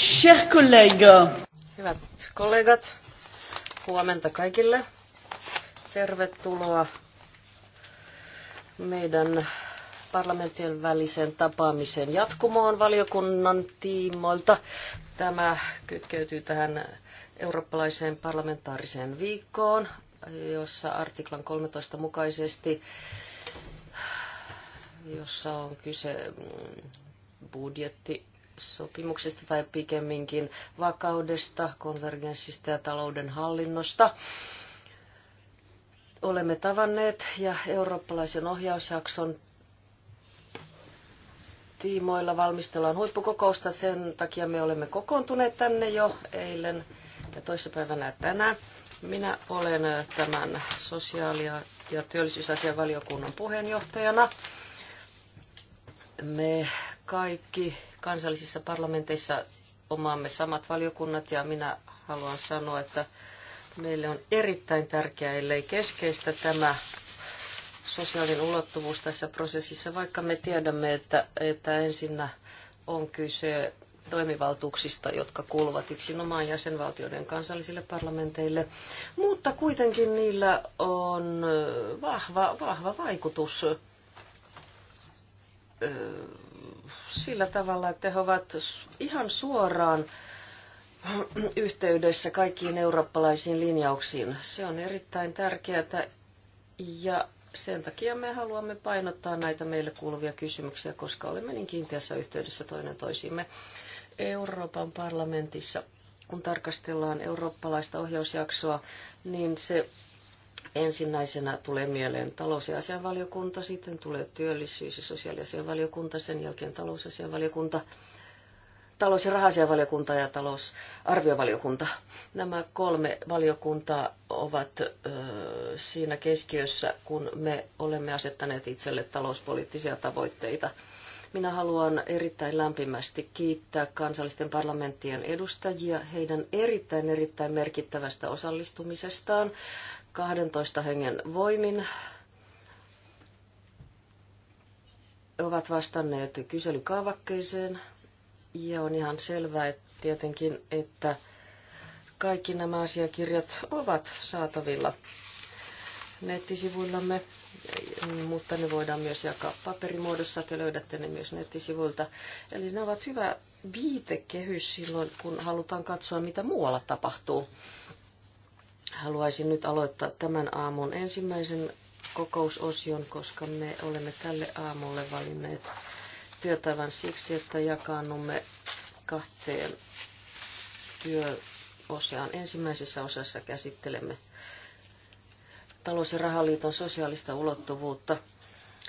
Cher kollega. Hyvät kollegat, huomenta kaikille. Tervetuloa meidän parlamenttien välisen tapaamisen jatkumoon valiokunnan tiimoilta. Tämä kytkeytyy tähän eurooppalaiseen parlamentaariseen viikkoon, jossa artiklan 13 mukaisesti, jossa on kyse budjetti sopimuksesta tai pikemminkin vakaudesta, konvergenssista ja talouden hallinnosta. Olemme tavanneet ja eurooppalaisen ohjausjakson tiimoilla valmistellaan huippukokousta. Sen takia me olemme kokoontuneet tänne jo eilen ja toissapäivänä tänään. Minä olen tämän sosiaali- ja työllisyysasian valiokunnan puheenjohtajana. Me kaikki kansallisissa parlamenteissa omaamme samat valiokunnat ja minä haluan sanoa, että meille on erittäin tärkeää, ellei keskeistä tämä sosiaalinen ulottuvuus tässä prosessissa, vaikka me tiedämme, että, että ensinnä on kyse toimivaltuuksista, jotka kuuluvat yksinomaan jäsenvaltioiden kansallisille parlamenteille, mutta kuitenkin niillä on vahva, vahva vaikutus sillä tavalla, että he ovat ihan suoraan yhteydessä kaikkiin eurooppalaisiin linjauksiin. Se on erittäin tärkeää ja sen takia me haluamme painottaa näitä meille kuuluvia kysymyksiä, koska olemme niin kiinteässä yhteydessä toinen toisiimme Euroopan parlamentissa. Kun tarkastellaan eurooppalaista ohjausjaksoa, niin se ensimmäisenä tulee mieleen talous- ja asianvaliokunta, sitten tulee työllisyys- ja sosiaaliasianvaliokunta, sen jälkeen talousasianvaliokunta, talous- ja rahasianvaliokunta ja talousarviovaliokunta. Nämä kolme valiokuntaa ovat ö, siinä keskiössä, kun me olemme asettaneet itselle talouspoliittisia tavoitteita. Minä haluan erittäin lämpimästi kiittää kansallisten parlamenttien edustajia heidän erittäin erittäin merkittävästä osallistumisestaan 12 hengen voimin ovat vastanneet kyselykaavakkeeseen. Ja on ihan selvää että tietenkin, että kaikki nämä asiakirjat ovat saatavilla nettisivuillamme, mutta ne voidaan myös jakaa paperimuodossa. Te löydätte ne myös nettisivuilta. Eli ne ovat hyvä viitekehys silloin, kun halutaan katsoa, mitä muualla tapahtuu. Haluaisin nyt aloittaa tämän aamun ensimmäisen kokousosion, koska me olemme tälle aamulle valinneet työtavan siksi, että jakaannumme kahteen työosaan. Ensimmäisessä osassa käsittelemme talous- ja rahaliiton sosiaalista ulottuvuutta.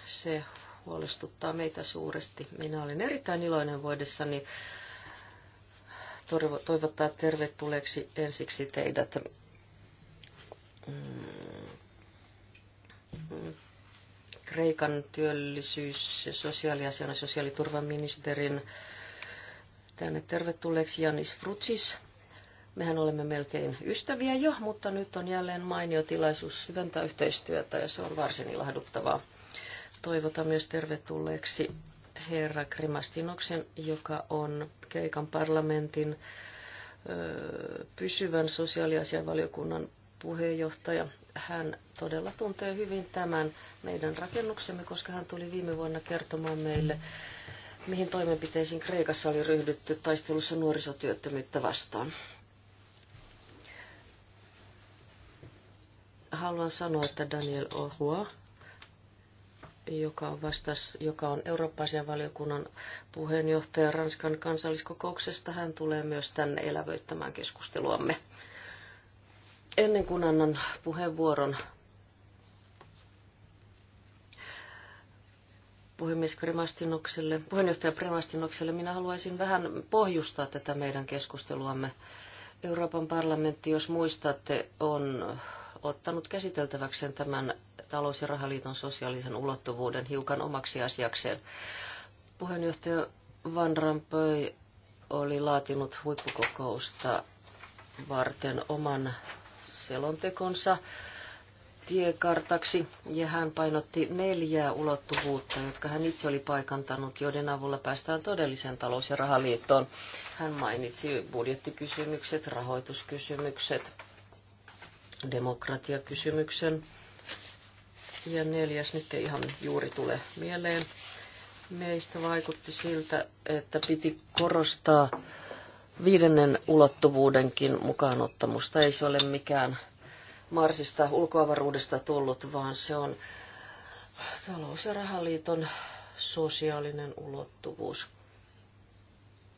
Se huolestuttaa meitä suuresti. Minä olin erittäin iloinen voidessani toivottaa tervetulleeksi ensiksi teidät Kreikan työllisyys- ja sosiaaliasian ja sosiaaliturvaministerin tänne tervetulleeksi Janis Frutsis. Mehän olemme melkein ystäviä jo, mutta nyt on jälleen mainio tilaisuus syventää yhteistyötä ja se on varsin ilahduttavaa. Toivotan myös tervetulleeksi herra Krimastinoksen, joka on Kreikan parlamentin pysyvän sosiaaliasianvaliokunnan puheenjohtaja. Hän todella tuntee hyvin tämän meidän rakennuksemme, koska hän tuli viime vuonna kertomaan meille, mihin toimenpiteisiin Kreikassa oli ryhdytty taistelussa nuorisotyöttömyyttä vastaan. Haluan sanoa, että Daniel Ohua, joka, vastas, joka on Eurooppaisen valiokunnan puheenjohtaja Ranskan kansalliskokouksesta, hän tulee myös tänne elävöittämään keskusteluamme. Ennen kuin annan puheenvuoron puhemies Kremastinokselle, puheenjohtaja Kremastinokselle, minä haluaisin vähän pohjustaa tätä meidän keskusteluamme. Euroopan parlamentti, jos muistatte, on ottanut käsiteltäväkseen tämän talous- ja rahaliiton sosiaalisen ulottuvuuden hiukan omaksi asiakseen. Puheenjohtaja Van Rampöy oli laatinut huippukokousta varten oman selontekonsa tiekartaksi ja hän painotti neljää ulottuvuutta, jotka hän itse oli paikantanut, joiden avulla päästään todelliseen talous- ja rahaliittoon. Hän mainitsi budjettikysymykset, rahoituskysymykset, demokratiakysymyksen ja neljäs nyt ei ihan juuri tule mieleen. Meistä vaikutti siltä, että piti korostaa viidennen ulottuvuudenkin mukaanottamusta. Ei se ole mikään Marsista ulkoavaruudesta tullut, vaan se on talous- ja rahaliiton sosiaalinen ulottuvuus.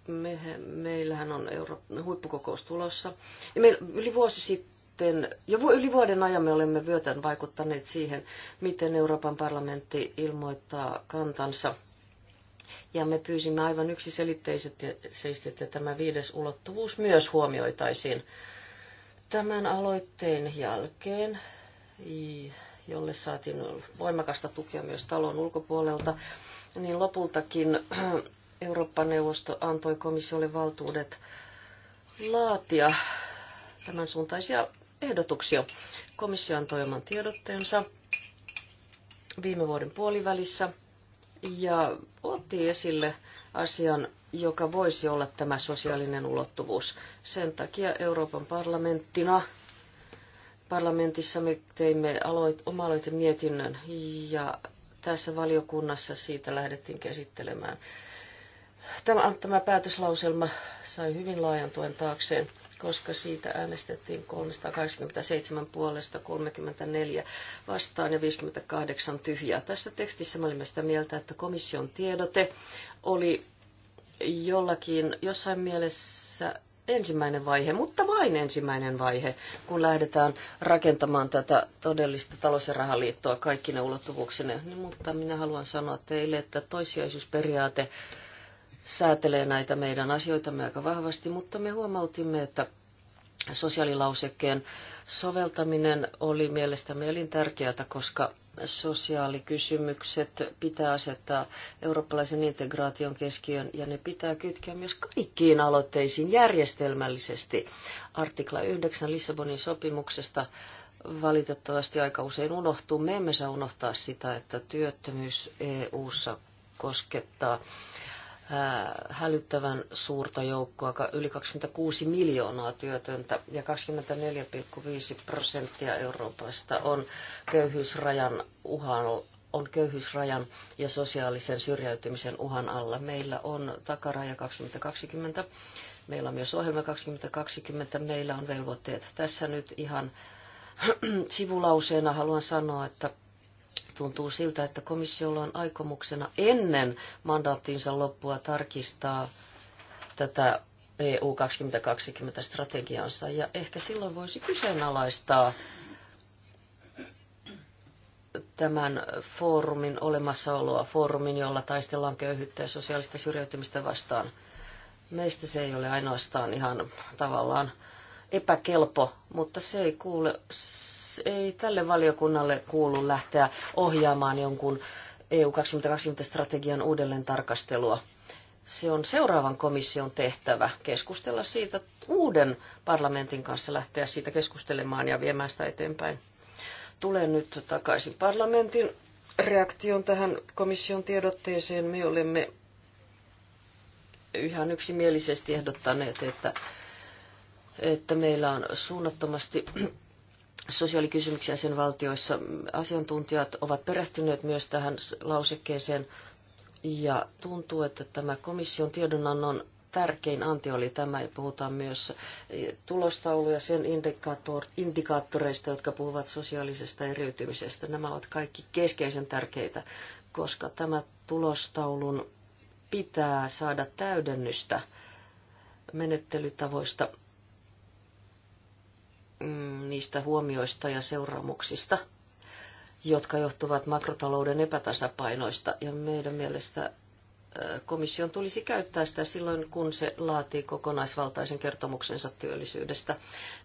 Me, meillähän on Euro- huippukokous tulossa. Ja me, yli vuosi sitten, jo yli vuoden ajan me olemme vyötän vaikuttaneet siihen, miten Euroopan parlamentti ilmoittaa kantansa ja me pyysimme aivan yksiselitteisesti, että tämä viides ulottuvuus myös huomioitaisiin tämän aloitteen jälkeen, jolle saatiin voimakasta tukea myös talon ulkopuolelta, niin lopultakin Eurooppa-neuvosto antoi komissiolle valtuudet laatia tämän suuntaisia ehdotuksia. Komissio antoi oman tiedotteensa viime vuoden puolivälissä – ja otti esille asian, joka voisi olla tämä sosiaalinen ulottuvuus. Sen takia Euroopan parlamenttina parlamentissa me teimme aloit, oma-aloitemietinnön ja tässä valiokunnassa siitä lähdettiin käsittelemään. Tämä, tämä päätöslauselma sai hyvin laajan tuen taakseen koska siitä äänestettiin 387 puolesta 34 vastaan ja 58 tyhjää. Tässä tekstissä me olimme sitä mieltä, että komission tiedote oli jollakin jossain mielessä ensimmäinen vaihe, mutta vain ensimmäinen vaihe, kun lähdetään rakentamaan tätä todellista talous- ja rahaliittoa kaikkine ulottuvuuksine. Niin, mutta minä haluan sanoa teille, että toissijaisuusperiaate säätelee näitä meidän asioitamme aika vahvasti, mutta me huomautimme, että sosiaalilausekkeen soveltaminen oli mielestämme elintärkeää, koska sosiaalikysymykset pitää asettaa eurooppalaisen integraation keskiön ja ne pitää kytkeä myös kaikkiin aloitteisiin järjestelmällisesti. Artikla 9 Lissabonin sopimuksesta valitettavasti aika usein unohtuu. Me emme saa unohtaa sitä, että työttömyys EU-ssa koskettaa Äh, hälyttävän suurta joukkoa, yli 26 miljoonaa työtöntä ja 24,5 prosenttia Euroopasta on köyhyysrajan uhan on köyhyysrajan ja sosiaalisen syrjäytymisen uhan alla. Meillä on takaraja 2020, meillä on myös ohjelma 2020, meillä on velvoitteet. Tässä nyt ihan sivulauseena haluan sanoa, että tuntuu siltä, että komissiolla on aikomuksena ennen mandaattinsa loppua tarkistaa tätä EU 2020 strategiansa ja ehkä silloin voisi kyseenalaistaa tämän foorumin olemassaoloa, foorumin, jolla taistellaan köyhyyttä ja sosiaalista syrjäytymistä vastaan. Meistä se ei ole ainoastaan ihan tavallaan epäkelpo, mutta se ei kuule, se ei tälle valiokunnalle kuulu lähteä ohjaamaan jonkun EU 2020-strategian uudelleen tarkastelua. Se on seuraavan komission tehtävä keskustella siitä uuden parlamentin kanssa, lähteä siitä keskustelemaan ja viemään sitä eteenpäin. Tulen nyt takaisin parlamentin reaktion tähän komission tiedotteeseen. Me olemme ihan yksimielisesti ehdottaneet, että että meillä on suunnattomasti sosiaalikysymyksiä sen valtioissa. Asiantuntijat ovat perehtyneet myös tähän lausekkeeseen ja tuntuu, että tämä komission tiedonannon tärkein anti oli tämä, ja puhutaan myös tulostauluja sen indikaattoreista, jotka puhuvat sosiaalisesta eriytymisestä. Nämä ovat kaikki keskeisen tärkeitä, koska tämä tulostaulun pitää saada täydennystä menettelytavoista – Mm, niistä huomioista ja seuraamuksista, jotka johtuvat makrotalouden epätasapainoista. Ja meidän mielestä komission tulisi käyttää sitä silloin, kun se laatii kokonaisvaltaisen kertomuksensa työllisyydestä.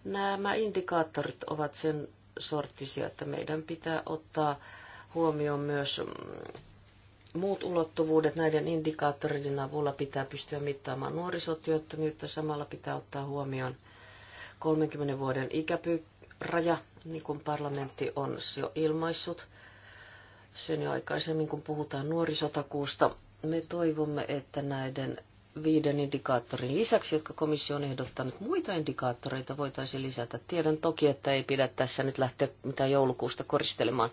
Nämä indikaattorit ovat sen sorttisia, että meidän pitää ottaa huomioon myös mm, muut ulottuvuudet. Näiden indikaattoreiden avulla pitää pystyä mittaamaan nuorisotyöttömyyttä. Samalla pitää ottaa huomioon 30 vuoden ikäpyraja, niin kuin parlamentti on jo ilmaissut. Sen jo aikaisemmin, kun puhutaan nuorisotakuusta, me toivomme, että näiden viiden indikaattorin lisäksi, jotka komissio on ehdottanut, muita indikaattoreita voitaisiin lisätä. Tiedän toki, että ei pidä tässä nyt lähteä mitään joulukuusta koristelemaan,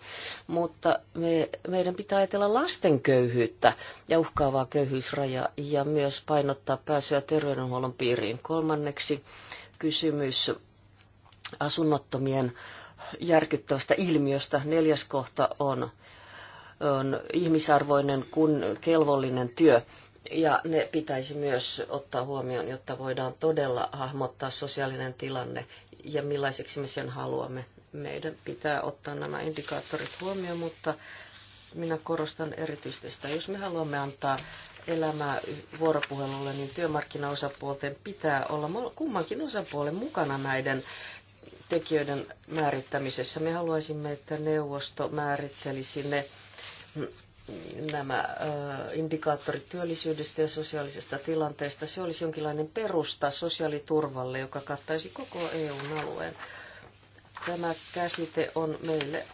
mutta me, meidän pitää ajatella lasten köyhyyttä ja uhkaavaa köyhyysrajaa ja myös painottaa pääsyä terveydenhuollon piiriin. Kolmanneksi kysymys asunnottomien järkyttävästä ilmiöstä. Neljäs kohta on, on ihmisarvoinen kun kelvollinen työ. Ja ne pitäisi myös ottaa huomioon, jotta voidaan todella hahmottaa sosiaalinen tilanne ja millaiseksi me sen haluamme. Meidän pitää ottaa nämä indikaattorit huomioon, mutta minä korostan erityisesti sitä, jos me haluamme antaa elämää vuoropuhelulle, niin työmarkkinaosapuolten pitää olla kummankin osapuolen mukana näiden tekijöiden määrittämisessä. Me haluaisimme, että neuvosto määrittelisi ne mm, nämä indikaattorit työllisyydestä ja sosiaalisesta tilanteesta. Se olisi jonkinlainen perusta sosiaaliturvalle, joka kattaisi koko EUn alueen. Tämä käsite on meille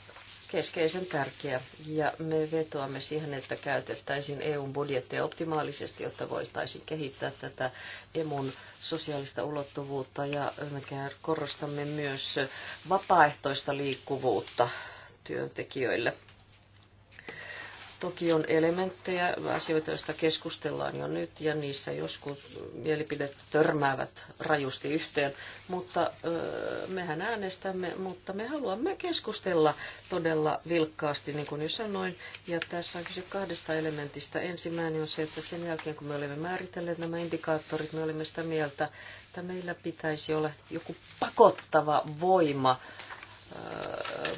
keskeisen tärkeä. Ja me vetoamme siihen, että käytettäisiin EUn budjettia optimaalisesti, jotta voitaisiin kehittää tätä emun sosiaalista ulottuvuutta ja me korostamme myös vapaaehtoista liikkuvuutta työntekijöille. Toki on elementtejä, asioita, joista keskustellaan jo nyt, ja niissä joskus mielipidet törmäävät rajusti yhteen. Mutta öö, mehän äänestämme, mutta me haluamme keskustella todella vilkkaasti, niin kuin jo sanoin. Ja tässä on kyse kahdesta elementistä. Ensimmäinen on se, että sen jälkeen kun me olemme määritelleet nämä indikaattorit, me olemme sitä mieltä, että meillä pitäisi olla joku pakottava voima. Öö,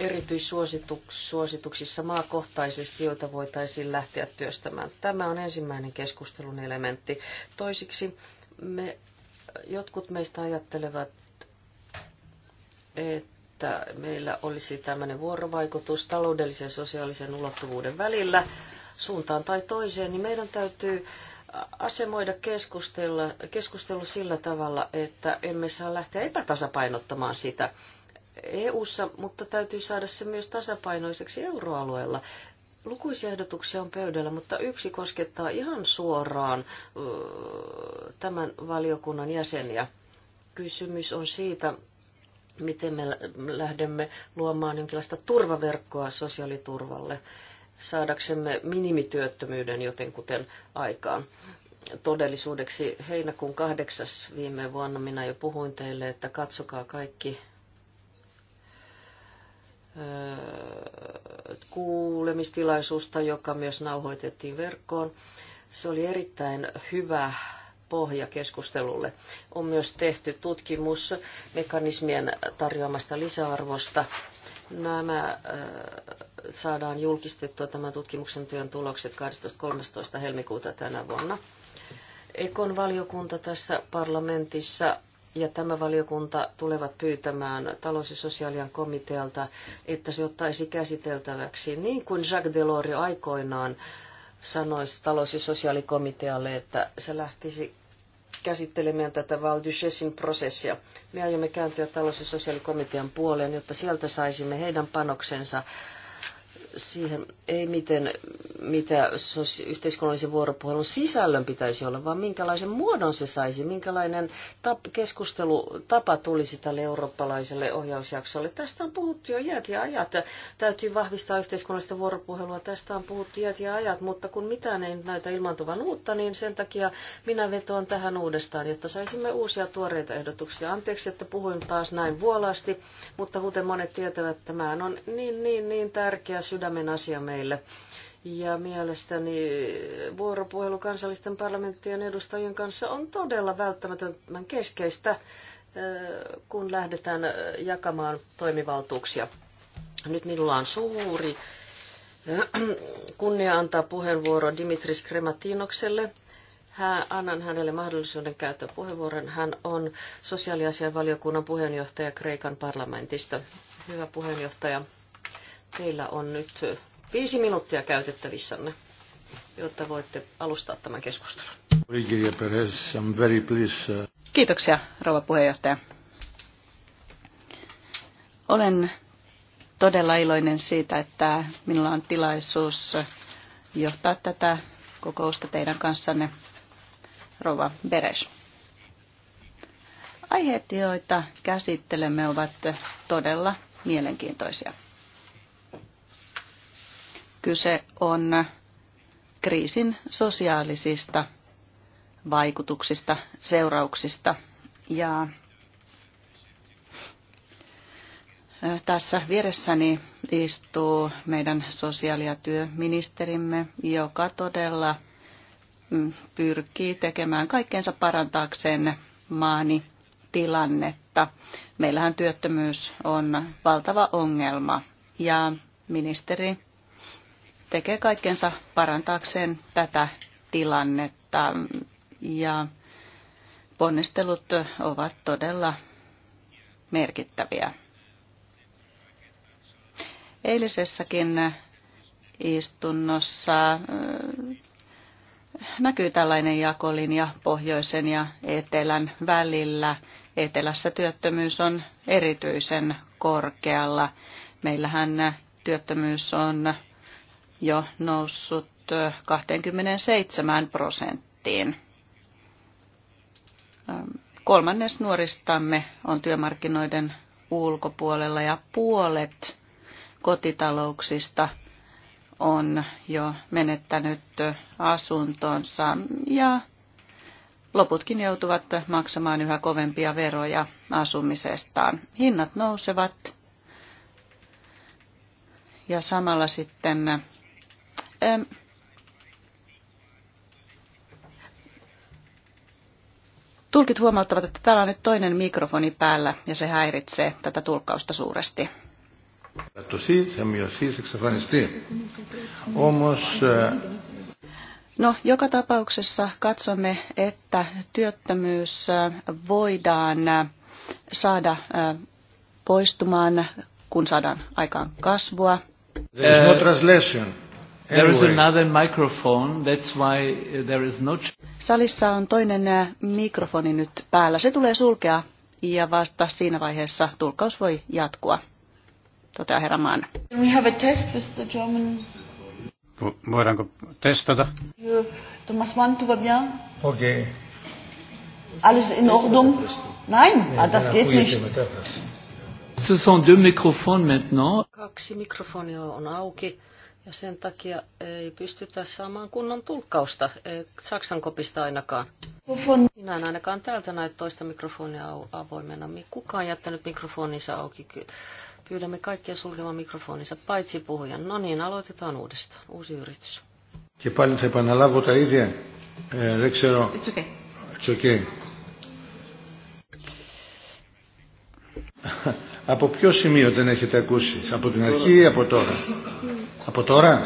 erityissuosituksissa maakohtaisesti, joita voitaisiin lähteä työstämään. Tämä on ensimmäinen keskustelun elementti. Toisiksi me, jotkut meistä ajattelevat, että meillä olisi tämmöinen vuorovaikutus taloudellisen ja sosiaalisen ulottuvuuden välillä suuntaan tai toiseen, niin meidän täytyy asemoida keskustella, keskustelu sillä tavalla, että emme saa lähteä epätasapainottamaan sitä. EU:ssa, mutta täytyy saada se myös tasapainoiseksi euroalueella. Lukuisia ehdotuksia on pöydällä, mutta yksi koskettaa ihan suoraan tämän valiokunnan jäseniä. Kysymys on siitä, miten me lähdemme luomaan jonkinlaista turvaverkkoa sosiaaliturvalle saadaksemme minimityöttömyyden jotenkuten aikaan todellisuudeksi heinäkuun kahdeksas viime vuonna minä jo puhuin teille, että katsokaa kaikki kuulemistilaisuutta, joka myös nauhoitettiin verkkoon. Se oli erittäin hyvä pohja keskustelulle. On myös tehty tutkimus mekanismien tarjoamasta lisäarvosta. Nämä saadaan julkistettua tämän tutkimuksen työn tulokset 12.13. helmikuuta tänä vuonna. Ekon valiokunta tässä parlamentissa ja tämä valiokunta tulevat pyytämään talous- ja sosiaalian komitealta, että se ottaisi käsiteltäväksi, niin kuin Jacques Delors aikoinaan sanoi talous- ja sosiaalikomitealle, että se lähtisi käsittelemään tätä Val prosessia. Me aiomme kääntyä talous- ja sosiaalikomitean puoleen, jotta sieltä saisimme heidän panoksensa siihen ei miten, mitä yhteiskunnallisen vuoropuhelun sisällön pitäisi olla, vaan minkälaisen muodon se saisi, minkälainen tap, keskustelutapa tulisi tälle eurooppalaiselle ohjausjaksolle. Tästä on puhuttu jo iät ja ajat. Täytyy vahvistaa yhteiskunnallista vuoropuhelua. Tästä on puhuttu iät ja ajat, mutta kun mitään ei näytä ilmaantuvan uutta, niin sen takia minä vetoan tähän uudestaan, jotta saisimme uusia tuoreita ehdotuksia. Anteeksi, että puhuin taas näin vuolaasti, mutta kuten monet tietävät, tämä on niin, niin, niin tärkeä sydän sydämen asia meille. Ja mielestäni vuoropuhelu kansallisten parlamenttien edustajien kanssa on todella välttämätön keskeistä, kun lähdetään jakamaan toimivaltuuksia. Nyt minulla on suuri kunnia antaa puheenvuoro Dimitris Krematinokselle. Hän, annan hänelle mahdollisuuden käyttää puheenvuoron. Hän on valiokunnan puheenjohtaja Kreikan parlamentista. Hyvä puheenjohtaja, Teillä on nyt viisi minuuttia käytettävissänne, jotta voitte alustaa tämän keskustelun. Kiitoksia, rouva puheenjohtaja. Olen todella iloinen siitä, että minulla on tilaisuus johtaa tätä kokousta teidän kanssanne, rouva Beres. Aiheet, joita käsittelemme, ovat todella mielenkiintoisia. Kyse on kriisin sosiaalisista vaikutuksista, seurauksista. Ja tässä vieressäni istuu meidän sosiaali- ja työministerimme, joka todella mm, pyrkii tekemään kaikkeensa parantaakseen maani tilannetta. Meillähän työttömyys on valtava ongelma ja ministeri tekee kaikkensa parantaakseen tätä tilannetta. Ja ponnistelut ovat todella merkittäviä. Eilisessäkin istunnossa äh, näkyy tällainen jakolinja pohjoisen ja etelän välillä. Etelässä työttömyys on erityisen korkealla. Meillähän työttömyys on jo noussut 27 äh, prosenttiin. Ähm, kolmannes nuoristamme on työmarkkinoiden ulkopuolella ja puolet kotitalouksista on jo menettänyt äh, asuntonsa ja loputkin joutuvat maksamaan yhä kovempia veroja asumisestaan. Hinnat nousevat ja samalla sitten Ähm, tulkit huomauttavat, että täällä on nyt toinen mikrofoni päällä ja se häiritsee tätä tulkkausta suuresti. No, joka tapauksessa katsomme, että työttömyys voidaan saada poistumaan, kun saadaan aikaan kasvua. There is no translation. There Salissa on toinen äh, mikrofoni nyt päällä. Se tulee sulkea ja vasta siinä vaiheessa tulkkaus voi jatkua, toteaa herra Maan. Voidaanko testata? Thomas Mann, tu va bien? Okei. Okay. Alles in Ordnung? Nein, ah, das geht nicht. Ce sont deux microphones maintenant. Kaksi mikrofonia on auki. Ja sen takia ei pystytä saamaan kunnon tulkkausta, Saksan kopista ainakaan. Minä en ainakaan täältä näe toista mikrofonia avoimena. Kukaan jättänyt mikrofoninsa auki. Pyydämme kaikkia sulkemaan mikrofoninsa, paitsi puhujan. No niin, aloitetaan uudestaan. Uusi yritys. Και πάλι θα επαναλάβω τα ίδια. Ε, δεν ξέρω. It's okay. It's okay. Από ποιο σημείο δεν έχετε ακούσει, από την αρχή ή από τώρα. Από τώρα.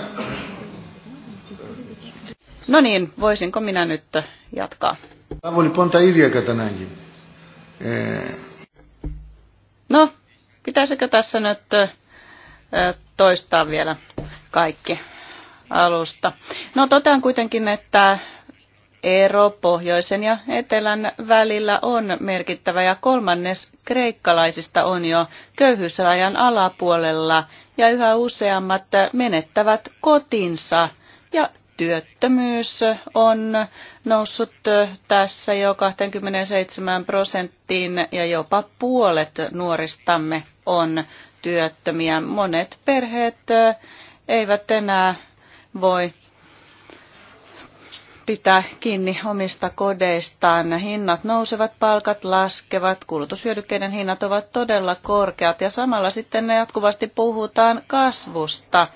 No niin, voisinko minä nyt jatkaa? Lavo λοιπόν τα ίδια κατά ανάγκη. No, pitäisikö tässä nyt toistaa vielä kaikki alusta? No totean kuitenkin, että ero pohjoisen ja etelän välillä on merkittävä ja kolmannes kreikkalaisista on jo köyhyysrajan alapuolella ja yhä useammat menettävät kotinsa ja työttömyys on noussut tässä jo 27 prosenttiin ja jopa puolet nuoristamme on työttömiä. Monet perheet eivät enää voi pitää kiinni omista kodeistaan. Hinnat nousevat, palkat laskevat, kulutushyödykkeiden hinnat ovat todella korkeat ja samalla sitten jatkuvasti puhutaan kasvusta.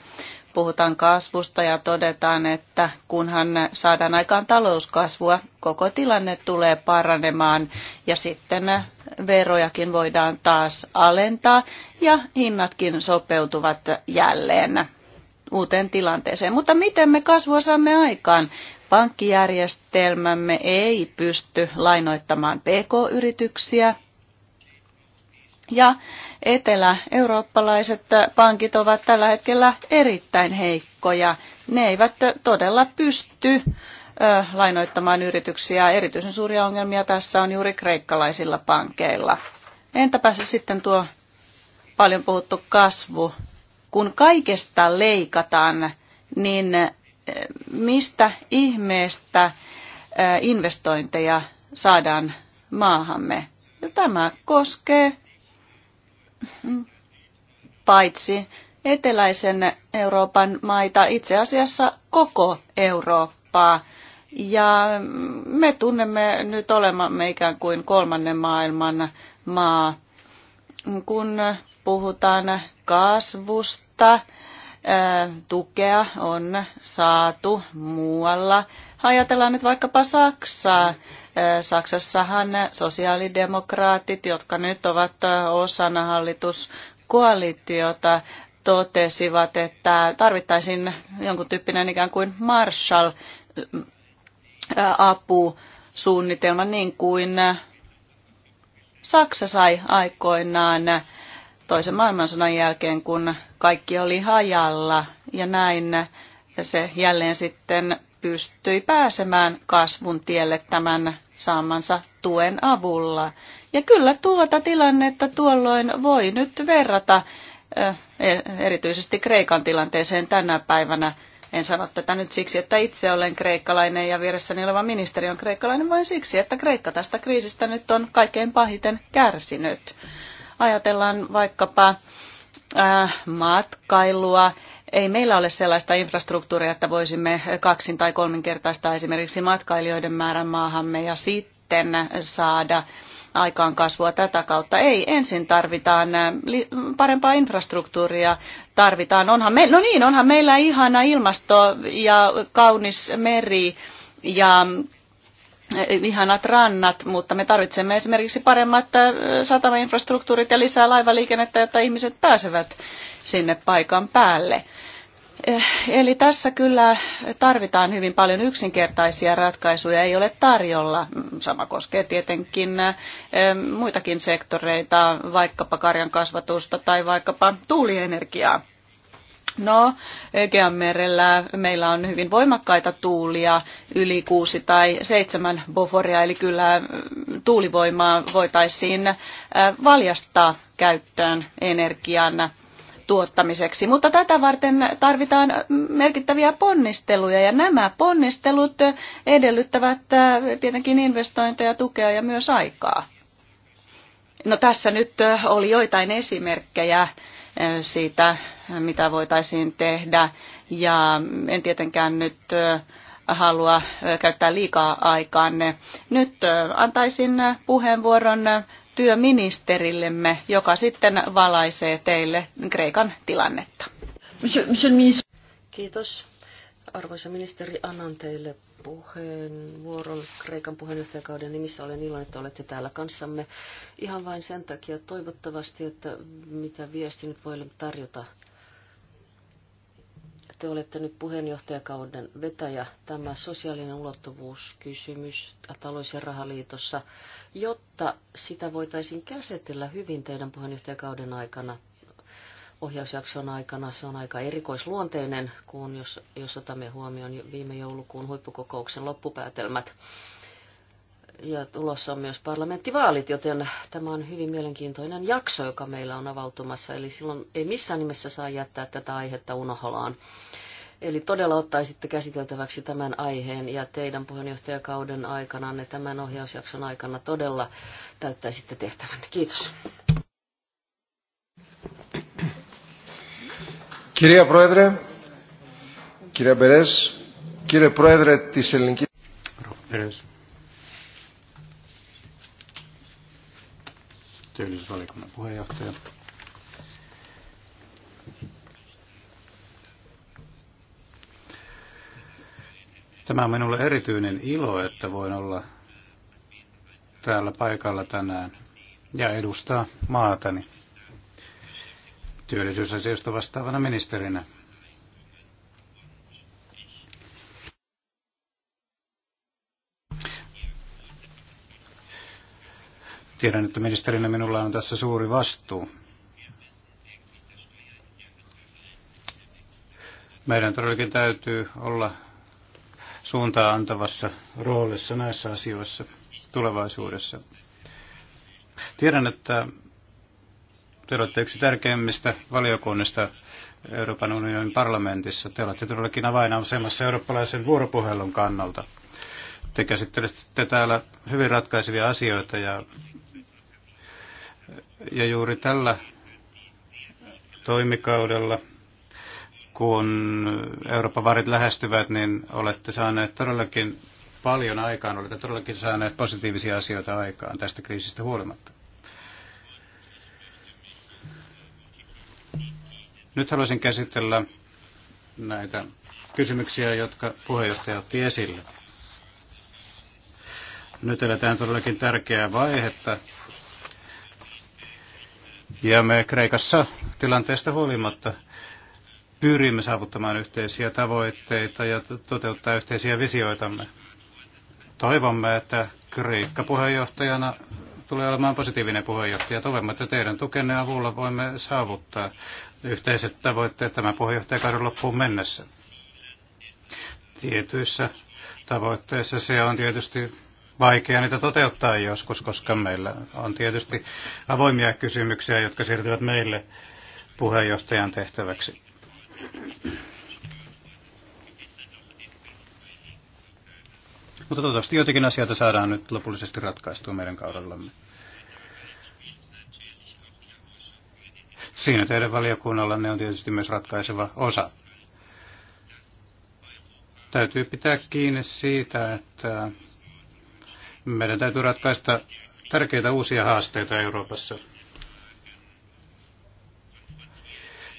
Puhutaan kasvusta ja todetaan, että kunhan saadaan aikaan talouskasvua, koko tilanne tulee paranemaan ja sitten verojakin voidaan taas alentaa ja hinnatkin sopeutuvat jälleen uuteen tilanteeseen. Mutta miten me kasvua saamme aikaan? pankkijärjestelmämme ei pysty lainoittamaan pk-yrityksiä. Ja etelä-eurooppalaiset pankit ovat tällä hetkellä erittäin heikkoja. Ne eivät todella pysty lainoittamaan yrityksiä. Erityisen suuria ongelmia tässä on juuri kreikkalaisilla pankeilla. Entäpä se sitten tuo paljon puhuttu kasvu? Kun kaikesta leikataan, niin mistä ihmeestä investointeja saadaan maahamme. Ja tämä koskee paitsi eteläisen Euroopan maita, itse asiassa koko Eurooppaa. Ja me tunnemme nyt olemamme ikään kuin kolmannen maailman maa. Kun puhutaan kasvusta, tukea on saatu muualla. Ajatellaan nyt vaikkapa Saksaa. Saksassahan sosiaalidemokraatit, jotka nyt ovat osana hallituskoalitiota, totesivat, että tarvittaisiin jonkun tyyppinen ikään kuin Marshall-apusuunnitelma, niin kuin Saksa sai aikoinaan toisen maailmansodan jälkeen, kun kaikki oli hajalla ja näin se jälleen sitten pystyi pääsemään kasvun tielle tämän saamansa tuen avulla. Ja kyllä tuota tilannetta tuolloin voi nyt verrata e, erityisesti Kreikan tilanteeseen tänä päivänä. En sano tätä nyt siksi, että itse olen kreikkalainen ja vieressäni oleva ministeri on kreikkalainen, vaan siksi, että Kreikka tästä kriisistä nyt on kaikkein pahiten kärsinyt ajatellaan vaikkapa äh, matkailua, ei meillä ole sellaista infrastruktuuria, että voisimme kaksin tai kolminkertaistaa esimerkiksi matkailijoiden määrän maahamme ja sitten saada aikaan kasvua tätä kautta. Ei, ensin tarvitaan äh, parempaa infrastruktuuria. Tarvitaan, onhan me, no niin, onhan meillä ihana ilmasto ja kaunis meri ja Äh, ihanat rannat, mutta me tarvitsemme esimerkiksi paremmat äh, satamainfrastruktuurit ja lisää laivaliikennettä, jotta ihmiset pääsevät sinne paikan päälle. Äh, eli tässä kyllä tarvitaan hyvin paljon yksinkertaisia ratkaisuja, ei ole tarjolla. Mm, sama koskee tietenkin muitakin sektoreita, vaikkapa karjan kasvatusta tai vaikkapa tuulienergiaa. No, Egeanmerellä meillä on hyvin voimakkaita tuulia, yli kuusi tai seitsemän boforia, eli kyllä tuulivoimaa voitaisiin valjastaa käyttöön energian tuottamiseksi. Mutta tätä varten tarvitaan merkittäviä ponnisteluja ja nämä ponnistelut edellyttävät tietenkin investointeja, tukea ja myös aikaa. No tässä nyt oli joitain esimerkkejä siitä mitä voitaisiin tehdä. Ja en tietenkään nyt halua käyttää liikaa aikaanne. Nyt antaisin puheenvuoron työministerillemme, joka sitten valaisee teille Kreikan tilannetta. Kiitos. Arvoisa ministeri, annan teille puheenvuoron Kreikan puheenjohtajakauden nimissä. Olen iloinen, että olette täällä kanssamme. Ihan vain sen takia toivottavasti, että mitä viesti nyt voi tarjota te olette nyt puheenjohtajakauden vetäjä, tämä sosiaalinen ulottuvuuskysymys talous- ja rahaliitossa, jotta sitä voitaisiin käsitellä hyvin teidän puheenjohtajakauden aikana, ohjausjakson aikana. Se on aika erikoisluonteinen, kun jos, jos otamme huomioon viime joulukuun huippukokouksen loppupäätelmät ja tulossa on myös parlamenttivaalit, joten tämä on hyvin mielenkiintoinen jakso, joka meillä on avautumassa. Eli silloin ei missään nimessä saa jättää tätä aihetta unoholaan. Eli todella ottaisitte käsiteltäväksi tämän aiheen ja teidän puheenjohtajakauden aikana, ne tämän ohjausjakson aikana todella täyttäisitte tehtävän. Kiitos. Κυρία Πρόεδρε, Kirja Μπερές, κύριε Πρόεδρε της Ελληνικής... työllisyysvaliokunnan puheenjohtaja. Tämä on minulle erityinen ilo, että voin olla täällä paikalla tänään ja edustaa maatani työllisyysasioista vastaavana ministerinä. Tiedän, että ministerinä minulla on tässä suuri vastuu. Meidän todellakin täytyy olla suuntaa antavassa roolissa näissä asioissa tulevaisuudessa. Tiedän, että te olette yksi tärkeimmistä valiokunnista Euroopan unionin parlamentissa. Te olette todellakin avainasemassa eurooppalaisen vuoropuhelun kannalta. Te käsittelette täällä hyvin ratkaisevia asioita ja ja juuri tällä toimikaudella, kun Euroopan varit lähestyvät, niin olette saaneet todellakin paljon aikaan, olette todellakin saaneet positiivisia asioita aikaan tästä kriisistä huolimatta. Nyt haluaisin käsitellä näitä kysymyksiä, jotka puheenjohtaja otti esille. Nyt eletään todellakin tärkeää vaihetta ja me Kreikassa tilanteesta huolimatta pyrimme saavuttamaan yhteisiä tavoitteita ja toteuttaa yhteisiä visioitamme. Toivomme, että Kreikka puheenjohtajana tulee olemaan positiivinen puheenjohtaja. Toivomme, että teidän tukenne avulla voimme saavuttaa yhteiset tavoitteet tämän puheenjohtajakauden loppuun mennessä. Tietyissä tavoitteissa se on tietysti vaikea niitä toteuttaa joskus, koska meillä on tietysti avoimia kysymyksiä, jotka siirtyvät meille puheenjohtajan tehtäväksi. Mutta toivottavasti joitakin asioita saadaan nyt lopullisesti ratkaistua meidän kaudellamme. Siinä teidän ne on tietysti myös ratkaiseva osa. Täytyy pitää kiinni siitä, että meidän täytyy ratkaista tärkeitä uusia haasteita Euroopassa.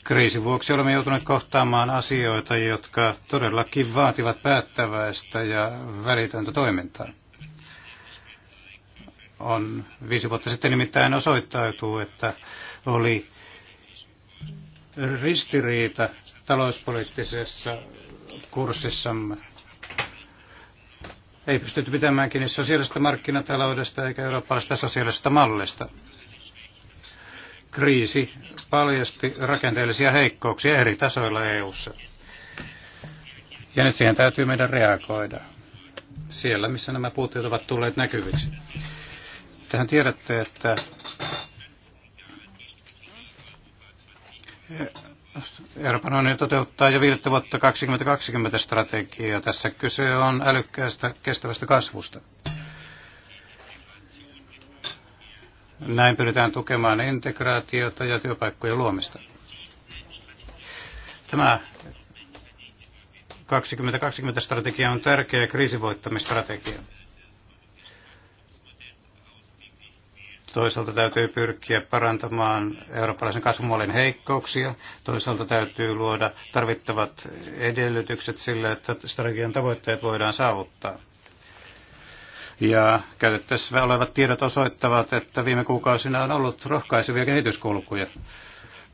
Kriisin vuoksi olemme joutuneet kohtaamaan asioita, jotka todellakin vaativat päättäväistä ja välitöntä toimintaa. On viisi vuotta sitten nimittäin osoittautuu, että oli ristiriita talouspoliittisessa kurssissamme ei pystytty pitämään kiinni sosiaalisesta markkinataloudesta eikä eurooppalaisesta sosiaalisesta mallista. Kriisi paljasti rakenteellisia heikkouksia eri tasoilla EU:ssa. Ja nyt siihen täytyy meidän reagoida siellä, missä nämä puutteet ovat tulleet näkyviksi. Tähän tiedätte, että Euroopan unioni toteuttaa jo viidettä vuotta 2020-strategiaa. Tässä kyse on älykkäästä kestävästä kasvusta. Näin pyritään tukemaan integraatiota ja työpaikkojen luomista. Tämä 2020-strategia on tärkeä kriisivoittamistrategia. Toisaalta täytyy pyrkiä parantamaan eurooppalaisen kasvumallin heikkouksia. Toisaalta täytyy luoda tarvittavat edellytykset sille, että strategian tavoitteet voidaan saavuttaa. Ja käytettävissä olevat tiedot osoittavat, että viime kuukausina on ollut rohkaisevia kehityskulkuja,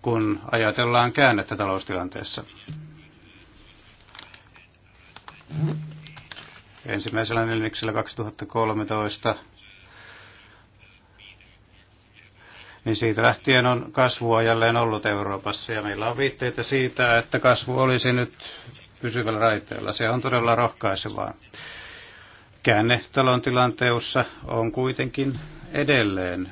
kun ajatellaan käännettä taloustilanteessa. Ensimmäisellä neljänneksellä 2013 niin siitä lähtien on kasvua jälleen ollut Euroopassa ja meillä on viitteitä siitä, että kasvu olisi nyt pysyvällä raiteella. Se on todella rohkaisevaa. Käänne talon tilanteessa on kuitenkin edelleen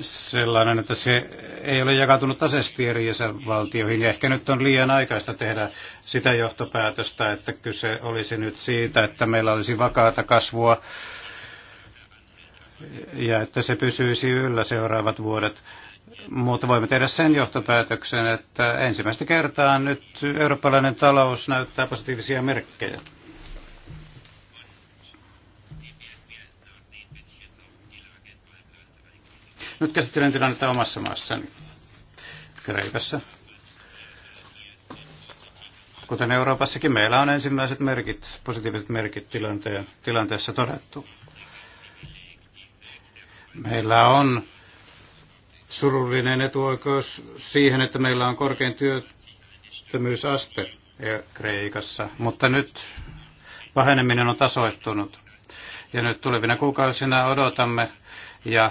sellainen, että se ei ole jakautunut tasesti eri jäsenvaltioihin. Ja ehkä nyt on liian aikaista tehdä sitä johtopäätöstä, että kyse olisi nyt siitä, että meillä olisi vakaata kasvua ja että se pysyisi yllä seuraavat vuodet. Mutta voimme tehdä sen johtopäätöksen, että ensimmäistä kertaa nyt eurooppalainen talous näyttää positiivisia merkkejä. Nyt käsittelen tilannetta omassa maassani, Kreikassa. Kuten Euroopassakin, meillä on ensimmäiset merkit, positiiviset merkit tilanteessa todettu. Meillä on surullinen etuoikeus siihen, että meillä on korkein työttömyysaste Kreikassa, mutta nyt paheneminen on tasoittunut. Ja nyt tulevina kuukausina odotamme ja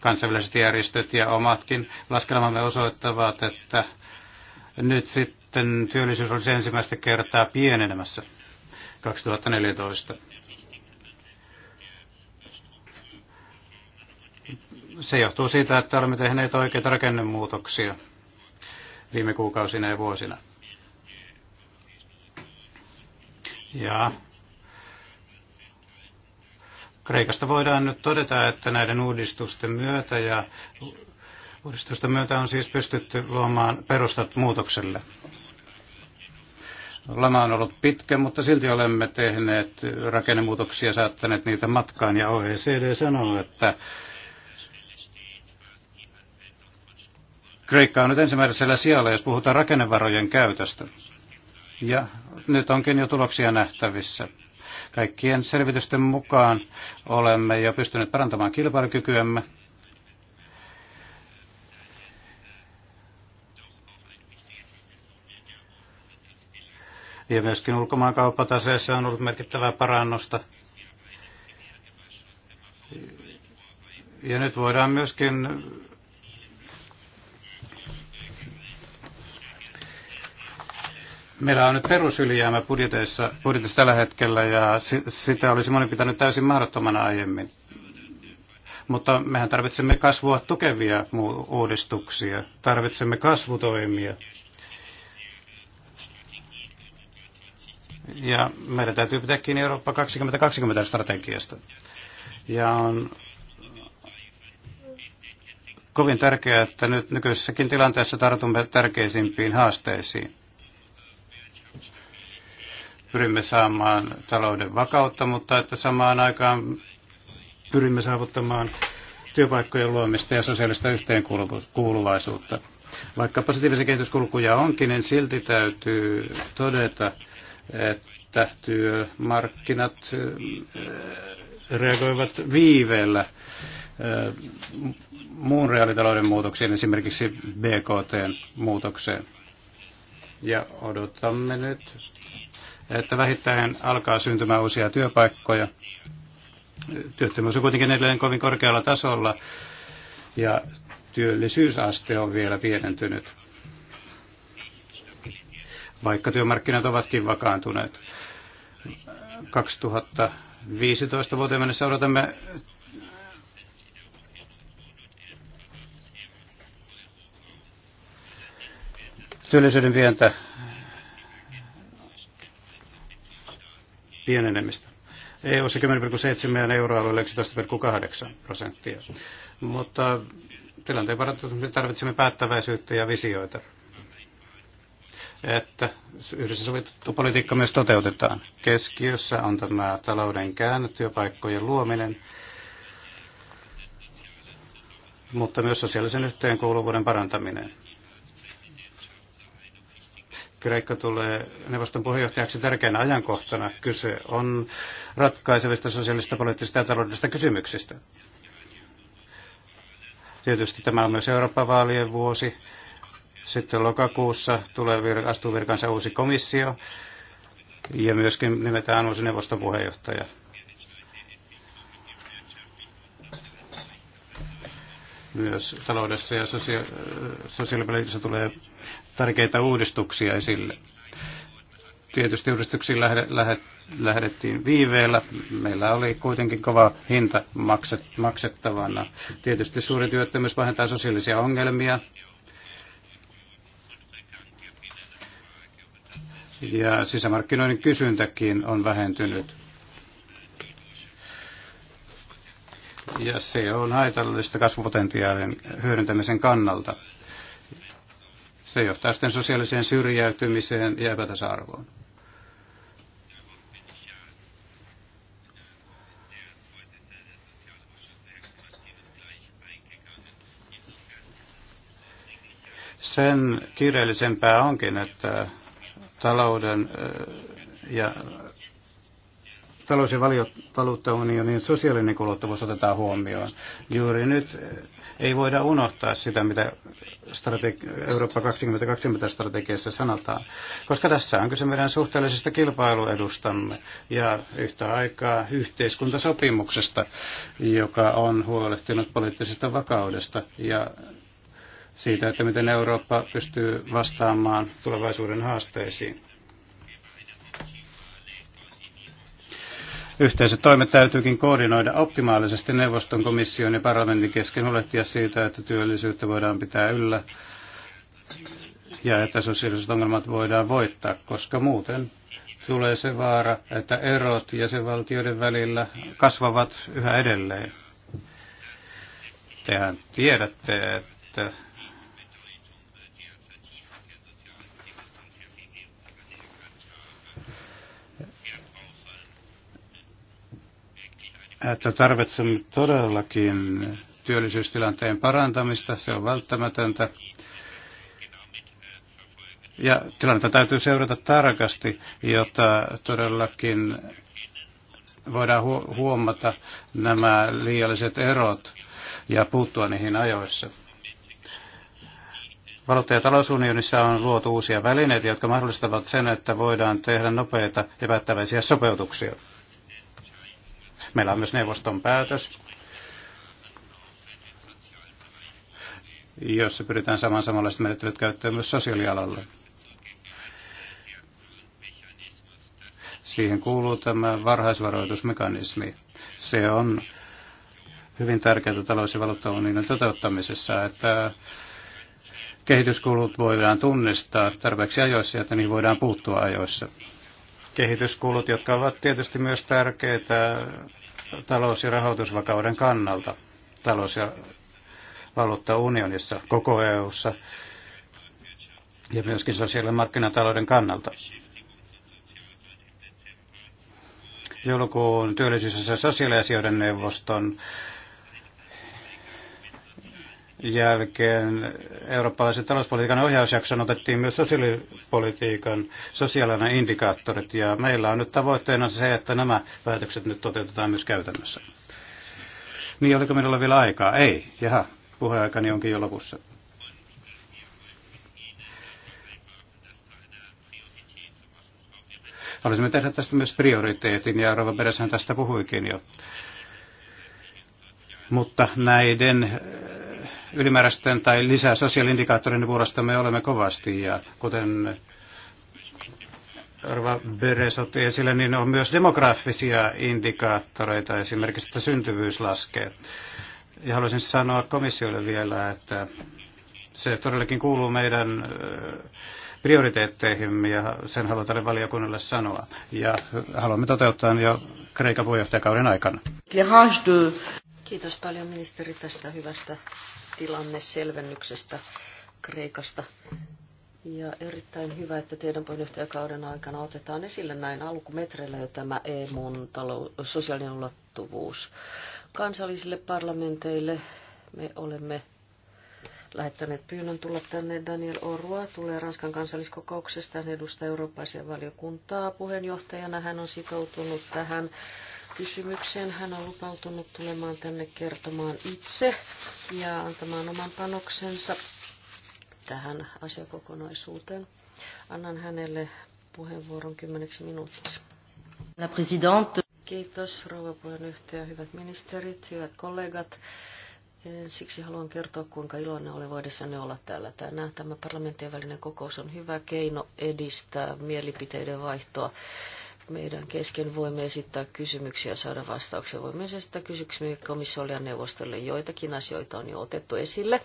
kansainväliset järjestöt ja omatkin laskelmamme osoittavat, että nyt sitten työllisyys olisi ensimmäistä kertaa pienenemässä 2014. Se johtuu siitä, että olemme tehneet oikeita rakennemuutoksia viime kuukausina ja vuosina. Ja Kreikasta voidaan nyt todeta, että näiden uudistusten myötä ja uudistusten myötä on siis pystytty luomaan perustat muutokselle. Lama on ollut pitkä, mutta silti olemme tehneet rakennemuutoksia, saattaneet niitä matkaan ja OECD sanoo, että Kreikka on nyt ensimmäisellä sijalla, jos puhutaan rakennevarojen käytöstä. Ja nyt onkin jo tuloksia nähtävissä. Kaikkien selvitysten mukaan olemme jo pystyneet parantamaan kilpailukykyämme. Ja myöskin ulkomaankauppataseessa on ollut merkittävää parannusta. Ja nyt voidaan myöskin Meillä on nyt perusylijäämä budjetissa, budjetissa tällä hetkellä ja sitä olisi moni pitänyt täysin mahdottomana aiemmin. Mutta mehän tarvitsemme kasvua tukevia uudistuksia, tarvitsemme kasvutoimia. Ja meidän täytyy pitää kiinni Eurooppa 2020 strategiasta. Ja on kovin tärkeää, että nyt nykyisessäkin tilanteessa tartumme tärkeisimpiin haasteisiin pyrimme saamaan talouden vakautta, mutta että samaan aikaan pyrimme saavuttamaan työpaikkojen luomista ja sosiaalista yhteenkuuluvaisuutta. Vaikka positiivisia kehityskulkuja onkin, niin silti täytyy todeta, että työmarkkinat eh, reagoivat viiveellä eh, muun reaalitalouden muutokseen, esimerkiksi BKT-muutokseen. Ja odotamme nyt että vähittäin alkaa syntymään uusia työpaikkoja. Työttömyys on kuitenkin edelleen kovin korkealla tasolla ja työllisyysaste on vielä pienentynyt, vaikka työmarkkinat ovatkin vakaantuneet. 2015 vuoteen mennessä odotamme työllisyyden vientä pienenemistä. EU-ssa 10,7 euroalueella 11,8 prosenttia. Mutta tilanteen parantamiseksi tarvitsemme päättäväisyyttä ja visioita, että yhdessä sovittu politiikka myös toteutetaan. Keskiössä on tämä talouden käänne, työpaikkojen luominen, mutta myös sosiaalisen yhteenkuuluvuuden parantaminen. Kreikka tulee neuvoston puheenjohtajaksi tärkeänä ajankohtana. Kyse on ratkaisevista sosiaalista, poliittisista ja taloudellisista kysymyksistä. Tietysti tämä on myös Euroopan vaalien vuosi. Sitten lokakuussa tulee vir- astuu virkansa uusi komissio ja myöskin nimetään uusi neuvoston puheenjohtaja. myös taloudessa ja sosia- sosiaalipolitiikassa tulee tärkeitä uudistuksia esille. Tietysti uudistuksiin lähde, lähde, lähdettiin viiveellä. Meillä oli kuitenkin kova hinta makset, maksettavana. Tietysti suuri työttömyys vähentää sosiaalisia ongelmia. Ja sisämarkkinoiden kysyntäkin on vähentynyt ja se on haitallista kasvupotentiaalin hyödyntämisen kannalta. Se johtaa sitten sosiaaliseen syrjäytymiseen ja epätasa-arvoon. Sen kiireellisempää onkin, että talouden ja talous- ja valuuttaunionin sosiaalinen kuluttavuus otetaan huomioon. Juuri nyt eh, ei voida unohtaa sitä, mitä strategi- Eurooppa 2020 strategiassa sanotaan, koska tässä on kyse meidän suhteellisesta kilpailuedustamme ja yhtä aikaa yhteiskuntasopimuksesta, joka on huolehtinut poliittisesta vakaudesta ja siitä, että miten Eurooppa pystyy vastaamaan tulevaisuuden haasteisiin. Yhteiset toimet täytyykin koordinoida optimaalisesti neuvoston, komission ja parlamentin kesken huolehtia siitä, että työllisyyttä voidaan pitää yllä ja että sosiaaliset ongelmat voidaan voittaa, koska muuten tulee se vaara, että erot jäsenvaltioiden välillä kasvavat yhä edelleen. Tehän tiedätte, että että tarvitsemme todellakin työllisyystilanteen parantamista, se on välttämätöntä. Ja tilannetta täytyy seurata tarkasti, jotta todellakin voidaan huomata nämä liialliset erot ja puuttua niihin ajoissa. Valuutta- ja talousunionissa on luotu uusia välineitä, jotka mahdollistavat sen, että voidaan tehdä nopeita ja päättäväisiä sopeutuksia. Meillä on myös neuvoston päätös, jossa pyritään saman samanlaiset menettelyt käyttöön myös sosiaalialalle. Siihen kuuluu tämä varhaisvaroitusmekanismi. Se on hyvin tärkeää talous- ja valuuttaunionin toteuttamisessa, että kehityskulut voidaan tunnistaa tarpeeksi ajoissa että niihin voidaan puuttua ajoissa. Kehityskulut, jotka ovat tietysti myös tärkeitä talous- ja rahoitusvakauden kannalta talous- ja valuuttaunionissa, koko EU:ssa ja myöskin sosiaalisen markkinatalouden kannalta. Joulukuun työllisyys- ja sosiaaliasioiden neuvoston jälkeen eurooppalaisen talouspolitiikan ohjausjakson otettiin myös sosiaalipolitiikan sosiaalinen indikaattorit ja meillä on nyt tavoitteena se, että nämä päätökset nyt toteutetaan myös käytännössä. Niin, oliko minulla vielä aikaa? Ei. Jaha, puheaikani onkin jo lopussa. Haluaisimme tehdä tästä myös prioriteetin, ja Rova Pereshän tästä puhuikin jo. Mutta näiden ylimääräisten tai lisää sosiaaliindikaattorin puolesta me olemme kovasti. Ja kuten Arva Beres otti esille, niin on myös demograafisia indikaattoreita, esimerkiksi että syntyvyys laskee. Ja haluaisin sanoa komissiolle vielä, että se todellakin kuuluu meidän prioriteetteihin ja sen haluan tälle valiokunnalle sanoa. Ja haluamme toteuttaa jo Kreikan puheenjohtajakauden aikana. Kiitos paljon ministeri tästä hyvästä tilanneselvennyksestä Kreikasta. Ja erittäin hyvä, että teidän puheenjohtajakauden aikana otetaan esille näin alkumetreillä jo tämä EMUn talou- sosiaalinen ulottuvuus. Kansallisille parlamenteille me olemme lähettäneet pyynnön tulla tänne. Daniel Orua tulee Ranskan kansalliskokouksesta. Hän edustaa eurooppaisia valiokuntaa puheenjohtajana. Hän on sitoutunut tähän kysymykseen. Hän on lupautunut tulemaan tänne kertomaan itse ja antamaan oman panoksensa tähän asiakokonaisuuteen. Annan hänelle puheenvuoron kymmeneksi minuutiksi. La Kiitos rouva puheenjohtaja, hyvät ministerit, hyvät kollegat. Siksi haluan kertoa, kuinka iloinen olen voidessani olla täällä tänään. Tämä parlamenttien välinen kokous on hyvä keino edistää mielipiteiden vaihtoa meidän kesken voimme esittää kysymyksiä ja saada vastauksia. Voimme esittää kysymyksiä komissiolle ja neuvostolle. Joitakin asioita on jo otettu esille.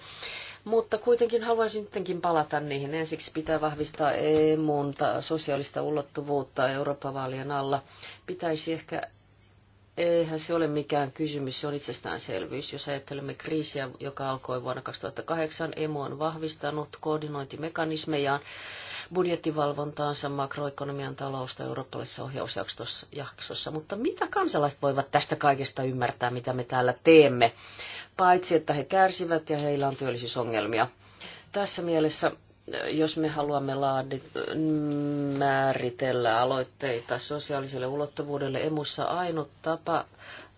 Mutta kuitenkin haluaisin jotenkin palata niihin. Ensiksi pitää vahvistaa EUn sosiaalista ulottuvuutta Euroopan vaalien alla. Pitäisi ehkä Eihän se ole mikään kysymys, se on itsestäänselvyys. Jos ajattelemme kriisiä, joka alkoi vuonna 2008, EMU on vahvistanut koordinointimekanismejaan, budjettivalvontaansa, makroekonomian talousta eurooppalaisessa ohjausjaksossa. Mutta mitä kansalaiset voivat tästä kaikesta ymmärtää, mitä me täällä teemme, paitsi että he kärsivät ja heillä on työllisyysongelmia? Tässä mielessä jos me haluamme laadit, määritellä aloitteita sosiaaliselle ulottuvuudelle emussa ainut tapa,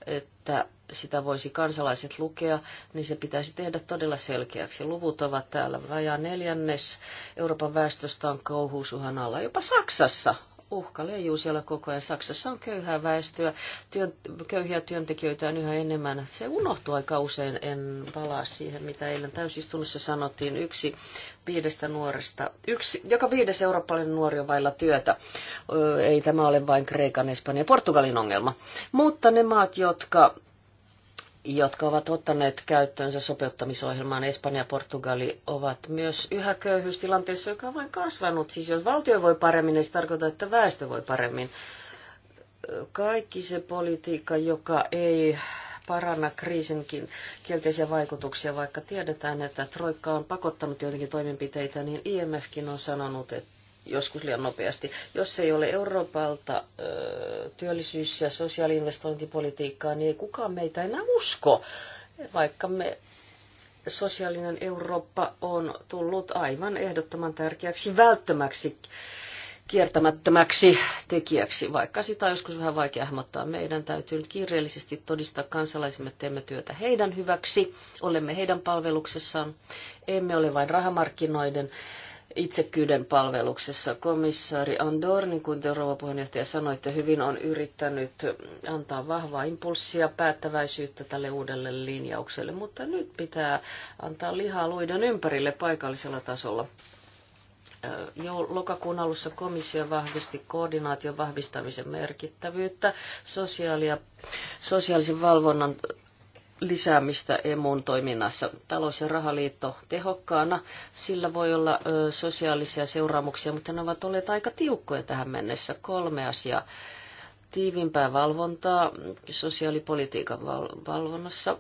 että sitä voisi kansalaiset lukea, niin se pitäisi tehdä todella selkeäksi. Luvut ovat täällä vajaa neljännes. Euroopan väestöstä on kouhuusuhan alla. Jopa Saksassa uhka leijuu siellä koko ajan. Saksassa on köyhää väestöä, työn, köyhiä työntekijöitä on yhä enemmän. Se unohtuu aika usein, en palaa siihen, mitä eilen täysistunnossa sanottiin. Yksi viidestä nuoresta, yksi, joka viides eurooppalainen nuori on vailla työtä. ei tämä ole vain Kreikan, Espanjan ja Portugalin ongelma. Mutta ne maat, jotka jotka ovat ottaneet käyttöönsä sopeuttamisohjelmaan Espanja ja Portugali, ovat myös yhä köyhyystilanteessa, joka on vain kasvanut. Siis jos valtio voi paremmin, niin se tarkoittaa, että väestö voi paremmin. Kaikki se politiikka, joka ei paranna kriisinkin kielteisiä vaikutuksia, vaikka tiedetään, että Troikka on pakottanut joitakin toimenpiteitä, niin IMFkin on sanonut, että joskus liian nopeasti. Jos ei ole Euroopalta ö, työllisyys- ja sosiaaliinvestointipolitiikkaa, niin ei kukaan meitä enää usko, vaikka me sosiaalinen Eurooppa on tullut aivan ehdottoman tärkeäksi, välttämäksi, kiertämättömäksi tekijäksi, vaikka sitä on joskus vähän vaikea hahmottaa. Meidän täytyy nyt kiireellisesti todistaa kansalaisemme, että teemme työtä heidän hyväksi, olemme heidän palveluksessaan, emme ole vain rahamarkkinoiden äh, itsekyyden palveluksessa. Komissaari Andor, niin kuin te rouva puheenjohtaja sanoitte, hyvin on yrittänyt antaa vahvaa impulssia, päättäväisyyttä tälle uudelle linjaukselle, mutta nyt pitää antaa lihaa luiden ympärille paikallisella tasolla. Jo lokakuun alussa komissio vahvisti koordinaation vahvistamisen merkittävyyttä sosiaali- ja, sosiaalisen valvonnan lisäämistä emun toiminnassa. Talous- ja rahaliitto tehokkaana, sillä voi olla ö, sosiaalisia seuraamuksia, mutta ne ovat olleet aika tiukkoja tähän mennessä. Kolme asiaa. Tiivimpää valvontaa sosiaalipolitiikan val- valvonnassa.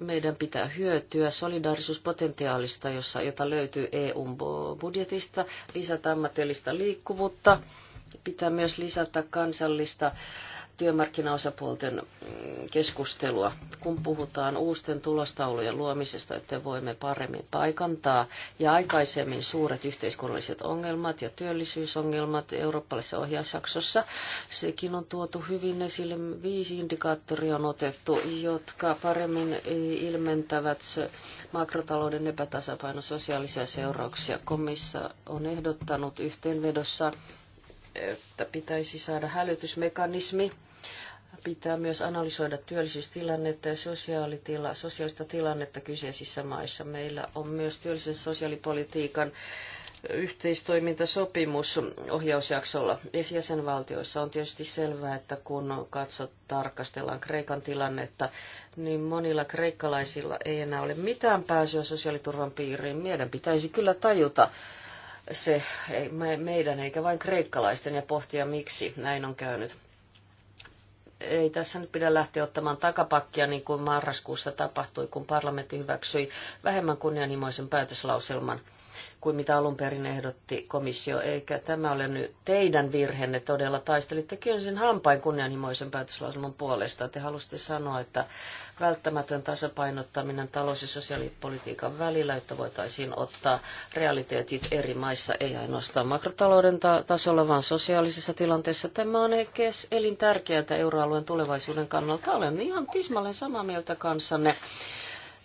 Meidän pitää hyötyä solidaarisuuspotentiaalista, jossa, jota löytyy EU-budjetista, lisätä ammatillista liikkuvuutta, pitää myös lisätä kansallista ö, työmarkkinaosapuolten mm, keskustelua, kun puhutaan uusten tulostaulujen luomisesta, että voimme paremmin paikantaa ja aikaisemmin suuret yhteiskunnalliset ongelmat ja työllisyysongelmat eurooppalaisessa ohjausjaksossa. Sekin on tuotu hyvin esille. Viisi indikaattoria on otettu, jotka paremmin ilmentävät makrotalouden epätasapainon sosiaalisia seurauksia. Komissa on ehdottanut yhteenvedossa että pitäisi saada hälytysmekanismi pitää myös analysoida työllisyystilannetta ja sosiaalitila, sosiaalista tilannetta kyseisissä maissa. Meillä on myös työllisyys- ja sosiaalipolitiikan yhteistoimintasopimus ohjausjaksolla esijäsenvaltioissa. On tietysti selvää, että kun katsot, tarkastellaan Kreikan tilannetta, niin monilla kreikkalaisilla ei enää ole mitään pääsyä sosiaaliturvan piiriin. Meidän pitäisi kyllä tajuta se meidän eikä vain kreikkalaisten ja pohtia, miksi näin on käynyt ei tässä nyt pidä lähteä ottamaan takapakkia, niin kuin marraskuussa tapahtui, kun parlamentti hyväksyi vähemmän kunnianhimoisen päätöslauselman – kuin mitä alun perin ehdotti komissio, eikä tämä ole nyt teidän virhenne todella. Taistelitte kyllä sen hampain kunnianhimoisen päätöslauselman puolesta. Te halusitte sanoa, että välttämätön tasapainottaminen talous- ja sosiaalipolitiikan välillä, että voitaisiin ottaa realiteetit eri maissa, ei ainoastaan makrotalouden tasolla, vaan sosiaalisessa tilanteessa. Tämä on elintärkeää euroalueen tulevaisuuden kannalta. Olen ihan tismalleen samaa mieltä kanssanne.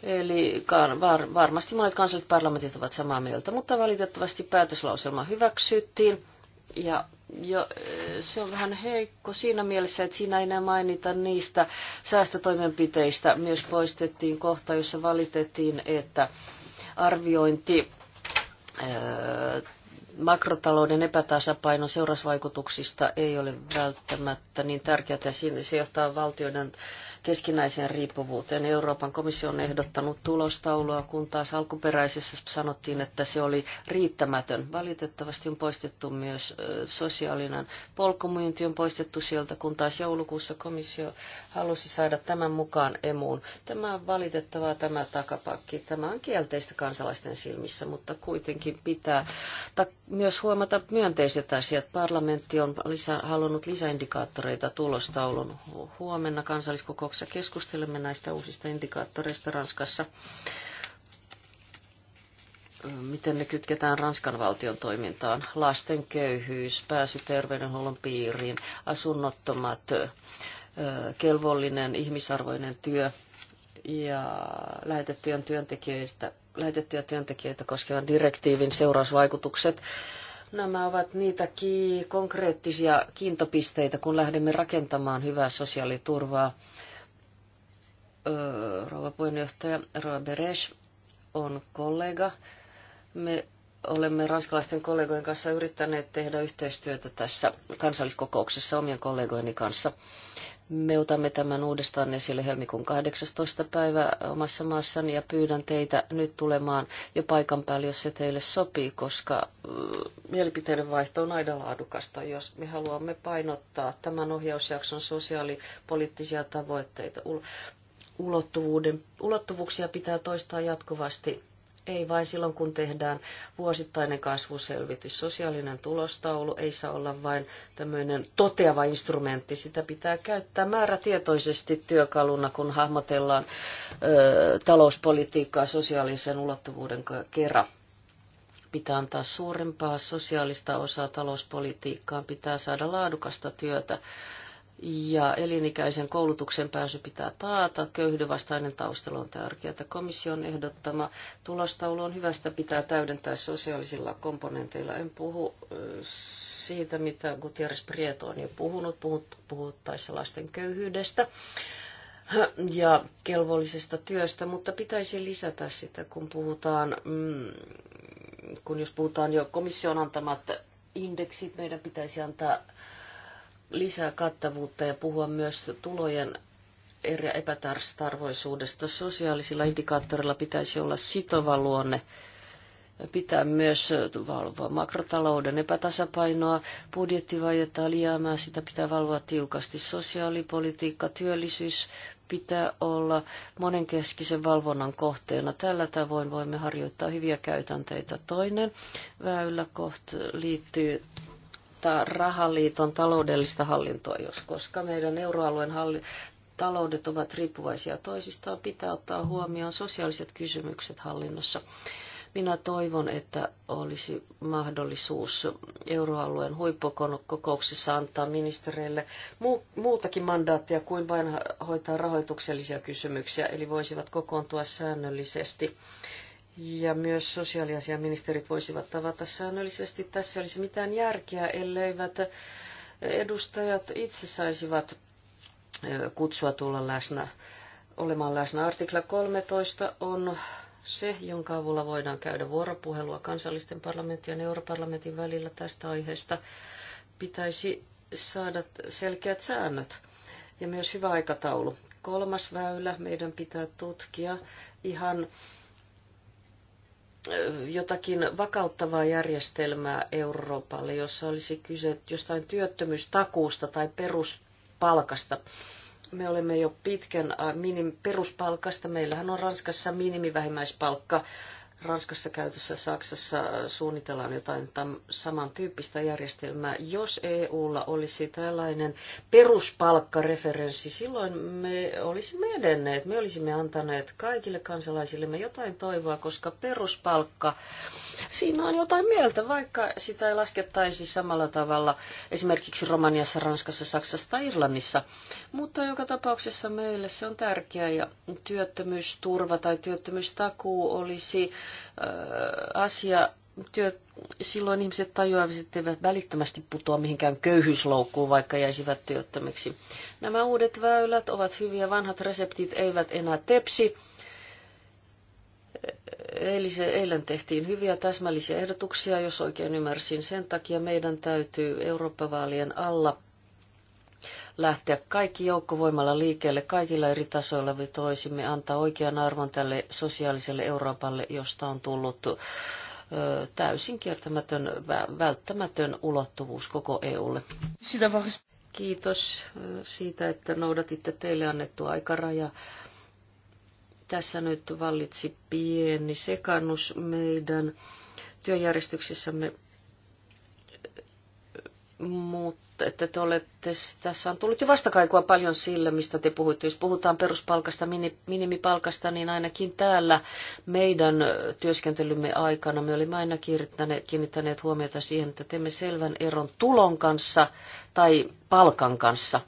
Eli var, varmasti monet kansalliset parlamentit ovat samaa mieltä, mutta valitettavasti päätöslauselma hyväksyttiin. Ja jo, eh, se on vähän heikko siinä mielessä, että siinä ei enää mainita niistä säästötoimenpiteistä. Myös poistettiin kohta, jossa valitettiin, että arviointi ää, eh, makrotalouden epätasapainon seurasvaikutuksista ei ole välttämättä niin tärkeää. Ja se johtaa valtioiden Ää, keskinäiseen riippuvuuteen. Euroopan komissio on ehdottanut tulostaulua, kun taas alkuperäisessä sanottiin, että se oli riittämätön. Valitettavasti on poistettu myös sosiaalinen polkumyynti on poistettu sieltä, kun taas joulukuussa komissio halusi saada tämän mukaan emuun. Tämä on valitettavaa tämä takapakki. Tämä on kielteistä kansalaisten silmissä, mutta kuitenkin pitää myös huomata myönteiset asiat. Parlamentti on lisä, halunnut lisäindikaattoreita tulostaulun huomenna kansalliskokouksessa kokouksessa keskustelemme näistä uusista indikaattoreista Ranskassa miten ne kytketään Ranskan valtion toimintaan. Lasten köyhyys, pääsy terveydenhuollon piiriin, asunnottomat, kelvollinen, ihmisarvoinen työ ja lähetettyjen työntekijöitä, lähetettyjä työntekijöitä koskevan direktiivin seurausvaikutukset. Nämä ovat niitä konkreettisia kiintopisteitä, kun lähdemme rakentamaan hyvää sosiaaliturvaa rouva puheenjohtaja Roa Beresh on kollega. Me olemme ranskalaisten kollegojen kanssa yrittäneet tehdä yhteistyötä tässä kansalliskokouksessa omien kollegojeni kanssa. Me otamme tämän uudestaan esille helmikuun 18. päivä omassa maassani ja pyydän teitä nyt tulemaan jo paikan päälle, jos se teille sopii, koska mm, mielipiteiden vaihto on aina laadukasta, jos me haluamme painottaa tämän ohjausjakson sosiaalipoliittisia tavoitteita ulottuvuuden, ulottuvuuksia pitää toistaa jatkuvasti. Ei vain silloin, kun tehdään vuosittainen kasvuselvitys. Sosiaalinen tulostaulu ei saa olla vain tämmöinen toteava instrumentti. Sitä pitää käyttää määrätietoisesti työkaluna, kun hahmotellaan ö, talouspolitiikkaa sosiaalisen ulottuvuuden kerran pitää antaa suurempaa sosiaalista osaa talouspolitiikkaan, pitää saada laadukasta työtä ja elinikäisen koulutuksen pääsy pitää taata. vastainen taustalla on tärkeää. Komission ehdottama tulostaulu on hyvästä pitää täydentää sosiaalisilla komponenteilla. En puhu siitä, mitä Gutierrez Prieto on jo puhunut, puhut, puhuttaessa lasten köyhyydestä ja kelvollisesta työstä, mutta pitäisi lisätä sitä, kun puhutaan, mm, kun jos puhutaan jo komission antamat indeksit, meidän pitäisi antaa lisää kattavuutta ja puhua myös tulojen eri epätarvoisuudesta. Sosiaalisilla indikaattoreilla pitäisi olla sitova luonne pitää myös valvoa makrotalouden epätasapainoa, budjettivajetta, alijäämää, sitä pitää valvoa tiukasti. Sosiaalipolitiikka, työllisyys pitää olla monenkeskisen valvonnan kohteena. Tällä tavoin voimme harjoittaa hyviä käytänteitä. Toinen väylä kohta liittyy noudattaa rahaliiton taloudellista hallintoa, jos, koska meidän euroalueen halli, taloudet ovat riippuvaisia toisistaan, pitää ottaa huomioon sosiaaliset kysymykset hallinnossa. Minä toivon, että olisi mahdollisuus euroalueen huippukokouksessa antaa ministereille muutakin mandaattia kuin vain hoitaa rahoituksellisia kysymyksiä, eli voisivat kokoontua säännöllisesti ja myös sosiaaliasiaministerit voisivat tavata säännöllisesti. Tässä olisi mitään järkeä, elleivät edustajat itse saisivat kutsua tulla läsnä, olemaan läsnä. Artikla 13 on se, jonka avulla voidaan käydä vuoropuhelua kansallisten parlamenttien ja europarlamentin välillä tästä aiheesta. Pitäisi saada selkeät säännöt ja myös hyvä aikataulu. Kolmas väylä meidän pitää tutkia ihan jotakin vakauttavaa järjestelmää Euroopalle, jossa olisi kyse jostain työttömyystakuusta tai peruspalkasta. Me olemme jo pitkän äh, minim, peruspalkasta. Meillähän on Ranskassa minimivähimmäispalkka Ranskassa käytössä, Saksassa äh, suunnitellaan jotain tam, samantyyppistä järjestelmää. Jos EUlla olisi tällainen peruspalkkareferenssi, silloin me olisimme edenneet, me olisimme antaneet kaikille kansalaisillemme jotain toivoa, koska peruspalkka, siinä on jotain mieltä, vaikka sitä ei laskettaisi samalla tavalla esimerkiksi Romaniassa, Ranskassa, Saksassa tai Irlannissa. Mutta joka tapauksessa meille se on tärkeää ja työttömyysturva tai työttömyystakuu olisi äh, asia, työ, silloin ihmiset tajuavat, että eivät välittömästi putoa mihinkään köyhyysloukkuun, vaikka jäisivät työttömiksi. Nämä uudet väylät ovat hyviä, vanhat reseptit eivät enää tepsi. Eilise, eilen tehtiin hyviä täsmällisiä ehdotuksia, jos oikein ymmärsin. Sen takia meidän täytyy Eurooppa-vaalien alla lähteä kaikki joukkovoimalla liikkeelle kaikilla eri tasoilla, me toisimme antaa oikean arvon tälle sosiaaliselle Euroopalle, josta on tullut täysin kiertämätön, välttämätön ulottuvuus koko EUlle. Sitä Kiitos siitä, että noudatitte teille annettua aikaraja. Tässä nyt vallitsi pieni sekannus meidän työjärjestyksessämme mutta että te olette, tässä on tullut jo vastakaikua paljon sille, mistä te puhuitte. Jos puhutaan peruspalkasta, minimipalkasta, niin ainakin täällä meidän työskentelymme aikana me olimme aina kiinnittäneet, huomiota siihen, että teemme selvän eron tulon kanssa tai palkan kanssa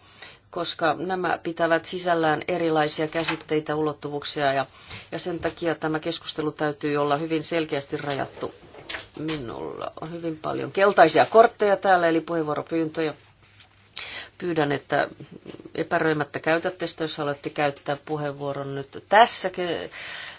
koska nämä pitävät sisällään erilaisia käsitteitä, ulottuvuuksia ja, ja sen takia tämä keskustelu täytyy olla hyvin selkeästi rajattu Minulla on hyvin paljon keltaisia kortteja täällä, eli puheenvuoropyyntöjä. Pyydän, että epäröimättä käytätte sitä, jos haluatte käyttää puheenvuoron nyt tässä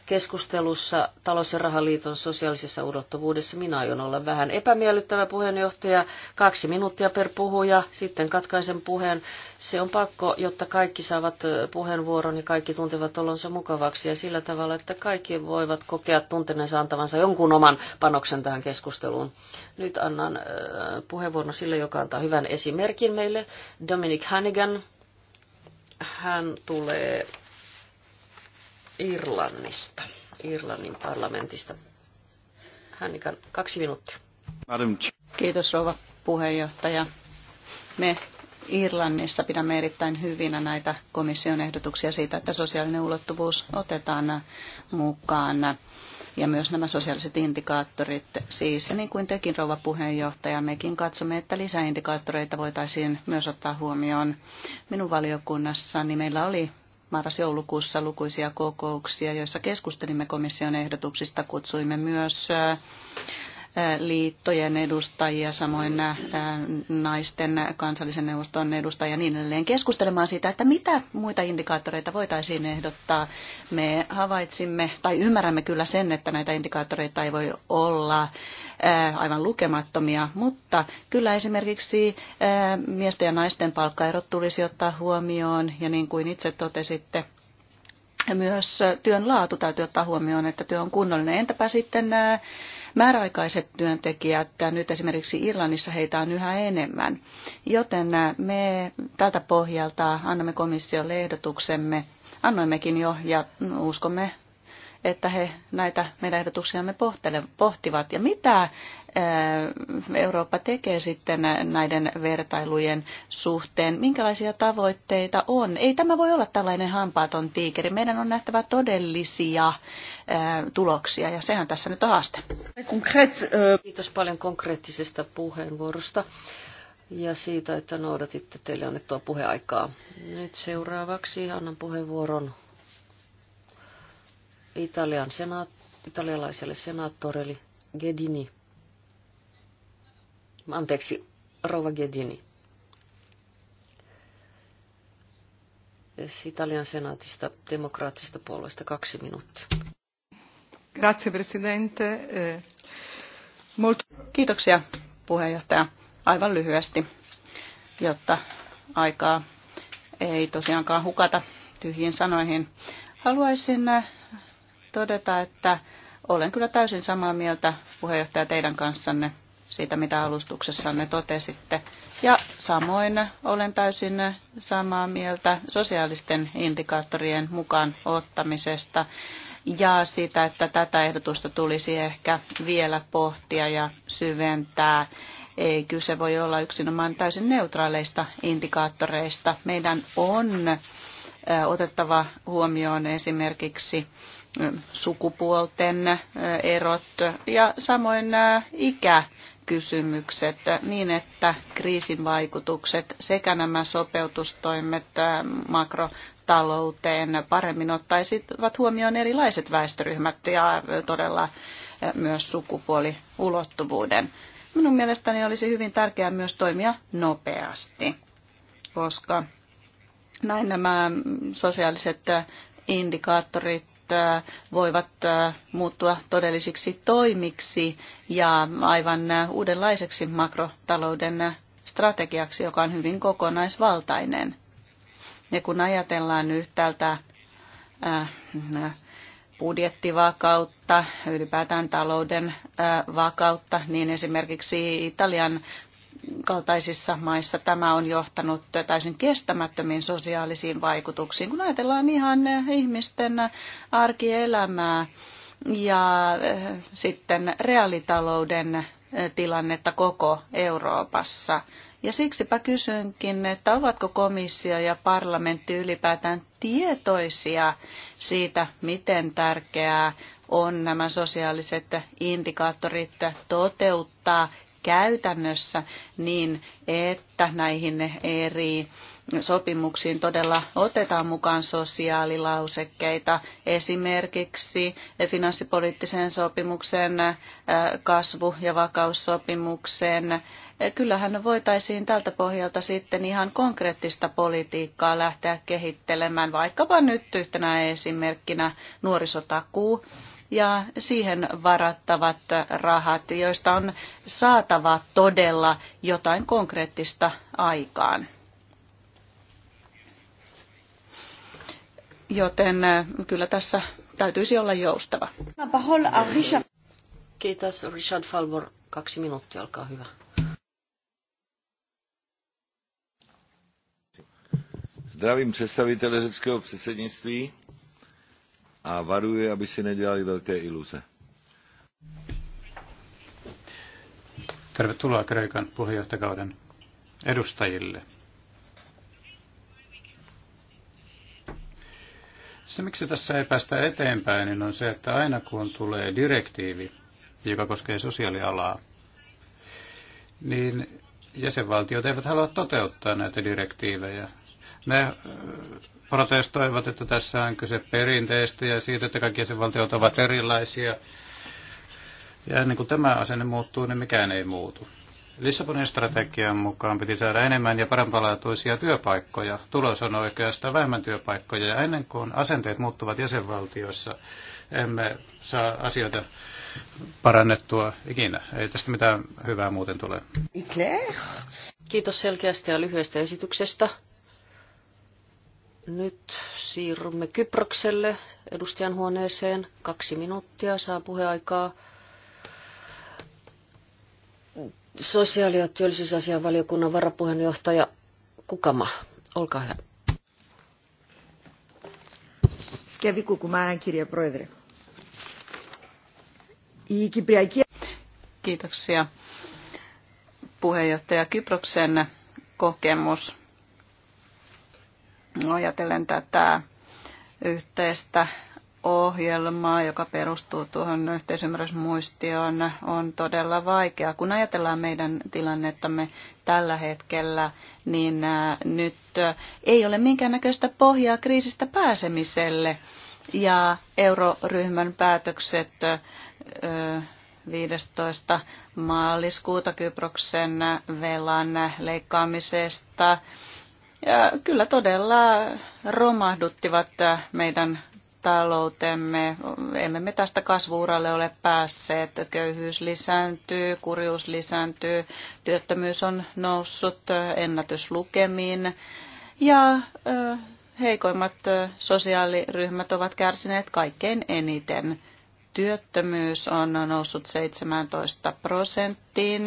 keskustelussa talous- ja rahaliiton sosiaalisessa ulottuvuudessa. Minä aion olla vähän epämiellyttävä puheenjohtaja, kaksi minuuttia per puhuja, sitten katkaisen puheen. Se on pakko, jotta kaikki saavat puheenvuoron ja kaikki tuntevat olonsa mukavaksi ja sillä tavalla, että kaikki voivat kokea tunteneensa antavansa jonkun oman panoksen tähän keskusteluun. Nyt annan puheenvuoron sille, joka antaa hyvän esimerkin meille, Dominic Hannigan. Hän tulee Irlannista, Irlannin parlamentista. Hannikan, kaksi minuuttia. Kiitos rouva puheenjohtaja. Me Irlannissa pidämme erittäin hyvinä näitä komission ehdotuksia siitä, että sosiaalinen ulottuvuus otetaan mukaan ja myös nämä sosiaaliset indikaattorit. Siis niin kuin tekin rouva puheenjohtaja, mekin katsomme, että lisäindikaattoreita voitaisiin myös ottaa huomioon. Minun valiokunnassani meillä oli marras-joulukuussa lukuisia kokouksia, joissa keskustelimme komission ehdotuksista. Kutsuimme myös liittojen edustajia, samoin äh, naisten kansallisen neuvoston edustajia niin edelleen keskustelemaan siitä, että mitä muita indikaattoreita voitaisiin ehdottaa. Me havaitsimme tai ymmärrämme kyllä sen, että näitä indikaattoreita ei voi olla äh, aivan lukemattomia, mutta kyllä esimerkiksi äh, miesten ja naisten palkkaerot tulisi ottaa huomioon ja niin kuin itse totesitte, myös työn laatu täytyy ottaa huomioon, että työ on kunnollinen. Entäpä sitten määräaikaiset työntekijät, äh, nyt esimerkiksi Irlannissa heitä on yhä enemmän. Joten äh, me tältä pohjalta annamme komissiolle ehdotuksemme, annoimmekin jo ja uskomme että he näitä meidän ehdotuksiamme pohtivat. Ja mitä Eurooppa tekee sitten näiden vertailujen suhteen? Minkälaisia tavoitteita on? Ei tämä voi olla tällainen hampaaton tiikeri. Meidän on nähtävä todellisia tuloksia ja sehän tässä nyt on haaste. Kiitos paljon konkreettisesta puheenvuorosta ja siitä, että noudatitte teille annettua puheaikaa. Nyt seuraavaksi annan puheenvuoron Italian senaat, italialaiselle senaattorille Gedini. Anteeksi, Rova Gedini. Italian senaatista demokraattisesta puolueesta kaksi minuuttia. Grazie, presidente. Eh, Kiitoksia, puheenjohtaja. Aivan lyhyesti, jotta aikaa ei tosiaankaan hukata tyhjiin sanoihin. Haluaisin eh, todeta, että olen kyllä täysin samaa mieltä puheenjohtaja teidän kanssanne siitä, mitä alustuksessanne totesitte. Ja samoin olen täysin samaa mieltä sosiaalisten indikaattorien mukaan ottamisesta ja sitä, että tätä ehdotusta tulisi ehkä vielä pohtia ja syventää. Ei kyse voi olla yksinomaan täysin neutraaleista indikaattoreista. Meidän on otettava huomioon esimerkiksi sukupuolten erot ja samoin ikä kysymykset niin, että kriisin vaikutukset sekä nämä sopeutustoimet makrotalouteen paremmin ottaisivat huomioon erilaiset väestöryhmät ja todella myös sukupuoliulottuvuuden. Minun mielestäni olisi hyvin tärkeää myös toimia nopeasti, koska näin nämä sosiaaliset indikaattorit voivat muuttua todellisiksi toimiksi ja aivan uudenlaiseksi makrotalouden strategiaksi, joka on hyvin kokonaisvaltainen. Ja kun ajatellaan yhtäältä budjettivakautta, ylipäätään talouden vakautta, niin esimerkiksi Italian kaltaisissa maissa tämä on johtanut täysin kestämättömiin sosiaalisiin vaikutuksiin, kun ajatellaan ihan ihmisten arkielämää ja eh, sitten reaalitalouden eh, tilannetta koko Euroopassa. Ja siksipä kysynkin, että ovatko komissio ja parlamentti ylipäätään tietoisia siitä, miten tärkeää on nämä sosiaaliset indikaattorit toteuttaa käytännössä niin, että näihin eri sopimuksiin todella otetaan mukaan sosiaalilausekkeita, esimerkiksi finanssipoliittisen sopimuksen kasvu- ja vakaussopimukseen. Kyllähän voitaisiin tältä pohjalta sitten ihan konkreettista politiikkaa lähteä kehittelemään, vaikkapa nyt yhtenä esimerkkinä nuorisotakuu, ja siihen varattavat rahat, joista on saatava todella jotain konkreettista aikaan. Joten äh, kyllä tässä täytyisi olla joustava. Kiitos Richard Falvor. Kaksi minuuttia, olkaa hyvä. Zdravím představitele řeckého předsednictví a varuje, aby si nedělali velké iluze. Tervetuloa Kreikan puheenjohtajakauden edustajille. Se, miksi tässä ei päästä eteenpäin, niin on se, että aina kun tulee direktiivi, joka koskee sosiaalialaa, niin jäsenvaltiot eivät halua toteuttaa näitä direktiivejä. Ne protestoivat, että tässä on kyse perinteistä ja siitä, että kaikki jäsenvaltiot ovat erilaisia. Ja ennen kuin tämä asenne muuttuu, niin mikään ei muutu. Lissabonin strategian mukaan piti saada enemmän ja parempalaatuisia työpaikkoja. Tulos on oikeastaan vähemmän työpaikkoja. Ja ennen kuin asenteet muuttuvat jäsenvaltioissa, emme saa asioita parannettua ikinä. Ei tästä mitään hyvää muuten tule. Claire. Kiitos selkeästä ja lyhyestä esityksestä. Nyt siirrymme Kyprokselle edustajan huoneeseen. Kaksi minuuttia saa puheaikaa. Sosiaali- ja työllisyysasianvaliokunnan varapuheenjohtaja Kukama, olkaa hyvä. Σκεύη Κουκουμά, κύριε Proedre. Kiitoksia. Puheenjohtaja Kyproksen kokemus ajatellen tätä yhteistä ohjelmaa, joka perustuu tuohon yhteisymmärrysmuistioon, on todella vaikea. Kun ajatellaan meidän tilannettamme tällä hetkellä, niin nyt ei ole minkäännäköistä pohjaa kriisistä pääsemiselle. Ja euroryhmän päätökset 15. maaliskuuta Kyproksen velan leikkaamisesta ja kyllä todella romahduttivat meidän taloutemme. Emme me tästä kasvuuralle ole päässeet. Köyhyys lisääntyy, kurjuus lisääntyy, työttömyys on noussut ennätyslukemiin ja heikoimmat sosiaaliryhmät ovat kärsineet kaikkein eniten. Työttömyys on noussut 17 prosenttiin,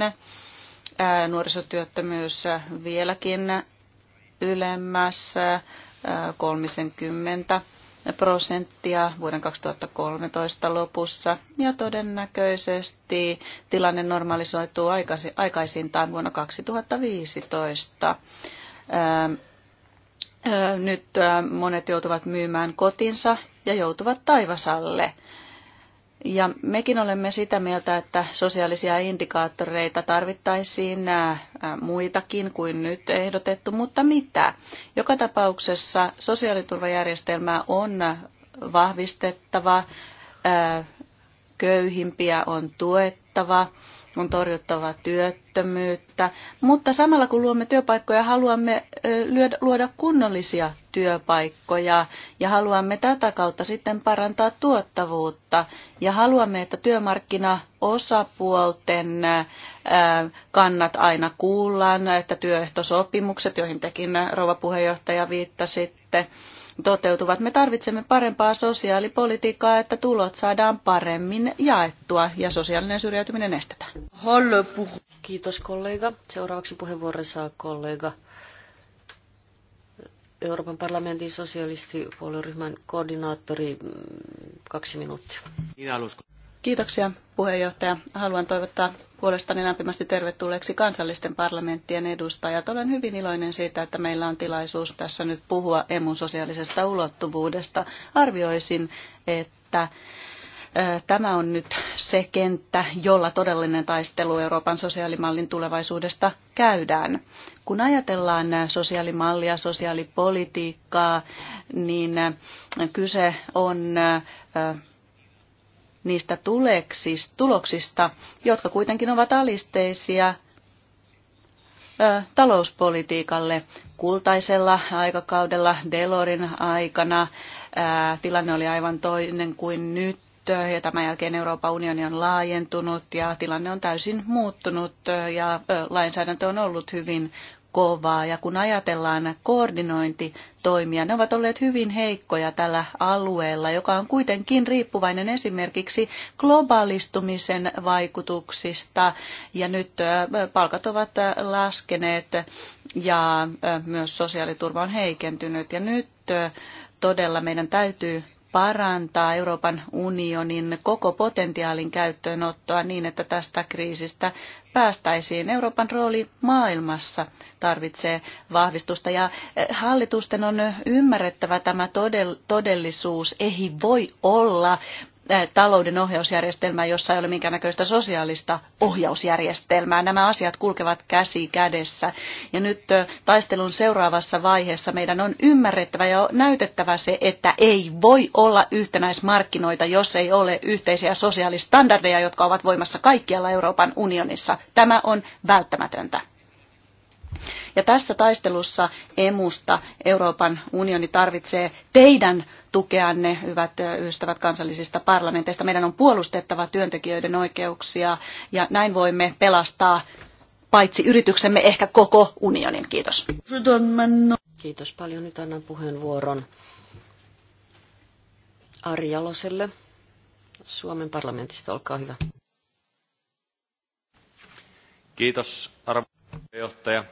nuorisotyöttömyys vieläkin ylemmäs 30 prosenttia vuoden 2013 lopussa ja todennäköisesti tilanne normalisoituu aikaisintaan vuonna 2015. Nyt monet joutuvat myymään kotinsa ja joutuvat taivasalle ja mekin olemme sitä mieltä, että sosiaalisia indikaattoreita tarvittaisiin muitakin kuin nyt ehdotettu, mutta mitä? Joka tapauksessa sosiaaliturvajärjestelmää on vahvistettava, köyhimpiä on tuettava on torjuttava työttömyyttä, mutta samalla kun luomme työpaikkoja, haluamme luoda kunnollisia työpaikkoja ja haluamme tätä kautta sitten parantaa tuottavuutta ja haluamme, että työmarkkinaosapuolten kannat aina kuullaan, että työehtosopimukset, joihin tekin rouva puheenjohtaja viittasitte, toteutuvat. Me tarvitsemme parempaa sosiaalipolitiikkaa, että tulot saadaan paremmin jaettua ja sosiaalinen syrjäytyminen estetään. Kiitos kollega. Seuraavaksi puheenvuoron saa kollega Euroopan parlamentin sosialistipuolueryhmän koordinaattori, kaksi minuuttia. Kiitoksia puheenjohtaja. Haluan toivottaa puolestani lämpimästi tervetulleeksi kansallisten parlamenttien edustajat. Olen hyvin iloinen siitä, että meillä on tilaisuus tässä nyt puhua emun sosiaalisesta ulottuvuudesta. Arvioisin, että tämä on nyt se kenttä, jolla todellinen taistelu Euroopan sosiaalimallin tulevaisuudesta käydään. Kun ajatellaan sosiaalimallia, sosiaalipolitiikkaa, niin kyse on niistä tuloksista, jotka kuitenkin ovat alisteisia talouspolitiikalle. Kultaisella aikakaudella, Delorin aikana, tilanne oli aivan toinen kuin nyt ja tämän jälkeen Euroopan unioni on laajentunut ja tilanne on täysin muuttunut ja lainsäädäntö on ollut hyvin kovaa. Ja kun ajatellaan koordinointitoimia, ne ovat olleet hyvin heikkoja tällä alueella, joka on kuitenkin riippuvainen esimerkiksi globaalistumisen vaikutuksista. Ja nyt palkat ovat laskeneet ja myös sosiaaliturva on heikentynyt. Ja nyt todella meidän täytyy parantaa Euroopan unionin koko potentiaalin käyttöönottoa niin, että tästä kriisistä päästäisiin. Euroopan rooli maailmassa tarvitsee vahvistusta ja eh, hallitusten on ymmärrettävä tämä todellisuus. Ei voi olla talouden ohjausjärjestelmää, jossa ei ole minkäännäköistä sosiaalista ohjausjärjestelmää. Nämä asiat kulkevat käsi kädessä. Ja nyt taistelun seuraavassa vaiheessa meidän on ymmärrettävä ja näytettävä se, että ei voi olla yhtenäismarkkinoita, jos ei ole yhteisiä sosiaalistandardeja, jotka ovat voimassa kaikkialla Euroopan unionissa. Tämä on välttämätöntä. Ja tässä taistelussa emusta Euroopan unioni tarvitsee teidän tukeanne, hyvät ystävät kansallisista parlamenteista. Meidän on puolustettava työntekijöiden oikeuksia ja näin voimme pelastaa paitsi yrityksemme, ehkä koko unionin. Kiitos. Kiitos paljon. Nyt annan puheenvuoron Ari Jaloselle Suomen parlamentista. Olkaa hyvä. Kiitos, arvoisa puheenjohtaja.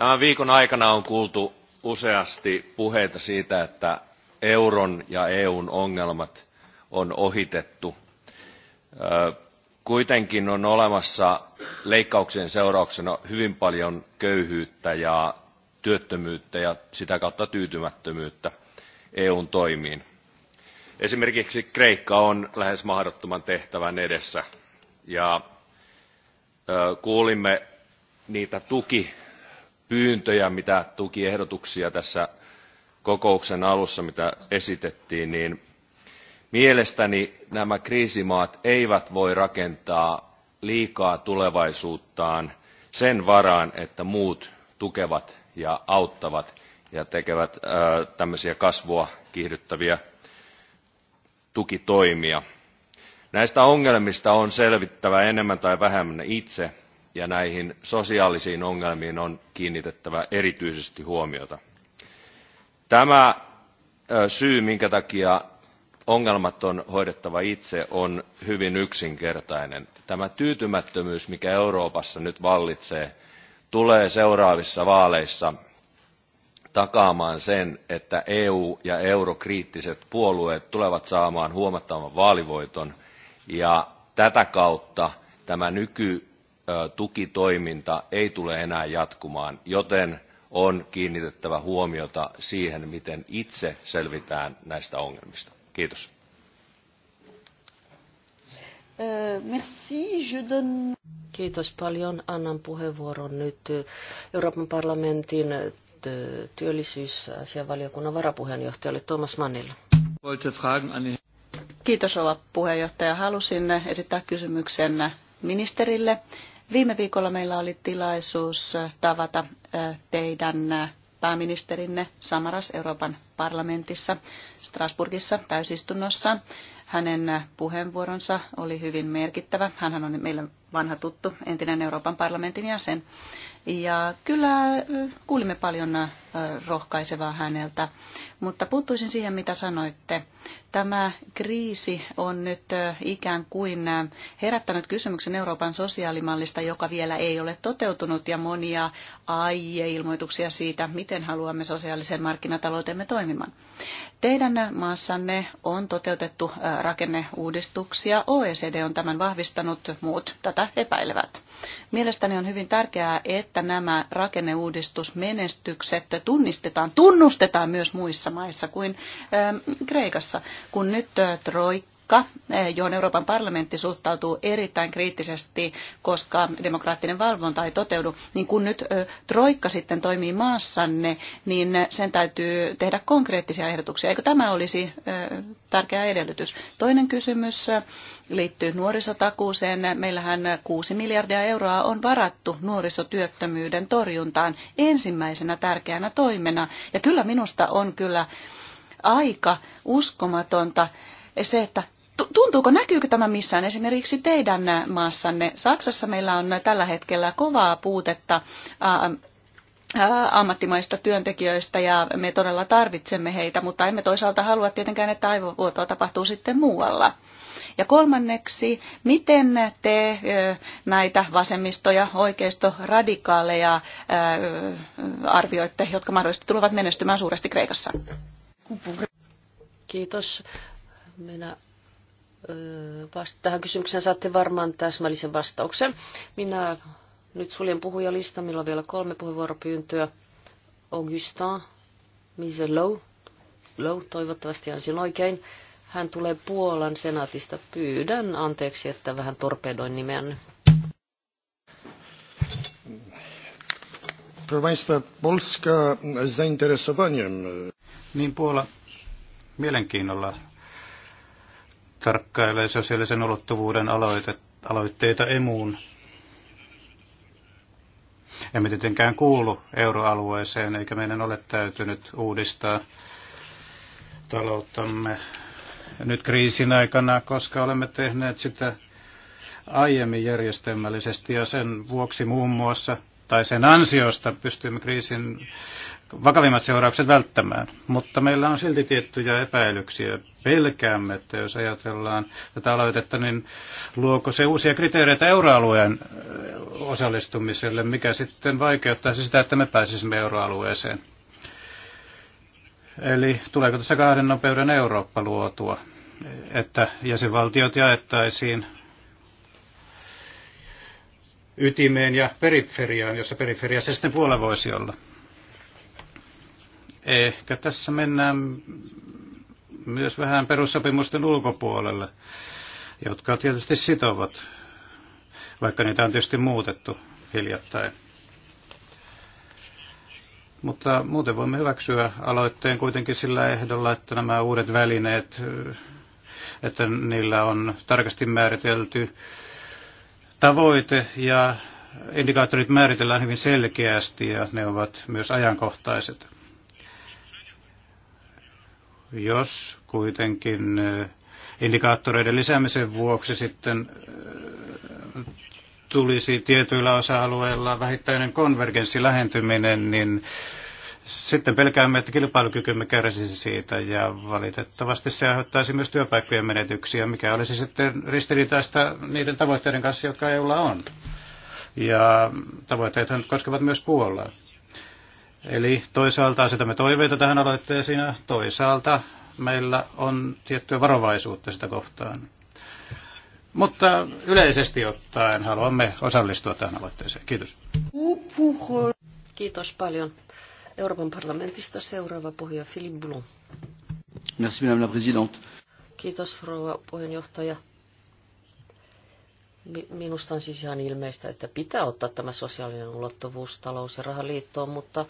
Tämän viikon aikana on kuultu useasti puheita siitä, että euron ja EUn ongelmat on ohitettu. Kuitenkin on olemassa leikkauksien seurauksena hyvin paljon köyhyyttä ja työttömyyttä ja sitä kautta tyytymättömyyttä EUn toimiin. Esimerkiksi Kreikka on lähes mahdottoman tehtävän edessä ja kuulimme niitä tuki pyyntöjä, mitä tukiehdotuksia tässä kokouksen alussa, mitä esitettiin, niin mielestäni nämä kriisimaat eivät voi rakentaa liikaa tulevaisuuttaan sen varaan, että muut tukevat ja auttavat ja tekevät ää, tämmöisiä kasvua kiihdyttäviä tukitoimia. Näistä ongelmista on selvittävä enemmän tai vähemmän itse ja näihin sosiaalisiin ongelmiin on kiinnitettävä erityisesti huomiota. Tämä syy, minkä takia ongelmat on hoidettava itse, on hyvin yksinkertainen. Tämä tyytymättömyys, mikä Euroopassa nyt vallitsee, tulee seuraavissa vaaleissa takaamaan sen, että EU- ja eurokriittiset puolueet tulevat saamaan huomattavan vaalivoiton, ja tätä kautta tämä nyky tukitoiminta ei tule enää jatkumaan, joten on kiinnitettävä huomiota siihen, miten itse selvitään näistä ongelmista. Kiitos. Kiitos paljon. Annan puheenvuoron nyt Euroopan parlamentin työllisyysasianvaliokunnan varapuheenjohtajalle Thomas Mannille. Kiitos rouva puheenjohtaja. Halusin esittää kysymyksen ministerille Viime viikolla meillä oli tilaisuus äh, tavata äh, teidän äh, pääministerinne Samaras Euroopan parlamentissa Strasburgissa täysistunnossa. Hänen puheenvuoronsa oli hyvin merkittävä. Hän on meillä vanha tuttu entinen Euroopan parlamentin jäsen. Ja kyllä kuulimme paljon rohkaisevaa häneltä, mutta puuttuisin siihen, mitä sanoitte. Tämä kriisi on nyt ikään kuin herättänyt kysymyksen Euroopan sosiaalimallista, joka vielä ei ole toteutunut, ja monia aie-ilmoituksia siitä, miten haluamme sosiaalisen markkinataloutemme toimimaan. Teidän maassanne on toteutettu rakenneuudistuksia. OECD on tämän vahvistanut, muut tätä epäilevät. Mielestäni on hyvin tärkeää, että nämä rakenneuudistusmenestykset tunnistetaan, tunnustetaan myös muissa maissa kuin ähm, Kreikassa. Kun nyt äh, Troikka Kreikka, eh, johon Euroopan parlamentti suhtautuu erittäin kriittisesti, koska demokraattinen valvonta ei toteudu, niin kun nyt eh, Troikka sitten toimii maassanne, niin sen täytyy tehdä konkreettisia ehdotuksia. Eikö tämä olisi eh, tärkeä edellytys? Toinen kysymys liittyy nuorisotakuuseen. Meillähän 6 miljardia euroa on varattu nuorisotyöttömyyden torjuntaan ensimmäisenä tärkeänä toimena. Ja kyllä minusta on kyllä aika uskomatonta se, että Tuntuuko, näkyykö tämä missään esimerkiksi teidän maassanne? Saksassa meillä on tällä hetkellä kovaa puutetta ammattimaista työntekijöistä ja me todella tarvitsemme heitä, mutta emme toisaalta halua tietenkään, että aivovuotoa tapahtuu sitten muualla. Ja kolmanneksi, miten te näitä vasemmistoja, ja oikeistoradikaaleja arvioitte, jotka mahdollisesti tulevat menestymään suuresti Kreikassa? Kiitos. Minä tähän kysymykseen saatte varmaan täsmällisen vastauksen. Minä nyt suljen puhujalista, meillä on vielä kolme puheenvuoropyyntöä. Augustin Miselow, Low, toivottavasti ansin oikein. Hän tulee Puolan senaatista. Pyydän anteeksi, että vähän torpedoin nimeänne. Państwa, Polska zainteresowaniem. Niin Puola mielenkiinnolla tarkkailee sosiaalisen ulottuvuuden aloite, aloitteita emuun. Emme tietenkään kuulu euroalueeseen, eikä meidän ole täytynyt uudistaa talouttamme nyt kriisin aikana, koska olemme tehneet sitä aiemmin järjestelmällisesti ja sen vuoksi muun muassa tai sen ansiosta pystymme kriisin vakavimmat seuraukset välttämään. Mutta meillä on silti tiettyjä epäilyksiä. Pelkäämme, että jos ajatellaan tätä aloitetta, niin luoko se uusia kriteereitä euroalueen osallistumiselle, mikä sitten vaikeuttaisi sitä, että me pääsisimme euroalueeseen. Eli tuleeko tässä kahden nopeuden Eurooppa luotua, että jäsenvaltiot jaettaisiin ytimeen ja periferiaan, jossa periferiassa sitten puolella voisi olla. Ehkä tässä mennään myös vähän perussopimusten ulkopuolelle, jotka tietysti sitovat, vaikka niitä on tietysti muutettu hiljattain. Mutta muuten voimme hyväksyä aloitteen kuitenkin sillä ehdolla, että nämä uudet välineet, että niillä on tarkasti määritelty tavoite ja indikaattorit määritellään hyvin selkeästi ja ne ovat myös ajankohtaiset. Jos kuitenkin indikaattoreiden lisäämisen vuoksi sitten tulisi tietyillä osa-alueilla vähittäinen konvergenssi lähentyminen, niin sitten pelkäämme, että kilpailukykymme kärsisi siitä ja valitettavasti se aiheuttaisi myös työpaikkojen menetyksiä, mikä olisi sitten ristiriitaista niiden tavoitteiden kanssa, jotka EUlla on. Ja tavoitteethan koskevat myös Puolaa. Eli toisaalta asetamme toiveita tähän aloitteeseen ja toisaalta meillä on tiettyä varovaisuutta sitä kohtaan. Mutta yleisesti ottaen haluamme osallistua tähän aloitteeseen. Kiitos. Kiitos paljon. Euroopan parlamentista seuraava puhuja Philippe Blum. Merci, madame la présidente. Kiitos, rouva puheenjohtaja. Minusta on siis ihan ilmeistä, että pitää ottaa tämä sosiaalinen ulottuvuus talous- ja rahaliittoon, mutta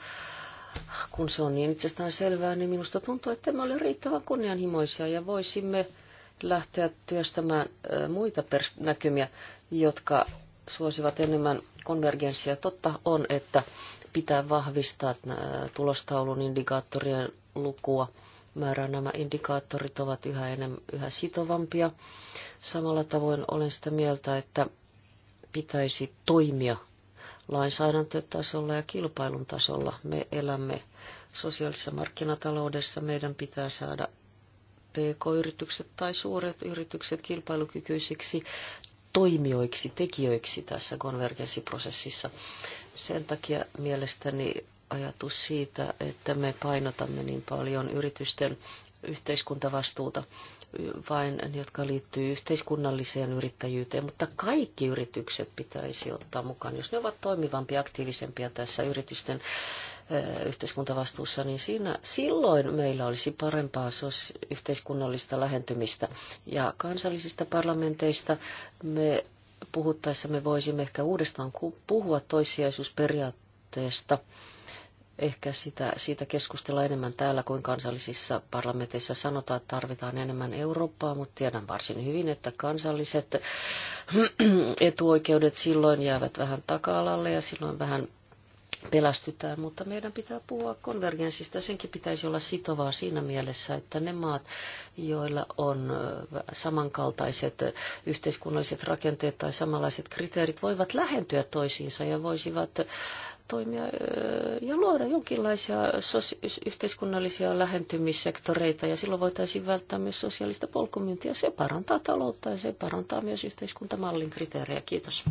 kun se on niin itsestään selvää, niin minusta tuntuu, että me olemme riittävän kunnianhimoisia ja voisimme lähteä työstämään muita näkymiä, jotka suosivat enemmän konvergenssia. Totta on, että pitää vahvistaa tulostaulun indikaattorien lukua määrää. Nämä indikaattorit ovat yhä, enemmän, yhä sitovampia Samalla tavoin olen sitä mieltä, että pitäisi toimia lainsäädäntötasolla ja kilpailun tasolla. Me elämme sosiaalisessa markkinataloudessa, meidän pitää saada PK-yritykset tai suuret yritykset kilpailukykyisiksi toimijoiksi, tekijöiksi tässä konvergenssiprosessissa. Sen takia mielestäni ajatus siitä, että me painotamme niin paljon yritysten yhteiskuntavastuuta, vain jotka liittyy yhteiskunnalliseen yrittäjyyteen, mutta kaikki yritykset pitäisi ottaa mukaan. Jos ne ovat toimivampia, aktiivisempia tässä yritysten yhteiskuntavastuussa, niin siinä, silloin meillä olisi parempaa yhteiskunnallista lähentymistä. Ja kansallisista parlamenteista me puhuttaessa me voisimme ehkä uudestaan puhua toissijaisuusperiaatteesta – Ehkä sitä, siitä keskustella enemmän täällä kuin kansallisissa parlamenteissa sanotaan, että tarvitaan enemmän Eurooppaa, mutta tiedän varsin hyvin, että kansalliset etuoikeudet silloin jäävät vähän taka-alalle ja silloin vähän pelästytään, mutta meidän pitää puhua konvergenssista. Senkin pitäisi olla sitovaa siinä mielessä, että ne maat, joilla on samankaltaiset yhteiskunnalliset rakenteet tai samanlaiset kriteerit, voivat lähentyä toisiinsa ja voisivat toimia ja luoda jonkinlaisia yhteiskunnallisia lähentymissektoreita ja silloin voitaisiin välttää myös sosiaalista polkumyyntiä. Se parantaa taloutta ja se parantaa myös yhteiskuntamallin kriteerejä. Kiitos.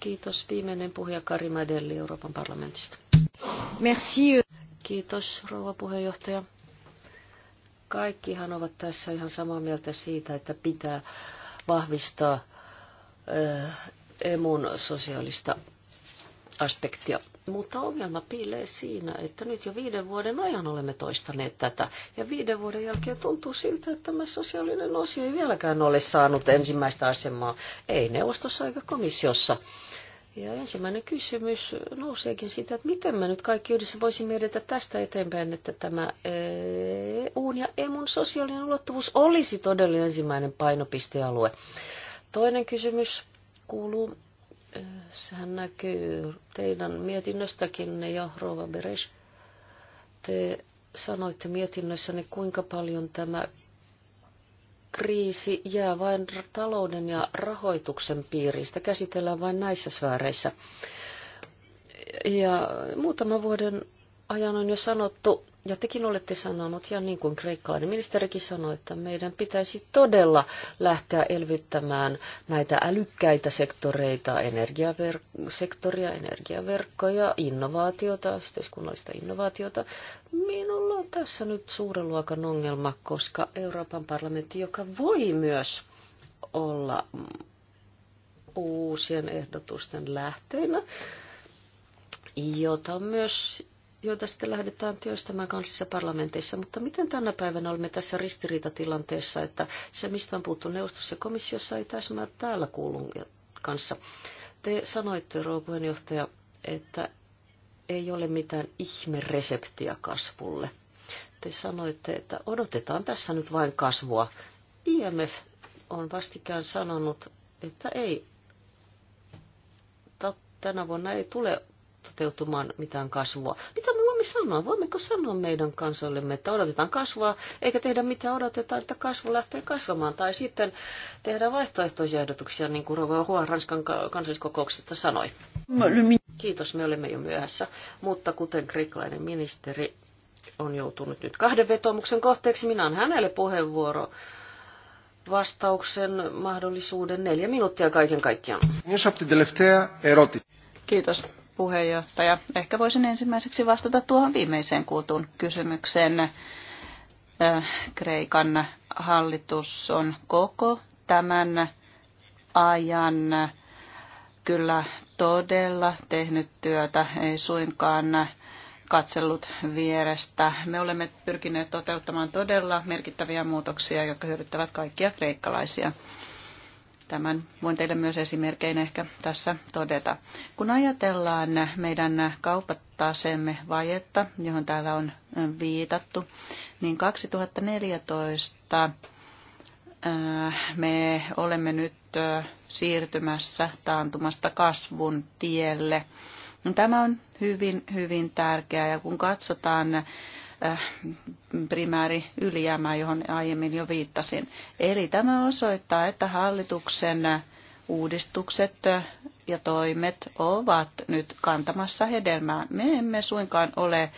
Kiitos. Viimeinen puhuja Kari Madelli Euroopan parlamentista. Merci. Kiitos rouva puheenjohtaja. Kaikkihan ovat tässä ihan samaa mieltä siitä, että pitää vahvistaa emun sosiaalista aspektia. Mutta ongelma piilee siinä, että nyt jo viiden vuoden ajan olemme toistaneet tätä. Ja viiden vuoden jälkeen tuntuu siltä, että tämä sosiaalinen osio ei vieläkään ole saanut ensimmäistä asemaa. Ei neuvostossa eikä komissiossa. Ja ensimmäinen kysymys nouseekin siitä, että miten me nyt kaikki yhdessä voisimme edetä tästä eteenpäin, että tämä EU ja EMUn sosiaalinen ulottuvuus olisi todellinen ensimmäinen painopistealue. Toinen kysymys kuuluu, Sehän näkyy teidän mietinnöstäkin jo, Rova Beres. Te sanoitte mietinnössäni, kuinka paljon tämä kriisi jää vain talouden ja rahoituksen piiristä. Käsitellään vain näissä sfääreissä. Ja muutaman vuoden ajan on jo sanottu, ja tekin olette sanonut, ja niin kuin kreikkalainen ministerikin sanoi, että meidän pitäisi todella lähteä elvyttämään näitä älykkäitä sektoreita, energiaver- energiaverkkoja, innovaatiota, yhteiskunnallista innovaatiota. Minulla on tässä nyt suuren luokan ongelma, koska Euroopan parlamentti, joka voi myös olla uusien ehdotusten lähteinä, jota myös joita sitten lähdetään työstämään kansallisissa parlamenteissa. Mutta miten tänä päivänä olemme tässä ristiriitatilanteessa, että se, mistä on puhuttu neuvostossa ja komissiossa, ei täsmää täällä kuulun kanssa. Te sanoitte, rouva puheenjohtaja, että ei ole mitään ihmereseptiä kasvulle. Te sanoitte, että odotetaan tässä nyt vain kasvua. IMF on vastikään sanonut, että ei, tänä vuonna ei tule toteutumaan mitään kasvua. Mitä me voimme sanoa? Voimmeko sanoa meidän kansallemme, että odotetaan kasvua, eikä tehdä mitään, odotetaan, että kasvu lähtee kasvamaan. Tai sitten tehdä vaihtoehtoisia ehdotuksia, niin kuin Rova Ranskan kansalliskokouksesta sanoi. Kiitos, me olemme jo myöhässä. Mutta kuten kreikkalainen ministeri on joutunut nyt kahden vetomuksen kohteeksi, minä annan hänelle puheenvuoro vastauksen mahdollisuuden neljä minuuttia kaiken kaikkiaan. Kiitos puheenjohtaja. Ehkä voisin ensimmäiseksi vastata tuohon viimeiseen kuultuun kysymykseen. Äh, Kreikan hallitus on koko tämän ajan kyllä todella tehnyt työtä, ei suinkaan katsellut vierestä. Me olemme pyrkineet toteuttamaan todella merkittäviä muutoksia, jotka hyödyttävät kaikkia kreikkalaisia. Tämän voin teille myös esimerkkein ehkä tässä todeta. Kun ajatellaan meidän kauppatasemme vajetta, johon täällä on viitattu, niin 2014 me olemme nyt siirtymässä taantumasta kasvun tielle. Tämä on hyvin, hyvin tärkeää ja kun katsotaan Äh, primääri ylijäämää, johon aiemmin jo viittasin. Eli tämä osoittaa, että hallituksen uudistukset ja toimet ovat nyt kantamassa hedelmää. Me emme suinkaan ole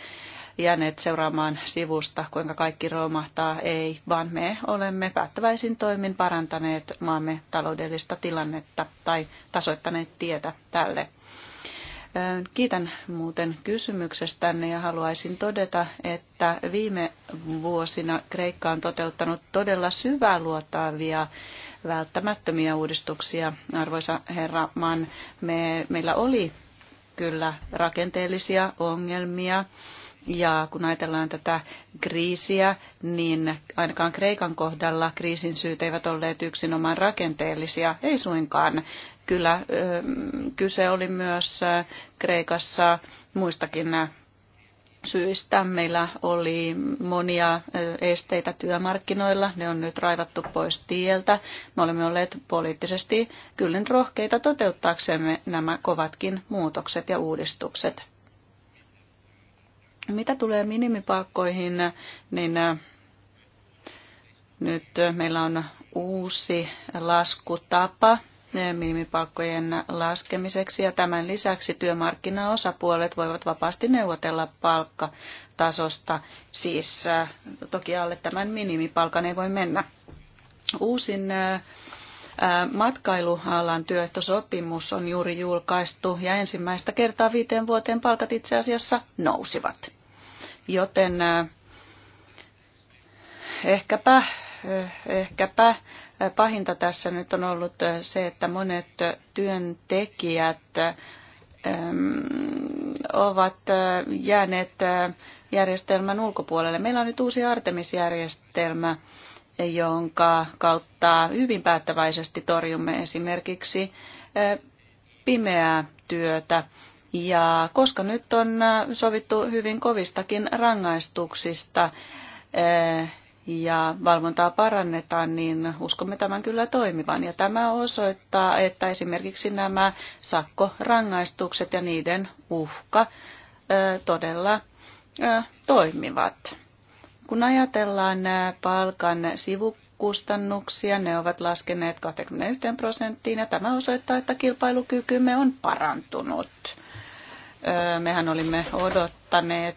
jääneet seuraamaan sivusta, kuinka kaikki romahtaa, ei, vaan me olemme päättäväisin toimin parantaneet maamme taloudellista tilannetta tai tasoittaneet tietä tälle. Äh, kiitän muuten kysymyksestänne ja haluaisin todeta, että viime vuosina Kreikka on toteuttanut todella syvää luotaavia välttämättömiä uudistuksia. Arvoisa herra Mann, me, meillä oli kyllä rakenteellisia ongelmia. Ja kun ajatellaan tätä kriisiä, niin ainakaan Kreikan kohdalla kriisin syyt eivät olleet yksinomaan rakenteellisia, ei suinkaan kyllä kyse oli myös Kreikassa muistakin syistä. Meillä oli monia esteitä työmarkkinoilla, ne on nyt raivattu pois tieltä. Me olemme olleet poliittisesti kyllin rohkeita toteuttaaksemme nämä kovatkin muutokset ja uudistukset. Mitä tulee minimipalkkoihin, niin nyt meillä on uusi laskutapa, minimipalkkojen laskemiseksi ja tämän lisäksi työmarkkinaosapuolet voivat vapaasti neuvotella palkkatasosta. Siis äh, toki alle tämän minimipalkan ei voi mennä. Uusin äh, äh, matkailualan työehtosopimus on juuri julkaistu ja ensimmäistä kertaa viiteen vuoteen palkat itse asiassa nousivat. Joten ehkäpä ehkäpä pahinta tässä nyt on ollut se, että monet työntekijät ovat jääneet järjestelmän ulkopuolelle. Meillä on nyt uusi Artemis-järjestelmä, jonka kautta hyvin päättäväisesti torjumme esimerkiksi e, pimeää työtä. Ja koska nyt on sovittu hyvin kovistakin rangaistuksista, e, ja valvontaa parannetaan, niin uskomme tämän kyllä toimivan. Ja tämä osoittaa, että esimerkiksi nämä sakkorangaistukset ja niiden uhka todella toimivat. Kun ajatellaan palkan sivukustannuksia, ne ovat laskeneet 21 prosenttiin ja tämä osoittaa, että kilpailukykymme on parantunut. Mehän olimme odottaneet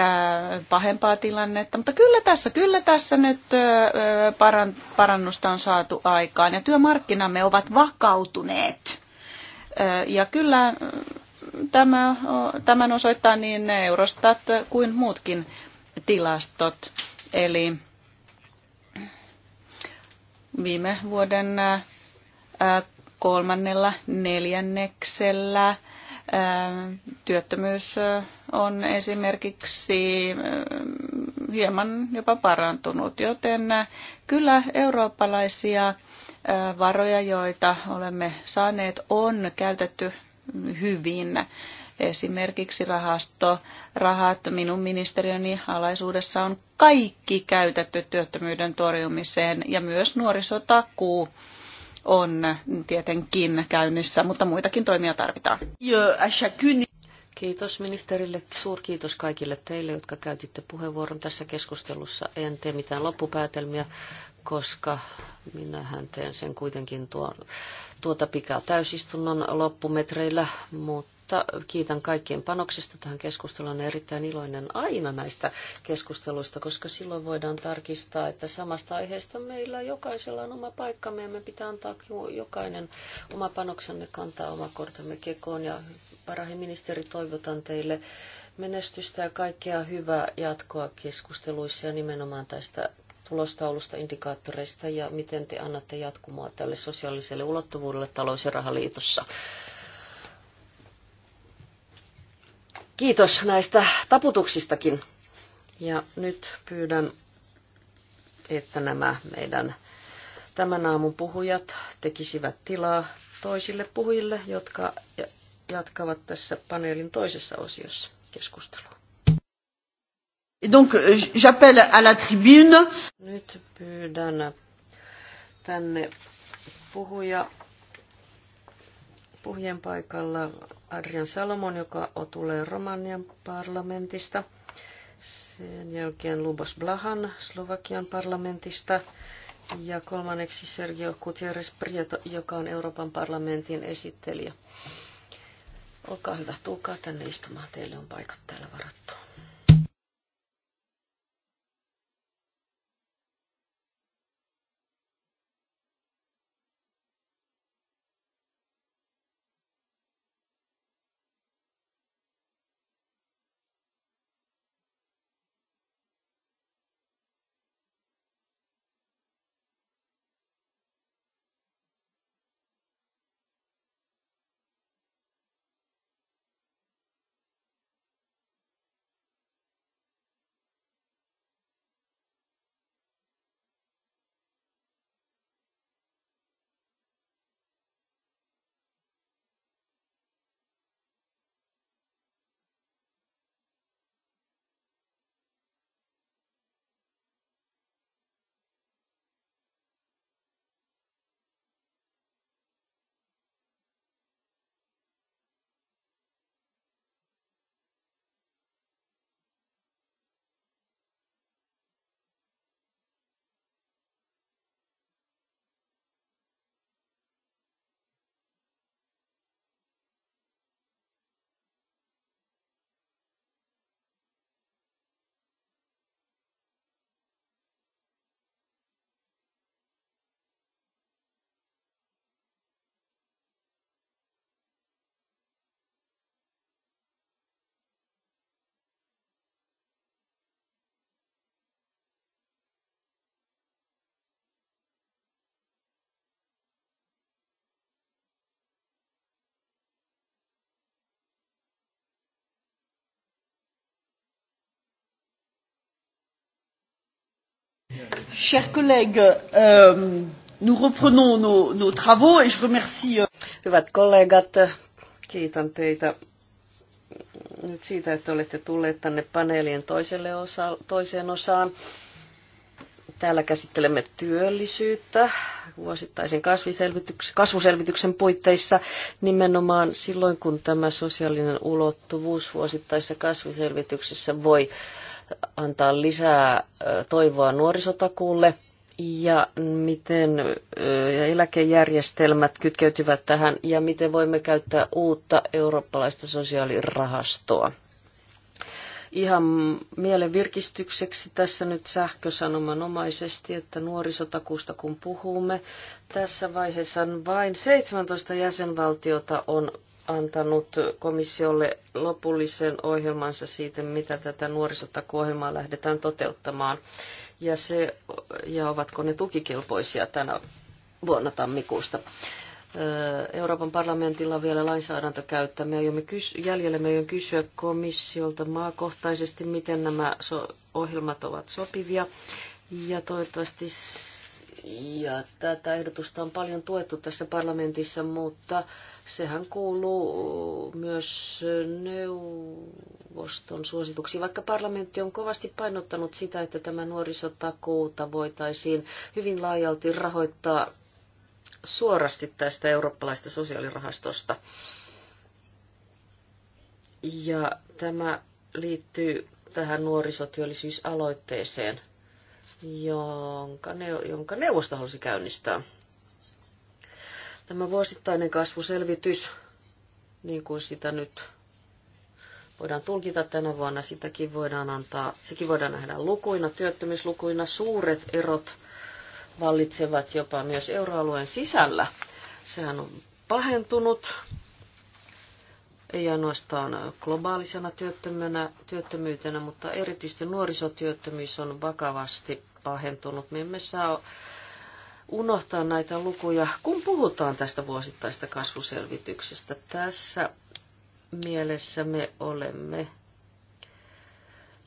Äh, pahempaa tilannetta. Mutta kyllä tässä, kyllä tässä nyt äh, parannusta on saatu aikaan ja työmarkkinamme ovat vakautuneet. Äh, ja kyllä tämä, tämän osoittaa niin Eurostat kuin muutkin tilastot. Eli viime vuoden kolmannella neljänneksellä Ähm, työttömyys on esimerkiksi hieman jopa parantunut, joten kyllä eurooppalaisia varoja, joita olemme saaneet, on käytetty hyvin. Esimerkiksi rahasto, rahat minun ministeriöni alaisuudessa on kaikki käytetty työttömyyden torjumiseen ja myös nuorisotakuu on tietenkin käynnissä, mutta muitakin toimia tarvitaan. Kiitos ministerille. Suurkiitos kaikille teille, jotka käytitte puheenvuoron tässä keskustelussa. En tee mitään loppupäätelmiä, koska minähän teen sen kuitenkin tuon, tuota pikaa täysistunnon loppumetreillä, mutta mutta kiitän kaikkien panoksista tähän keskusteluun. Olen erittäin iloinen aina näistä keskusteluista, koska silloin voidaan tarkistaa, että samasta aiheesta meillä jokaisella on oma paikkamme Meidän me pitää antaa jokainen oma panoksenne kantaa oma kortemme kekoon. Ja ministeri, toivotan teille menestystä ja kaikkea hyvää jatkoa keskusteluissa ja nimenomaan tästä tulostaulusta, indikaattoreista ja miten te annatte jatkumoa tälle sosiaaliselle ulottuvuudelle talous- ja rahaliitossa. Kiitos näistä taputuksistakin. Ja nyt pyydän, että nämä meidän tämän aamun puhujat tekisivät tilaa toisille puhujille, jotka jatkavat tässä paneelin toisessa osiossa keskustelua. Donc, euh, j'appelle à la tribune. Nyt pyydän tänne puhuja Puhujen paikalla Adrian Salomon, joka tulee Romanian parlamentista. Sen jälkeen Lubos Blahan Slovakian parlamentista. Ja kolmanneksi Sergio Gutierrez Prieto, joka on Euroopan parlamentin esittelijä. Olkaa hyvä, tulkaa tänne istumaan. Teille on paikat täällä varattu. Chers collègues, euh, nous reprenons nos, nos travaux et je remercie... Euh, Hyvät kollegat, kiitän teitä nyt siitä, että olette tulleet tänne paneelien toiselle osa, toiseen osaan. Täällä käsittelemme työllisyyttä vuosittaisen kasvuselvityksen puitteissa nimenomaan silloin, kun tämä sosiaalinen ulottuvuus vuosittaisessa kasvuselvityksessä voi äh, antaa lisää toivoa nuorisotakuulle ja miten eläkejärjestelmät kytkeytyvät tähän ja miten voimme käyttää uutta eurooppalaista sosiaalirahastoa. Ihan mielen virkistykseksi tässä nyt sähkösanomanomaisesti, että nuorisotakuusta kun puhumme, tässä vaiheessa vain 17 jäsenvaltiota on antanut komissiolle lopullisen ohjelmansa siitä, mitä tätä nuorisotakuohjelmaa lähdetään toteuttamaan. Ja, se, ja ovatko ne tukikelpoisia tänä vuonna tammikuusta. Euroopan parlamentilla on vielä käyttää. Me aiomme kys- jäljelle meidän kysyä komissiolta maakohtaisesti, miten nämä so- ohjelmat ovat sopivia. Ja toivottavasti ja tätä ehdotusta on paljon tuettu tässä parlamentissa, mutta sehän kuuluu myös neuvoston suosituksiin. Vaikka parlamentti on kovasti painottanut sitä, että tämä nuorisotakuuta voitaisiin hyvin laajalti rahoittaa suorasti tästä eurooppalaista sosiaalirahastosta. Ja tämä liittyy tähän nuorisotyöllisyysaloitteeseen jonka, ne, jonka neuvosto halusi käynnistää. Tämä vuosittainen kasvuselvitys, niin kuin sitä nyt voidaan tulkita tänä vuonna, sitäkin voidaan antaa, sekin voidaan nähdä lukuina, työttömyyslukuina. Suuret erot vallitsevat jopa myös euroalueen sisällä. Sehän on pahentunut ei ainoastaan globaalisena työttömyytenä, mutta erityisesti nuorisotyöttömyys on vakavasti pahentunut. Me emme saa unohtaa näitä lukuja, kun puhutaan tästä vuosittaista kasvuselvityksestä. Tässä mielessä me olemme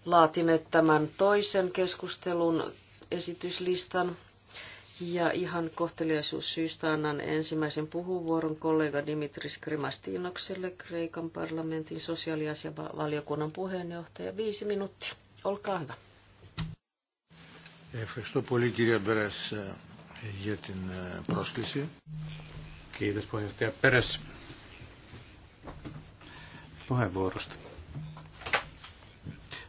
laatineet tämän toisen keskustelun esityslistan ja ihan syystä annan ensimmäisen puhuvuoron kollega Dimitris Krimastinokselle, Kreikan parlamentin sosiaaliasiavaliokunnan puheenjohtaja. Viisi minuuttia. Olkaa hyvä. Kiitos puheenjohtaja Peres puheenvuorosta.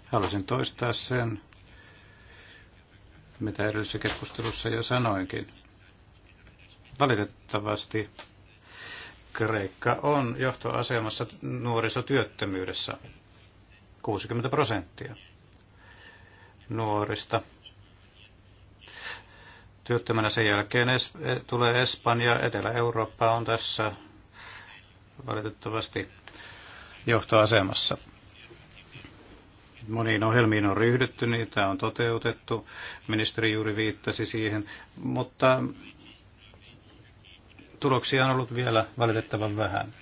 Haluaisin toistaa sen, mitä edellisessä keskustelussa jo sanoinkin. Valitettavasti Kreikka on johtoasemassa nuorisotyöttömyydessä 60 prosenttia nuorista. Työttömänä sen jälkeen es- e, tulee Espanja, Etelä-Eurooppa on tässä valitettavasti johtoasemassa. Moniin ohjelmiin on ryhdytty, niitä on toteutettu. Ministeri juuri viittasi siihen, mutta tuloksia on ollut vielä valitettavan vähän.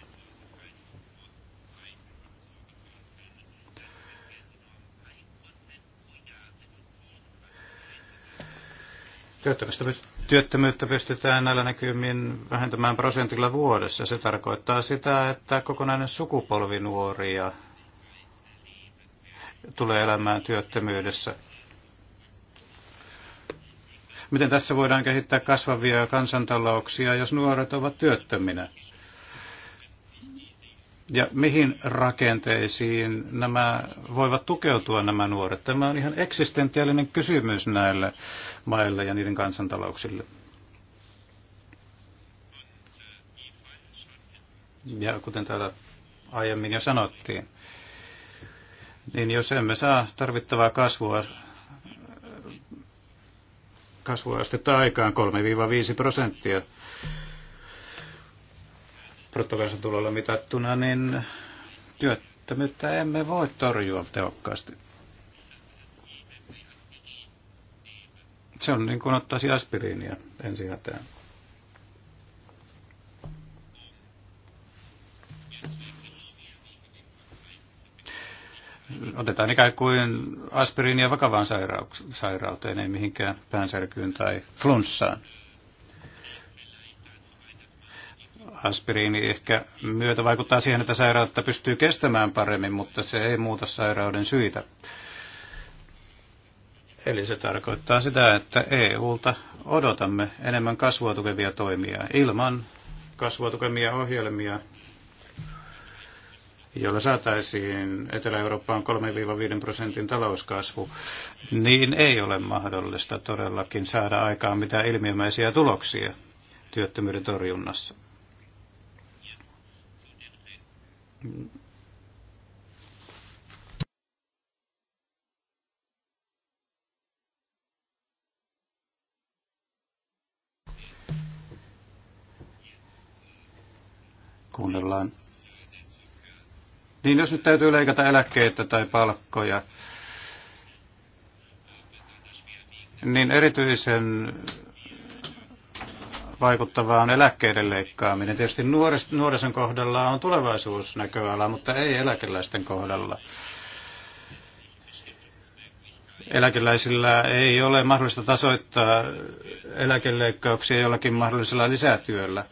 Työttömyyttä pystytään näillä näkymin vähentämään prosentilla vuodessa. Se tarkoittaa sitä, että kokonainen sukupolvi nuoria tulee elämään työttömyydessä. Miten tässä voidaan kehittää kasvavia kansantalouksia, jos nuoret ovat työttöminä? Ja mihin rakenteisiin nämä voivat tukeutua nämä nuoret? Tämä on ihan eksistentiaalinen kysymys näille maille ja niiden kansantalouksille. Ja kuten täällä aiemmin jo sanottiin, niin jos emme saa tarvittavaa kasvua, kasvuastetta aikaan 3-5 prosenttia bruttokansantulolla mitattuna, niin työttömyyttä emme voi torjua tehokkaasti. Se on niin kuin ottaisi aspiriinia ensi hätään. otetaan ikään kuin aspiriinia vakavaan sairauteen, ei mihinkään päänsärkyyn tai flunssaan. Aspiriini ehkä myötä vaikuttaa siihen, että sairautta pystyy kestämään paremmin, mutta se ei muuta sairauden syitä. Eli se tarkoittaa sitä, että EUlta odotamme enemmän kasvua tukevia toimia. Ilman kasvua tukemia ohjelmia jolla saataisiin Etelä-Eurooppaan 3-5 prosentin talouskasvu, niin ei ole mahdollista todellakin saada aikaan mitään ilmiömäisiä tuloksia työttömyyden torjunnassa. Kuunnellaan niin jos nyt täytyy leikata eläkkeitä tai palkkoja, niin erityisen vaikuttavaa on eläkkeiden leikkaaminen. Tietysti nuoris, nuorison kohdalla on tulevaisuusnäköala, mutta ei eläkeläisten kohdalla. Eläkeläisillä ei ole mahdollista tasoittaa eläkeleikkauksia jollakin mahdollisella lisätyöllä.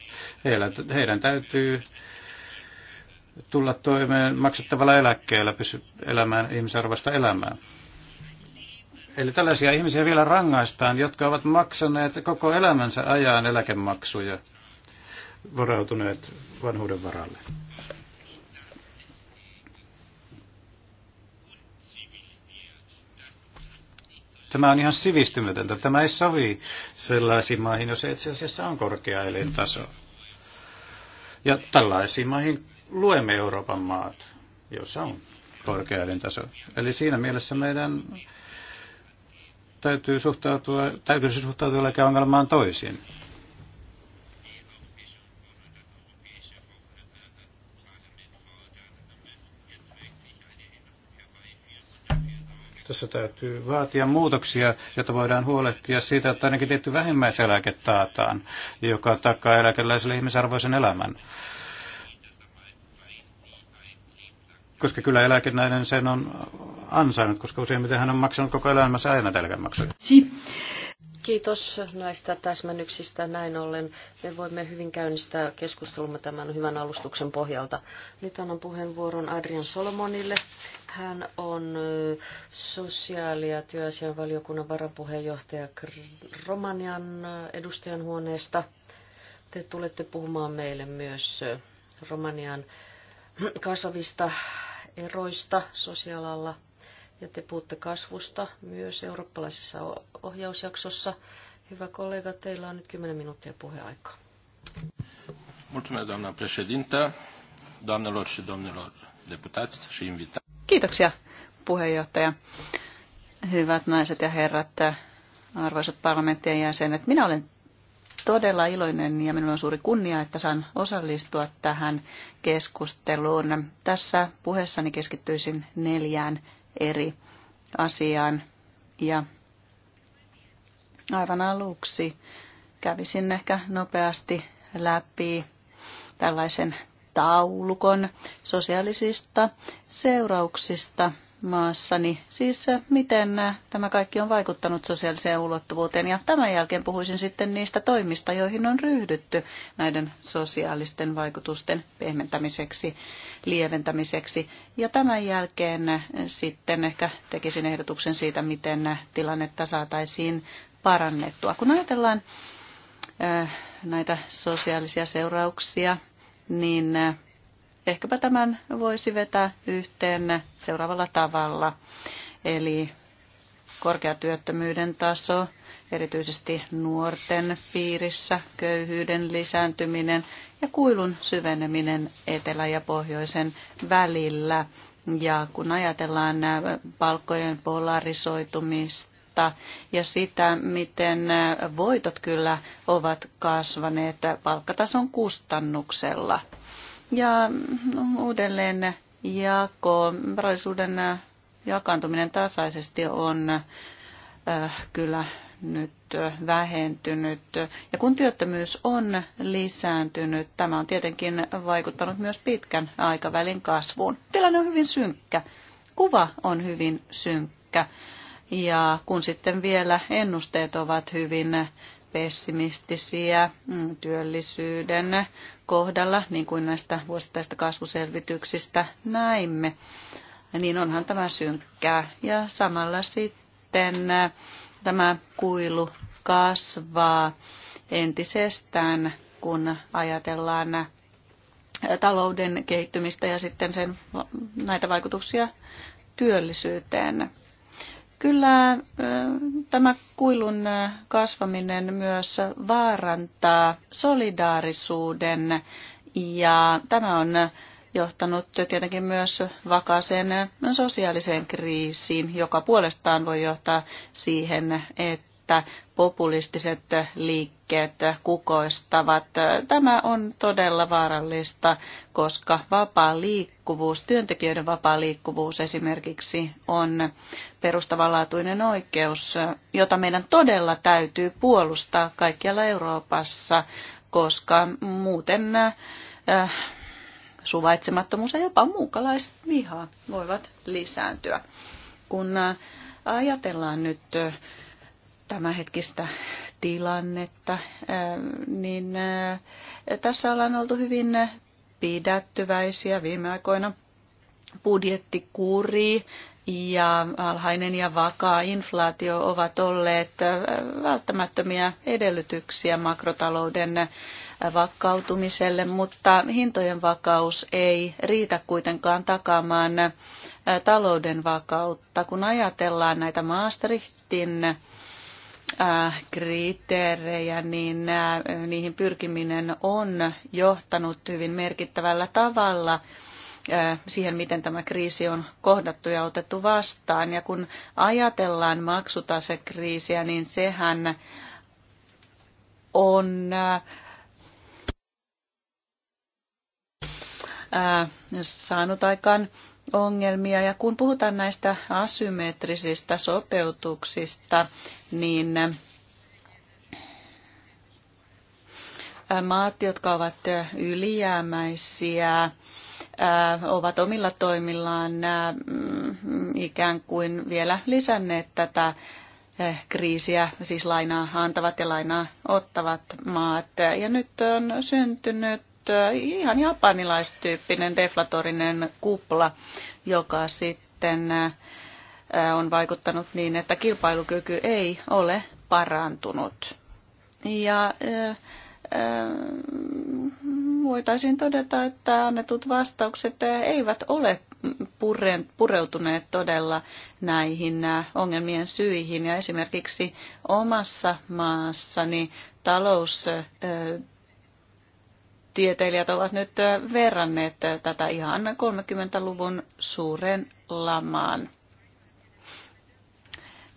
Heillä, heidän täytyy tulla toimeen maksettavalla eläkkeellä pysy elämään ihmisarvoista elämää. Eli tällaisia ihmisiä vielä rangaistaan, jotka ovat maksaneet koko elämänsä ajan eläkemaksuja varautuneet vanhuuden varalle. Tämä on ihan sivistymätöntä. Tämä ei sovi sellaisiin maihin, jos itse asiassa on korkea elintaso. Ja tällaisiin maihin luemme Euroopan maat, joissa on korkea elintaso. Eli siinä mielessä meidän täytyy suhtautua, täytyy siis suhtautua eläkeä ongelmaan toisin. Tässä täytyy vaatia muutoksia, jotta voidaan huolehtia siitä, että ainakin tietty vähimmäiseläke taataan, joka takaa eläkeläiselle ihmisarvoisen elämän. koska kyllä eläkeläinen sen on ansainnut, koska useimmiten hän on maksanut koko elämänsä aina eläkemaksuja. Kiitos näistä täsmennyksistä. Näin ollen me voimme hyvin käynnistää keskustelumme tämän hyvän alustuksen pohjalta. Nyt annan puheenvuoron Adrian Solomonille. Hän on sosiaali- ja työasian valiokunnan varapuheenjohtaja Romanian Edustajan huoneesta. Te tulette puhumaan meille myös Romanian kasvavista eroista sosiaalalla ja te puhutte kasvusta myös eurooppalaisessa ohjausjaksossa. Hyvä kollega, teillä on nyt 10 minuuttia puheaikaa. Kiitoksia, puheenjohtaja. Hyvät naiset ja herrat, arvoisat parlamenttien jäsenet, minä olen todella iloinen ja minulla on suuri kunnia, että saan osallistua tähän keskusteluun. Tässä puheessani keskittyisin neljään eri asiaan ja aivan aluksi kävisin ehkä nopeasti läpi tällaisen taulukon sosiaalisista seurauksista maassani. Siis äh, miten äh, tämä kaikki on vaikuttanut sosiaaliseen ulottuvuuteen ja tämän jälkeen puhuisin sitten niistä toimista, joihin on ryhdytty näiden sosiaalisten vaikutusten pehmentämiseksi, lieventämiseksi. Ja tämän jälkeen äh, sitten ehkä tekisin ehdotuksen siitä, miten tilannetta saataisiin parannettua. Kun ajatellaan näitä sosiaalisia seurauksia, niin ehkäpä tämän voisi vetää yhteen seuraavalla tavalla. Eli korkea työttömyyden taso, erityisesti nuorten piirissä, köyhyyden lisääntyminen ja kuilun syveneminen etelä- ja pohjoisen välillä. Ja kun ajatellaan palkkojen polarisoitumista ja sitä, miten voitot kyllä ovat kasvaneet palkkatason kustannuksella – ja mm, uudelleen jako, varallisuuden äh, jakaantuminen tasaisesti on äh, kyllä nyt äh, vähentynyt. Ja kun työttömyys on lisääntynyt, tämä on tietenkin vaikuttanut myös pitkän aikavälin kasvuun. Tilanne on hyvin synkkä. Kuva on hyvin synkkä. Ja kun sitten vielä ennusteet ovat hyvin pessimistisiä mm, työllisyyden kohdalla, niin kuin näistä vuosittaista kasvuselvityksistä näimme, niin onhan tämä synkkää. Ja samalla sitten äh, tämä kuilu kasvaa entisestään, kun ajatellaan äh, talouden kehittymistä ja sitten sen, näitä vaikutuksia työllisyyteen. Kyllä tämä kuilun kasvaminen myös vaarantaa solidaarisuuden ja tämä on johtanut tietenkin myös vakaaseen sosiaaliseen kriisiin, joka puolestaan voi johtaa siihen, että populistiset liikkeet liikkeet kukoistavat. Tämä on todella vaarallista, koska vapaa liikkuvuus, työntekijöiden vapaa liikkuvuus esimerkiksi on perustavanlaatuinen oikeus, jota meidän todella täytyy puolustaa kaikkialla Euroopassa, koska muuten äh, suvaitsemattomuus ja jopa muukalaisviha voivat lisääntyä. Kun äh, ajatellaan nyt äh, tämänhetkistä tilannetta, niin tässä ollaan oltu hyvin pidättyväisiä viime aikoina. Budjettikuri ja alhainen ja vakaa inflaatio ovat olleet välttämättömiä edellytyksiä makrotalouden vakautumiselle, mutta hintojen vakaus ei riitä kuitenkaan takaamaan talouden vakautta. Kun ajatellaan näitä Maastrichtin Äh, kriteerejä, niin äh, niihin pyrkiminen on johtanut hyvin merkittävällä tavalla äh, siihen, miten tämä kriisi on kohdattu ja otettu vastaan. Ja kun ajatellaan maksutasekriisiä, niin sehän on saanut aikaan ongelmia. Ja kun puhutaan näistä asymmetrisistä sopeutuksista, niin maat, jotka ovat ylijäämäisiä, ovat omilla toimillaan mm, ikään kuin vielä lisänneet tätä kriisiä, siis lainaa antavat ja lainaa ottavat maat. Ja nyt on syntynyt ihan japanilaistyyppinen deflatorinen kupla, joka sitten on vaikuttanut niin, että kilpailukyky ei ole parantunut. Ja voitaisiin todeta, että annetut vastaukset eivät ole pureutuneet todella näihin ongelmien syihin. Ja esimerkiksi omassa maassani talous tieteilijät ovat nyt verranneet tätä ihan 30-luvun suuren lamaan.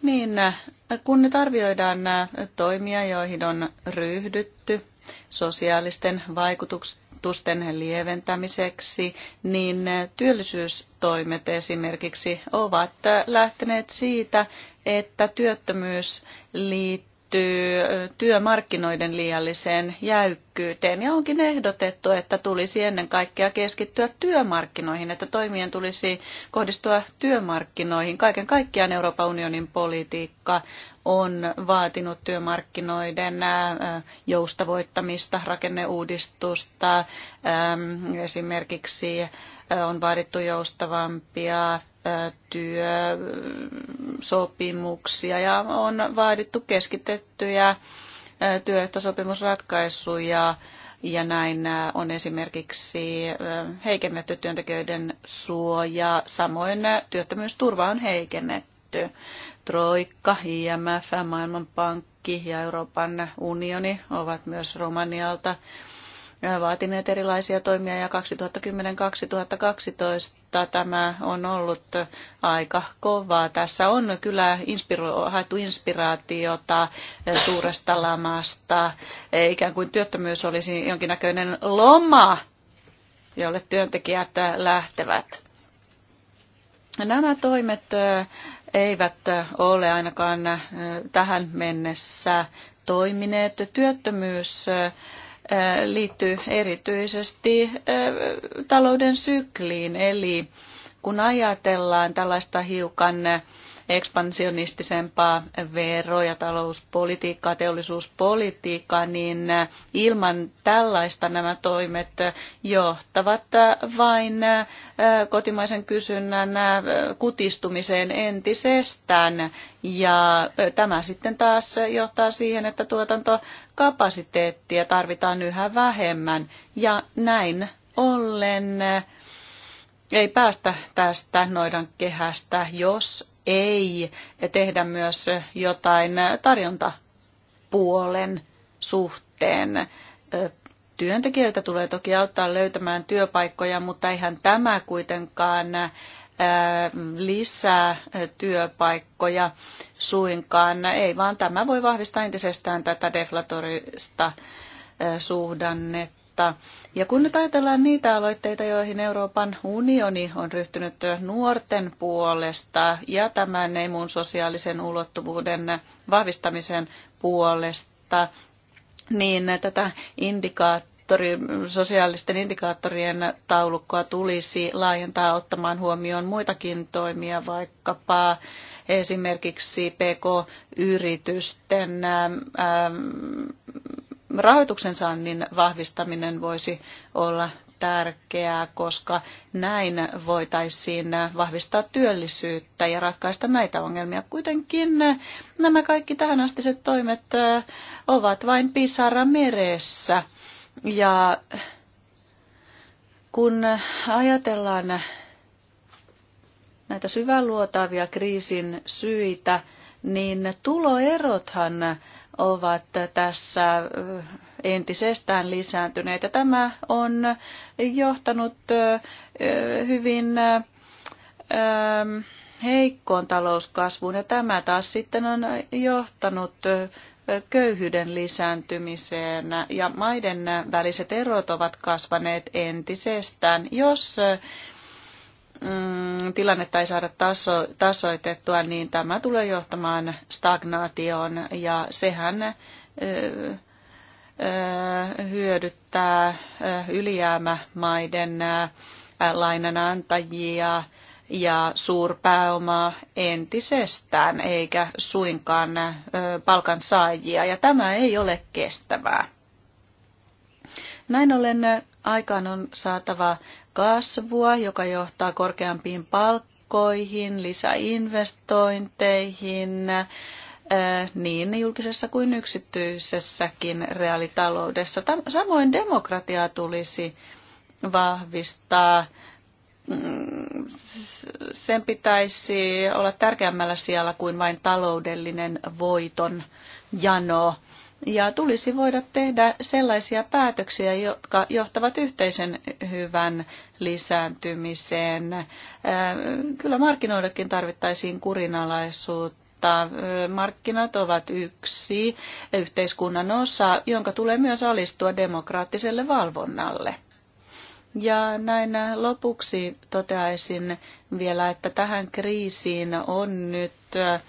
Niin, kun nyt arvioidaan nämä toimia, joihin on ryhdytty sosiaalisten vaikutusten lieventämiseksi, niin työllisyystoimet esimerkiksi ovat lähteneet siitä, että työttömyys liittyy liittyy työmarkkinoiden liialliseen jäykkyyteen ja onkin ehdotettu, että tulisi ennen kaikkea keskittyä työmarkkinoihin, että toimien tulisi kohdistua työmarkkinoihin. Kaiken kaikkiaan Euroopan unionin politiikka on vaatinut työmarkkinoiden joustavoittamista, rakenneuudistusta, esimerkiksi on vaadittu joustavampia työsopimuksia ja on vaadittu keskitettyjä työehtosopimusratkaisuja ja näin on esimerkiksi heikennetty työntekijöiden suoja samoin työttömyysturva on heikennetty. Troikka, IMF, Maailmanpankki ja Euroopan unioni ovat myös Romanialta vaatineet erilaisia toimia ja 2010-2012 tämä on ollut aika kovaa. Tässä on kyllä inspiro- haettu inspiraatiota suuresta lamasta, e, ikään kuin työttömyys olisi jonkinnäköinen loma, jolle työntekijät lähtevät. Nämä toimet eivät ole ainakaan tähän mennessä toimineet. Työttömyys liittyy erityisesti talouden sykliin, eli kun ajatellaan tällaista hiukan ekspansionistisempaa vero- ja talouspolitiikkaa, teollisuuspolitiikkaa, niin ilman tällaista nämä toimet johtavat vain kotimaisen kysynnän kutistumiseen entisestään. Ja tämä sitten taas johtaa siihen, että tuotantokapasiteettia tarvitaan yhä vähemmän. Ja näin ollen ei päästä tästä noidan kehästä, jos ei tehdä myös jotain tarjontapuolen suhteen. Työntekijöitä tulee toki auttaa löytämään työpaikkoja, mutta eihän tämä kuitenkaan lisää työpaikkoja suinkaan. Ei vaan tämä voi vahvistaa entisestään tätä deflatorista suhdannetta aloitetta. Ja kun nyt ajatellaan niitä aloitteita, joihin Euroopan unioni on ryhtynyt nuorten puolesta ja tämän emun sosiaalisen ulottuvuuden vahvistamisen puolesta, niin tätä indikaattoria sosiaalisten indikaattorien taulukkoa tulisi laajentaa ottamaan huomioon muitakin toimia, vaikkapa esimerkiksi PK-yritysten rahoituksen saannin vahvistaminen voisi olla tärkeää, koska näin voitaisiin vahvistaa työllisyyttä ja ratkaista näitä ongelmia. Kuitenkin nämä kaikki tähänastiset toimet ovat vain pisara meressä. Ja kun ajatellaan näitä syväluotaavia kriisin syitä, niin tuloerothan ovat tässä entisestään lisääntyneet. Ja tämä on johtanut hyvin heikkoon talouskasvuun ja tämä taas sitten on johtanut köyhyyden lisääntymiseen ja maiden väliset erot ovat kasvaneet entisestään. Jos mm, tilannetta ei saada taso, tasoitettua, niin tämä tulee johtamaan stagnaatioon ja sehän ö, ö, hyödyttää ylijäämämaiden lainanantajia ja suurpääomaa entisestään, eikä suinkaan palkansaajia, ja tämä ei ole kestävää. Näin ollen aikaan on saatava kasvua, joka johtaa korkeampiin palkkoihin, lisäinvestointeihin, äh, niin julkisessa kuin yksityisessäkin reaalitaloudessa. Samoin demokratiaa tulisi vahvistaa. Mm, sen pitäisi olla tärkeämmällä siellä kuin vain taloudellinen voiton jano. Ja tulisi voida tehdä sellaisia päätöksiä, jotka johtavat yhteisen hyvän lisääntymiseen. Äh, kyllä markkinoillekin tarvittaisiin kurinalaisuutta äh, markkinat ovat yksi yhteiskunnan osa, jonka tulee myös alistua demokraattiselle valvonnalle. Ja näin lopuksi toteaisin vielä, että tähän kriisiin on nyt äh,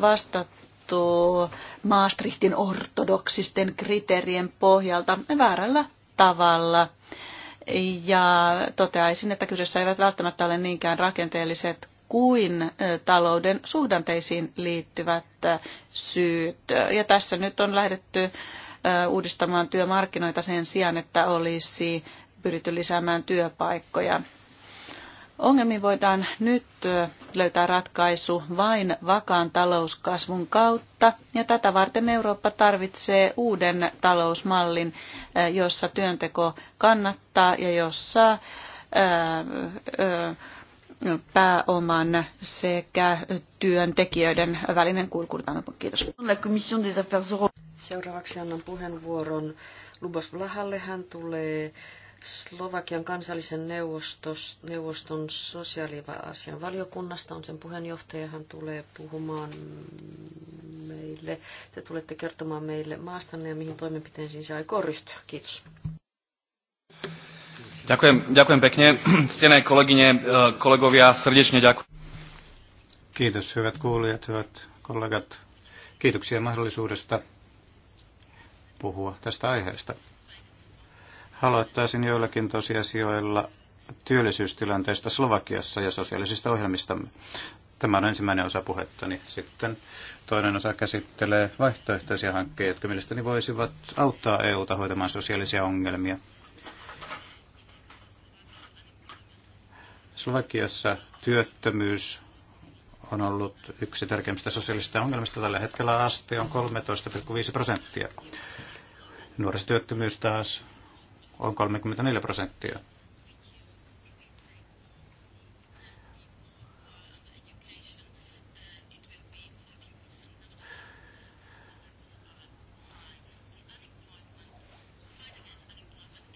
vastattu toteutettu Maastrichtin ortodoksisten kriteerien pohjalta väärällä tavalla. Ja toteaisin, että kyseessä eivät välttämättä ole niinkään rakenteelliset kuin talouden suhdanteisiin liittyvät syyt. Ja tässä nyt on lähdetty uudistamaan työmarkkinoita sen sijaan, että olisi pyritty lisäämään työpaikkoja. Ongelmiin voidaan nyt löytää ratkaisu vain vakaan talouskasvun kautta, ja tätä varten Eurooppa tarvitsee uuden talousmallin, jossa työnteko kannattaa ja jossa pääoman sekä työntekijöiden välinen kulkurtaan. Kiitos. Seuraavaksi annan puheenvuoron Lubos Vlahalle. Hän tulee Slovakian kansallisen neuvostos, neuvoston sosiaaliasian valiokunnasta on sen puheenjohtaja. Hän tulee puhumaan meille. Te tulette kertomaan meille maastanne ja mihin toimenpiteisiin se aikoo ryhtyä. Kiitos. Ďakujem, ďakujem pekne. kolegyne, kolegovia, srdečne ďakujem. Kiitos hyvät kuulijat, hyvät kollegat. Kiitoksia mahdollisuudesta puhua tästä aiheesta. Aloittaisin joillakin tosiasioilla työllisyystilanteesta Slovakiassa ja sosiaalisista ohjelmistamme. Tämä on ensimmäinen osa puhettani. Sitten toinen osa käsittelee vaihtoehtoisia hankkeita, jotka mielestäni voisivat auttaa EUta hoitamaan sosiaalisia ongelmia. Slovakiassa työttömyys on ollut yksi tärkeimmistä sosiaalista ongelmista. Tällä hetkellä aste on 13,5 prosenttia. Nuorisotyöttömyys taas on 34 prosenttia.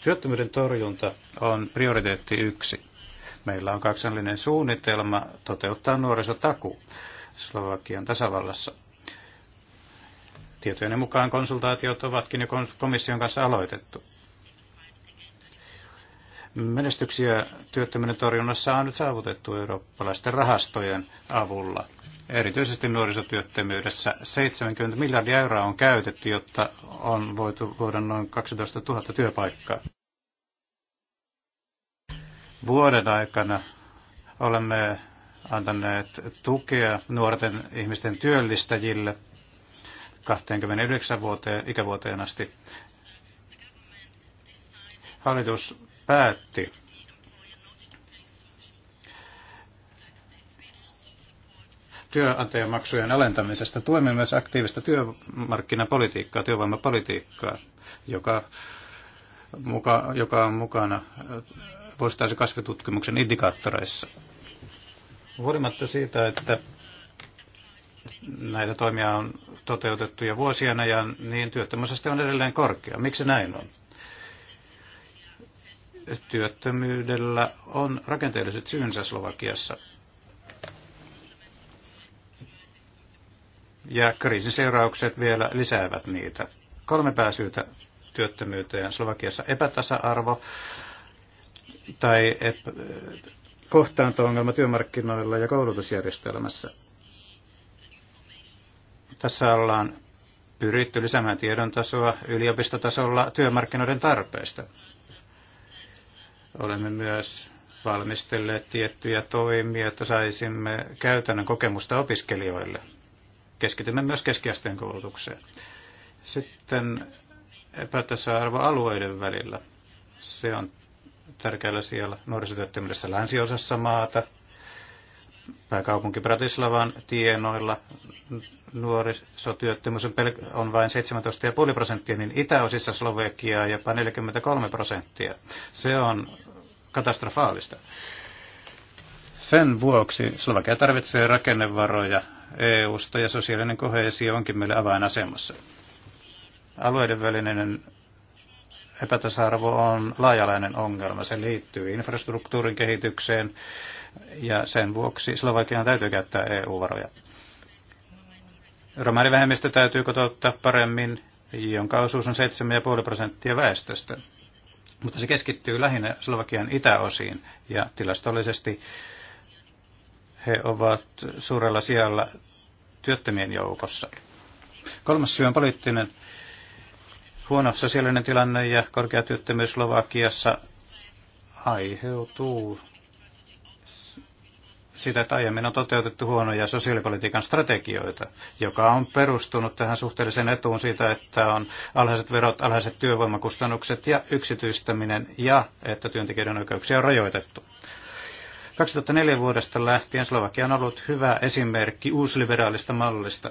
Työttömyyden torjunta on prioriteetti yksi. Meillä on kaksallinen suunnitelma toteuttaa nuorisotaku Slovakian tasavallassa. Tietojen mukaan konsultaatiot ovatkin jo komission kanssa aloitettu. Menestyksiä työttömyyden torjunnassa on nyt saavutettu eurooppalaisten rahastojen avulla. Erityisesti nuorisotyöttömyydessä 70 miljardia euroa on käytetty, jotta on voitu luoda noin 12 000 työpaikkaa. Vuoden aikana olemme antaneet tukea nuorten ihmisten työllistäjille 29 vuoteen, ikävuoteen asti. Hallitus päätti työnantajamaksujen alentamisesta. Tuemme myös aktiivista työmarkkinapolitiikkaa, työvoimapolitiikkaa, joka, muka, joka on mukana poistaisi kasvitutkimuksen indikaattoreissa. Huolimatta siitä, että näitä toimia on toteutettu jo vuosien ajan, niin työttömyysaste on edelleen korkea. Miksi näin on? työttömyydellä on rakenteelliset syynsä Slovakiassa. Ja kriisin seuraukset vielä lisäävät niitä. Kolme pääsyytä työttömyyteen Slovakiassa epätasa-arvo tai ep- kohtaanto-ongelma työmarkkinoilla ja koulutusjärjestelmässä. Tässä ollaan pyritty lisäämään tiedon tasoa yliopistotasolla työmarkkinoiden tarpeista. Olemme myös valmistelleet tiettyjä toimia, että saisimme käytännön kokemusta opiskelijoille. Keskitymme myös keskiasteen koulutukseen. Sitten epätasa-arvo alueiden välillä. Se on tärkeällä siellä nuorisotyöttömyydessä länsiosassa maata. Pääkaupunki Bratislavan tienoilla nuorisotyöttömyys on, pel- on vain 17,5 prosenttia, niin itäosissa Slovakiaa jopa 43 prosenttia. Se on katastrofaalista. Sen vuoksi Slovakia tarvitsee rakennevaroja EU-sta ja sosiaalinen kohesio onkin meille avainasemassa. Alueiden välinen epätasa-arvo on laajalainen ongelma. Se liittyy infrastruktuurin kehitykseen ja sen vuoksi Slovakian täytyy käyttää EU-varoja. Romaanivähemmistö täytyy kotouttaa paremmin, jonka osuus on 7,5 prosenttia väestöstä mutta se keskittyy lähinnä Slovakian itäosiin ja tilastollisesti he ovat suurella sijalla työttömien joukossa. Kolmas syy on poliittinen huono sosiaalinen tilanne ja korkea työttömyys Slovakiassa aiheutuu sitä, että aiemmin on toteutettu huonoja sosiaalipolitiikan strategioita, joka on perustunut tähän suhteelliseen etuun siitä, että on alhaiset verot, alhaiset työvoimakustannukset ja yksityistäminen ja että työntekijöiden oikeuksia on rajoitettu. 2004 vuodesta lähtien Slovakia on ollut hyvä esimerkki uusliberaalista mallista.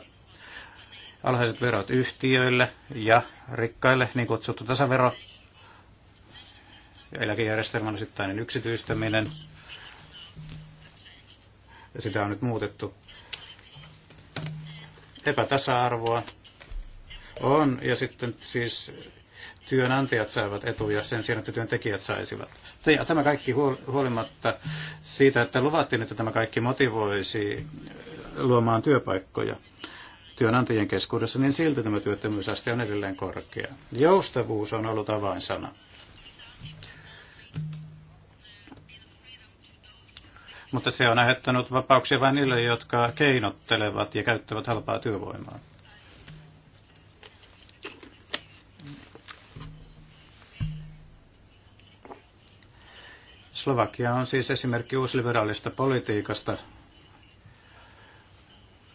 Alhaiset verot yhtiöille ja rikkaille, niin kutsuttu tasavero, eläkejärjestelmän osittainen yksityistäminen, sitä on nyt muutettu. Epätasa-arvoa on, ja sitten siis työnantajat saavat etuja sen sijaan, että työntekijät saisivat. Ja tämä kaikki huolimatta siitä, että luvattiin, että tämä kaikki motivoisi luomaan työpaikkoja työnantajien keskuudessa, niin silti tämä työttömyysaste on edelleen korkea. Joustavuus on ollut avainsana. mutta se on aiheuttanut vapauksia vain niille, jotka keinottelevat ja käyttävät halpaa työvoimaa. Slovakia on siis esimerkki uusliberaalista politiikasta.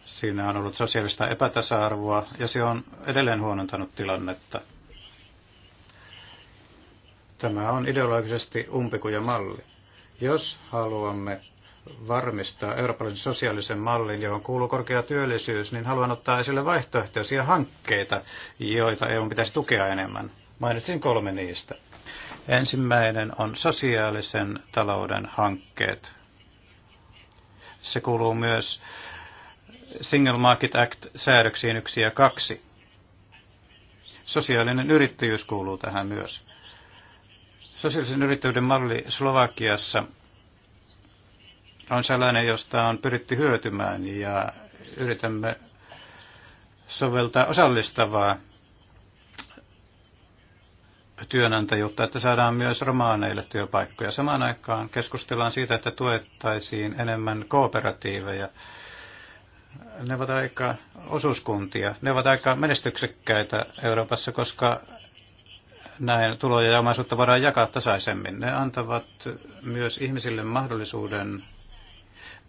Siinä on ollut sosiaalista epätasa-arvoa ja se on edelleen huonontanut tilannetta. Tämä on ideologisesti umpikuja malli. Jos haluamme varmistaa eurooppalaisen sosiaalisen mallin, johon kuuluu korkea työllisyys, niin haluan ottaa esille vaihtoehtoisia hankkeita, joita EU pitäisi tukea enemmän. Mainitsin kolme niistä. Ensimmäinen on sosiaalisen talouden hankkeet. Se kuuluu myös Single Market Act-säädöksiin 1 ja 2. Sosiaalinen yrittäjyys kuuluu tähän myös. Sosiaalisen yrittäjyyden malli Slovakiassa – on sellainen, josta on pyritty hyötymään ja yritämme soveltaa osallistavaa työnantajuutta, että saadaan myös romaaneille työpaikkoja. Samaan aikaan keskustellaan siitä, että tuettaisiin enemmän kooperatiiveja. Ne ovat aika osuuskuntia. Ne ovat aika menestyksekkäitä Euroopassa, koska näin tuloja ja omaisuutta voidaan jakaa tasaisemmin. Ne antavat myös ihmisille mahdollisuuden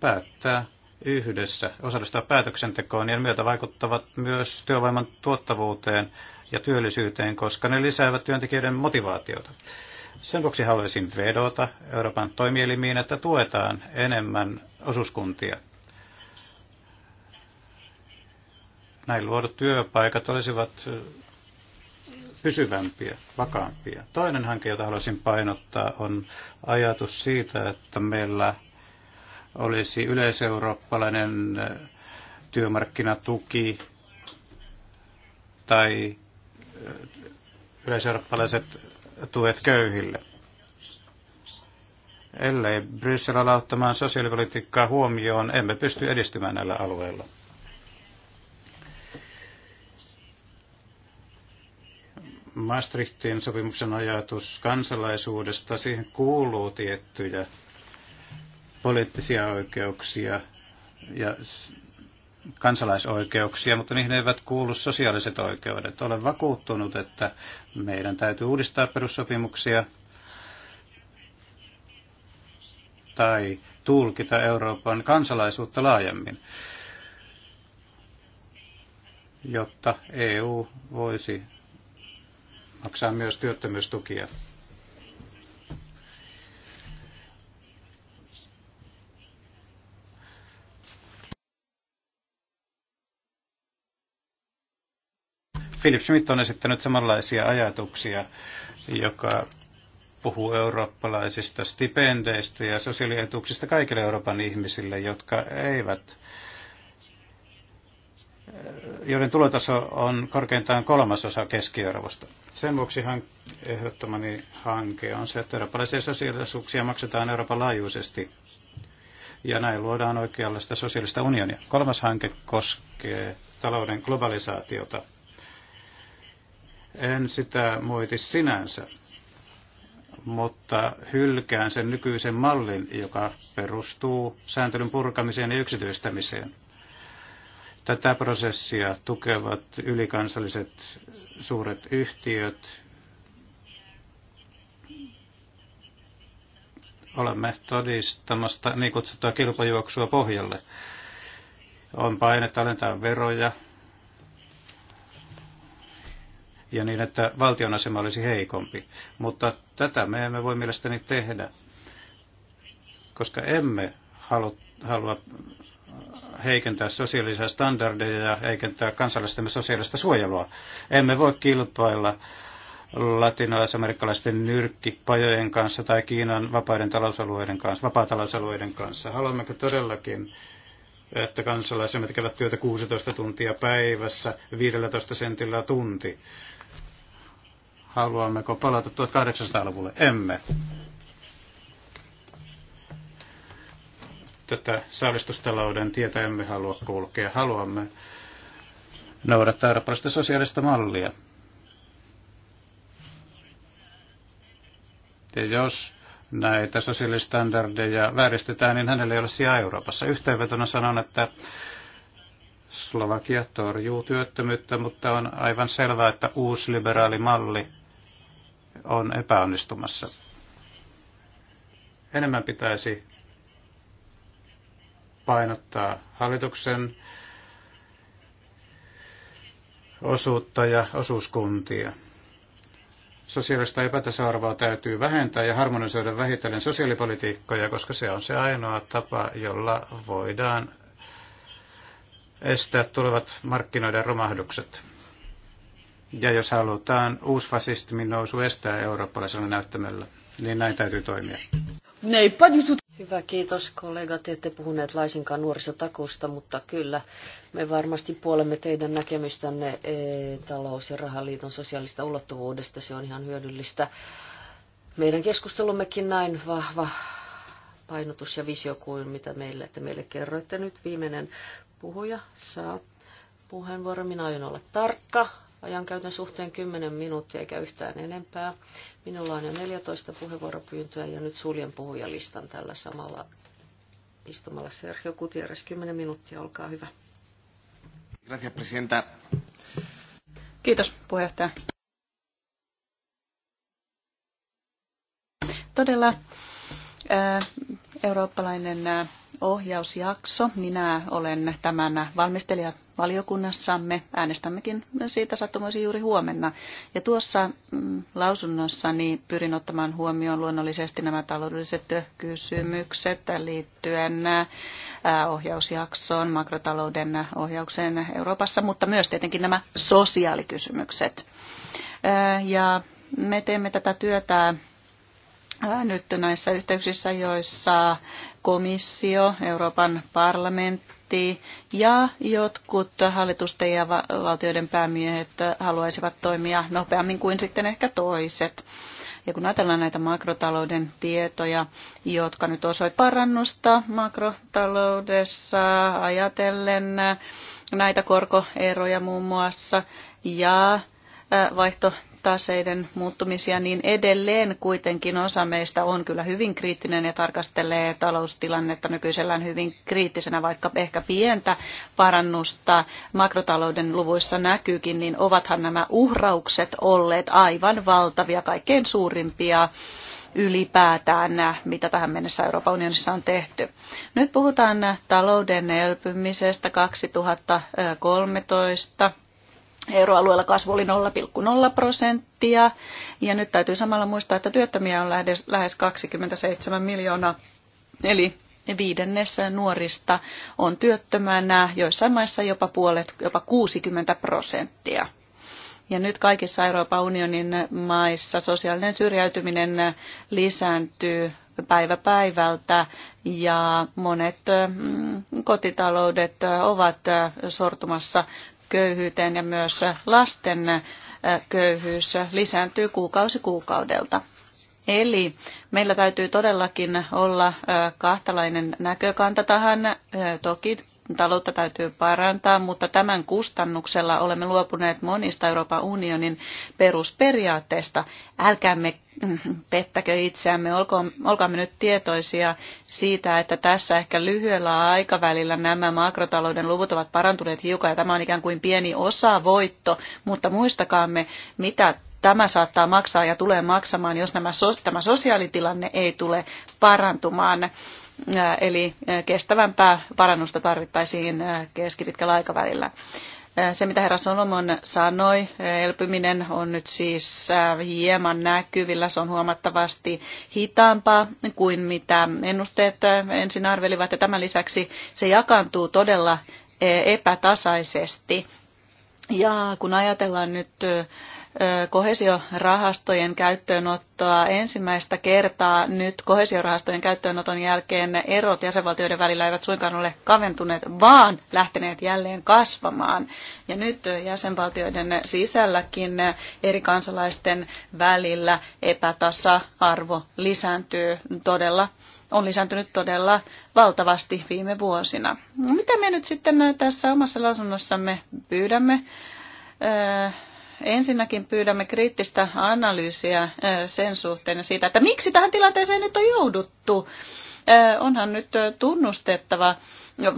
päättää yhdessä, osallistua päätöksentekoon ja myötä vaikuttavat myös työvoiman tuottavuuteen ja työllisyyteen, koska ne lisäävät työntekijöiden motivaatiota. Sen vuoksi haluaisin vedota Euroopan toimielimiin, että tuetaan enemmän osuuskuntia. Näin luodut työpaikat olisivat pysyvämpiä, vakaampia. Toinen hanke, jota haluaisin painottaa, on ajatus siitä, että meillä olisi yleiseurooppalainen äh, työmarkkinatuki tai äh, yleiseurooppalaiset tuet köyhille. Ellei Bryssel ala ottamaan sosiaalipolitiikkaa huomioon, emme pysty edistymään näillä alueilla. Maastrichtin sopimuksen ajatus kansalaisuudesta, siihen kuuluu tiettyjä poliittisia oikeuksia ja kansalaisoikeuksia, mutta niihin eivät kuulu sosiaaliset oikeudet. Olen vakuuttunut, että meidän täytyy uudistaa perussopimuksia tai tulkita Euroopan kansalaisuutta laajemmin, jotta EU voisi maksaa myös työttömyystukia. Philip Schmidt on esittänyt samanlaisia ajatuksia, joka puhuu eurooppalaisista stipendeistä ja sosiaalietuuksista kaikille Euroopan ihmisille, jotka eivät joiden tulotaso on korkeintaan kolmasosa keskiarvosta. Sen vuoksi hän ehdottomani hanke on se, että eurooppalaisia sosiaalisuuksia maksetaan Euroopan laajuisesti ja näin luodaan oikeanlaista sosiaalista unionia. Kolmas hanke koskee talouden globalisaatiota. En sitä moiti sinänsä, mutta hylkään sen nykyisen mallin, joka perustuu sääntelyn purkamiseen ja yksityistämiseen. Tätä prosessia tukevat ylikansalliset suuret yhtiöt. Olemme todistamasta niin kutsuttua kilpajuoksua pohjalle. On painetta alentaa veroja, ja niin, että valtion asema olisi heikompi. Mutta tätä me emme voi mielestäni tehdä, koska emme halua heikentää sosiaalisia standardeja ja heikentää kansalaistemme sosiaalista suojelua. Emme voi kilpailla latinalaisamerikkalaisten nyrkkipajojen kanssa tai Kiinan vapaiden talousalueiden kanssa, vapaatalousalueiden kanssa. Haluammeko todellakin, että kansalaisemme tekevät työtä 16 tuntia päivässä 15 sentillä tunti? Haluammeko palata 1800-luvulle? Emme. Tätä saalistustalouden tietä emme halua kulkea. Haluamme noudattaa eurooppalaista sosiaalista mallia. Ja jos näitä sosiaalistandardeja vääristetään, niin hänellä ei ole sijaa Euroopassa. Yhteenvetona sanon, että Slovakia torjuu työttömyyttä, mutta on aivan selvää, että uusliberaali malli on epäonnistumassa. Enemmän pitäisi painottaa hallituksen osuutta ja osuuskuntia. Sosiaalista epätasa-arvoa täytyy vähentää ja harmonisoida vähitellen sosiaalipolitiikkoja, koska se on se ainoa tapa, jolla voidaan estää tulevat markkinoiden romahdukset. Ja jos halutaan uusfasismin nousu estää eurooppalaisella näyttämällä niin näin täytyy toimia. Hyvä, kiitos kollegat. Ette puhuneet laisinkaan nuorisotakusta, mutta kyllä me varmasti puolemme teidän näkemystänne e, talous- ja rahaliiton sosiaalista ulottuvuudesta. Se on ihan hyödyllistä. Meidän keskustelummekin näin vahva painotus ja visio kuin mitä meille, että meille kerroitte nyt. Viimeinen puhuja saa puheenvuoron. Minä aion olla tarkka Ajan käytän suhteen 10 minuuttia eikä yhtään enempää. Minulla on jo 14 puheenvuoropyyntöä ja nyt suljen puhujalistan tällä samalla istumalla. Sergio Gutierrez, 10 minuuttia, olkaa hyvä. Kiitos, puheenjohtaja. Todella äh, eurooppalainen äh, ohjausjakso. Minä olen tämän valmistelija valiokunnassamme. Äänestämmekin siitä sattumoisin juuri huomenna. Ja tuossa mm, niin pyrin ottamaan huomioon luonnollisesti nämä taloudelliset kysymykset liittyen äh, ohjausjaksoon, makrotalouden ohjaukseen Euroopassa, mutta myös tietenkin nämä sosiaalikysymykset. Äh, ja me teemme tätä työtä äh, nyt näissä yhteyksissä, joissa komissio, Euroopan parlamentti, vaatii ja jotkut hallitusten ja valtioiden päämiehet haluaisivat toimia nopeammin kuin sitten ehkä toiset. Ja kun ajatellaan näitä makrotalouden tietoja, jotka nyt osoit parannusta makrotaloudessa ajatellen näitä korkoeroja muun muassa ja vaihto taseiden muuttumisia, niin edelleen kuitenkin osa meistä on kyllä hyvin kriittinen ja tarkastelee taloustilannetta nykyisellään hyvin kriittisenä, vaikka ehkä pientä parannusta makrotalouden luvuissa näkyykin, niin ovathan nämä uhraukset olleet aivan valtavia, kaikkein suurimpia ylipäätään, mitä tähän mennessä Euroopan unionissa on tehty. Nyt puhutaan talouden elpymisestä 2013 Euroalueella kasvu oli 0,0 prosenttia ja nyt täytyy samalla muistaa, että työttömiä on lähes 27 miljoonaa, eli viidennessä nuorista on työttömänä, joissain maissa jopa puolet, jopa 60 prosenttia. Ja nyt kaikissa Euroopan unionin maissa sosiaalinen syrjäytyminen lisääntyy päivä päivältä ja monet mm, kotitaloudet ovat sortumassa köyhyyteen ja myös lasten äh, köyhyys lisääntyy kuukausi kuukaudelta. Eli meillä täytyy todellakin olla äh, kahtalainen näkökanta tähän. Äh, toki taloutta täytyy parantaa, mutta tämän kustannuksella olemme luopuneet monista Euroopan unionin perusperiaatteista. Älkäämme mm, pettäkö itseämme, olkaamme nyt tietoisia siitä, että tässä ehkä lyhyellä aikavälillä nämä makrotalouden luvut ovat parantuneet hiukan ja tämä on ikään kuin pieni osa voitto, mutta muistakaamme, mitä tämä saattaa maksaa ja tulee maksamaan, jos nämä, tämä sosiaalitilanne ei tule parantumaan eli kestävämpää parannusta tarvittaisiin keskipitkällä aikavälillä. Se, mitä herra Solomon sanoi, elpyminen on nyt siis hieman näkyvillä. Se on huomattavasti hitaampaa kuin mitä ennusteet ensin arvelivat. Ja tämän lisäksi se jakaantuu todella epätasaisesti. Ja kun ajatellaan nyt kohesiorahastojen käyttöönottoa ensimmäistä kertaa nyt kohesiorahastojen käyttöönoton jälkeen erot jäsenvaltioiden välillä eivät suinkaan ole kaventuneet, vaan lähteneet jälleen kasvamaan. Ja nyt jäsenvaltioiden sisälläkin eri kansalaisten välillä epätasa-arvo lisääntyy todella on lisääntynyt todella valtavasti viime vuosina. No, mitä me nyt sitten tässä omassa lausunnossamme pyydämme? Ensinnäkin pyydämme kriittistä analyysiä sen suhteen ja siitä, että miksi tähän tilanteeseen nyt on jouduttu. Onhan nyt tunnustettava,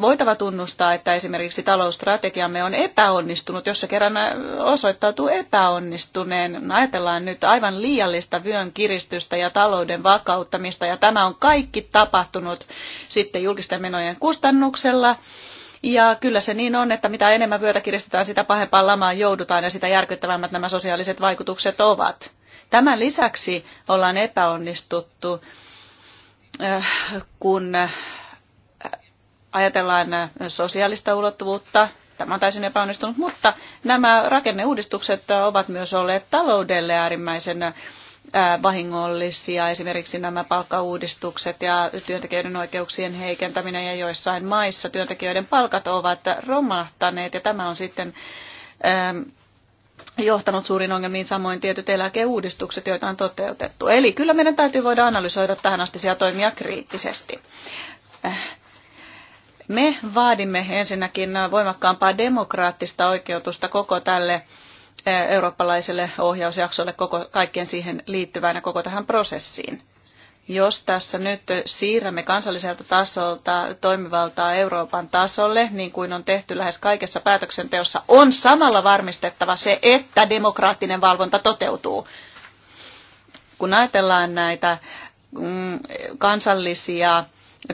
voitava tunnustaa, että esimerkiksi talousstrategiamme on epäonnistunut, jos se kerran osoittautuu epäonnistuneen. Ajatellaan nyt aivan liiallista vyön kiristystä ja talouden vakauttamista, ja tämä on kaikki tapahtunut sitten julkisten menojen kustannuksella ja kyllä se niin on, että mitä enemmän vyötä kiristetään, sitä pahempaan lamaan joudutaan ja sitä järkyttävämmät nämä sosiaaliset vaikutukset ovat. Tämän lisäksi ollaan epäonnistuttu, äh, kun äh, ajatellaan sosiaalista ulottuvuutta, tämä on täysin epäonnistunut, mutta nämä rakenneuudistukset ovat myös olleet taloudelle äärimmäisen vahingollisia, esimerkiksi nämä palkkauudistukset ja työntekijöiden oikeuksien heikentäminen ja joissain maissa työntekijöiden palkat ovat romahtaneet ja tämä on sitten johtanut suurin ongelmiin samoin tietyt eläkeuudistukset, joita on toteutettu. Eli kyllä meidän täytyy voida analysoida tähän asti ja toimia kriittisesti. Äh. Me vaadimme ensinnäkin voimakkaampaa demokraattista oikeutusta koko tälle eurooppalaiselle ohjausjaksolle koko, kaikkien siihen ja koko tähän prosessiin. Jos tässä nyt siirrämme kansalliselta tasolta toimivaltaa Euroopan tasolle, niin kuin on tehty lähes kaikessa päätöksenteossa, on samalla varmistettava se, että demokraattinen valvonta toteutuu. Kun ajatellaan näitä mm, kansallisia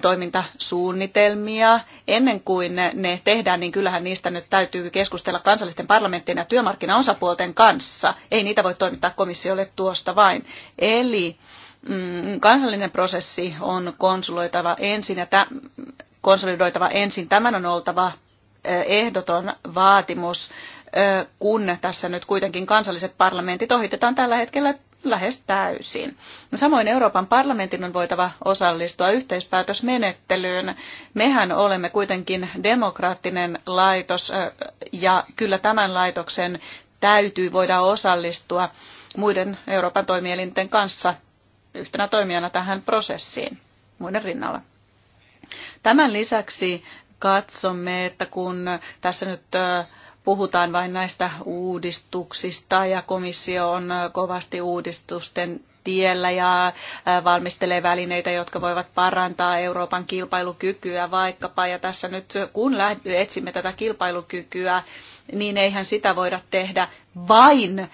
toimintasuunnitelmia. Ennen kuin ne tehdään, niin kyllähän niistä nyt täytyy keskustella kansallisten parlamenttien ja työmarkkinaosapuolten kanssa. Ei niitä voi toimittaa komissiolle tuosta vain. Eli mm, kansallinen prosessi on konsuloitava ensin ja konsolidoitava ensin. Tämän on oltava ehdoton vaatimus, kun tässä nyt kuitenkin kansalliset parlamentit ohitetaan tällä hetkellä lähes täysin. Samoin Euroopan parlamentin on voitava osallistua yhteispäätösmenettelyyn. Mehän olemme kuitenkin demokraattinen laitos ja kyllä tämän laitoksen täytyy voida osallistua muiden Euroopan toimielinten kanssa yhtenä toimijana tähän prosessiin muiden rinnalla. Tämän lisäksi katsomme, että kun tässä nyt puhutaan vain näistä uudistuksista ja komissio on kovasti uudistusten tiellä ja valmistelee välineitä, jotka voivat parantaa Euroopan kilpailukykyä vaikkapa. Ja tässä nyt kun etsimme tätä kilpailukykyä, niin eihän sitä voida tehdä vain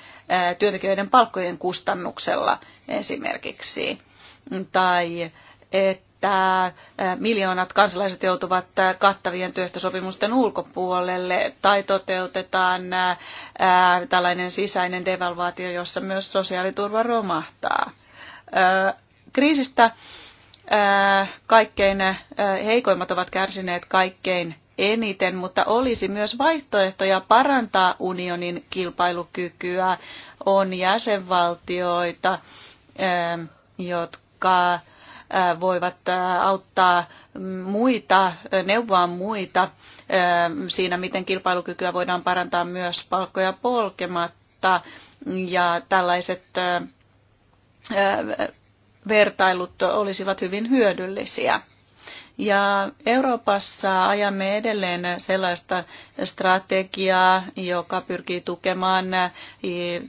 työntekijöiden palkkojen kustannuksella esimerkiksi. Tai että että miljoonat kansalaiset joutuvat kattavien työehtosopimusten ulkopuolelle tai toteutetaan tällainen sisäinen devalvaatio, jossa myös sosiaaliturva romahtaa. Kriisistä kaikkein heikoimmat ovat kärsineet kaikkein eniten, mutta olisi myös vaihtoehtoja parantaa unionin kilpailukykyä. On jäsenvaltioita, jotka voivat auttaa muita, neuvoa muita siinä, miten kilpailukykyä voidaan parantaa myös palkkoja polkematta. Ja tällaiset vertailut olisivat hyvin hyödyllisiä. Ja Euroopassa ajamme edelleen sellaista strategiaa, joka pyrkii tukemaan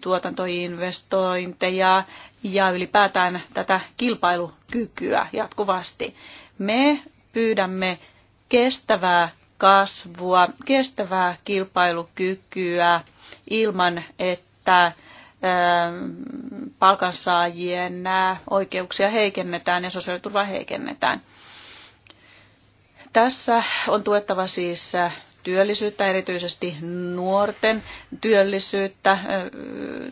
tuotantoinvestointeja ja ylipäätään tätä kilpailukykyä jatkuvasti. Me pyydämme kestävää kasvua, kestävää kilpailukykyä ilman, että ähm, palkansaajien äh, oikeuksia heikennetään ja sosiaaliturvaa heikennetään. Tässä on tuettava siis äh, työllisyyttä, erityisesti nuorten työllisyyttä. Äh,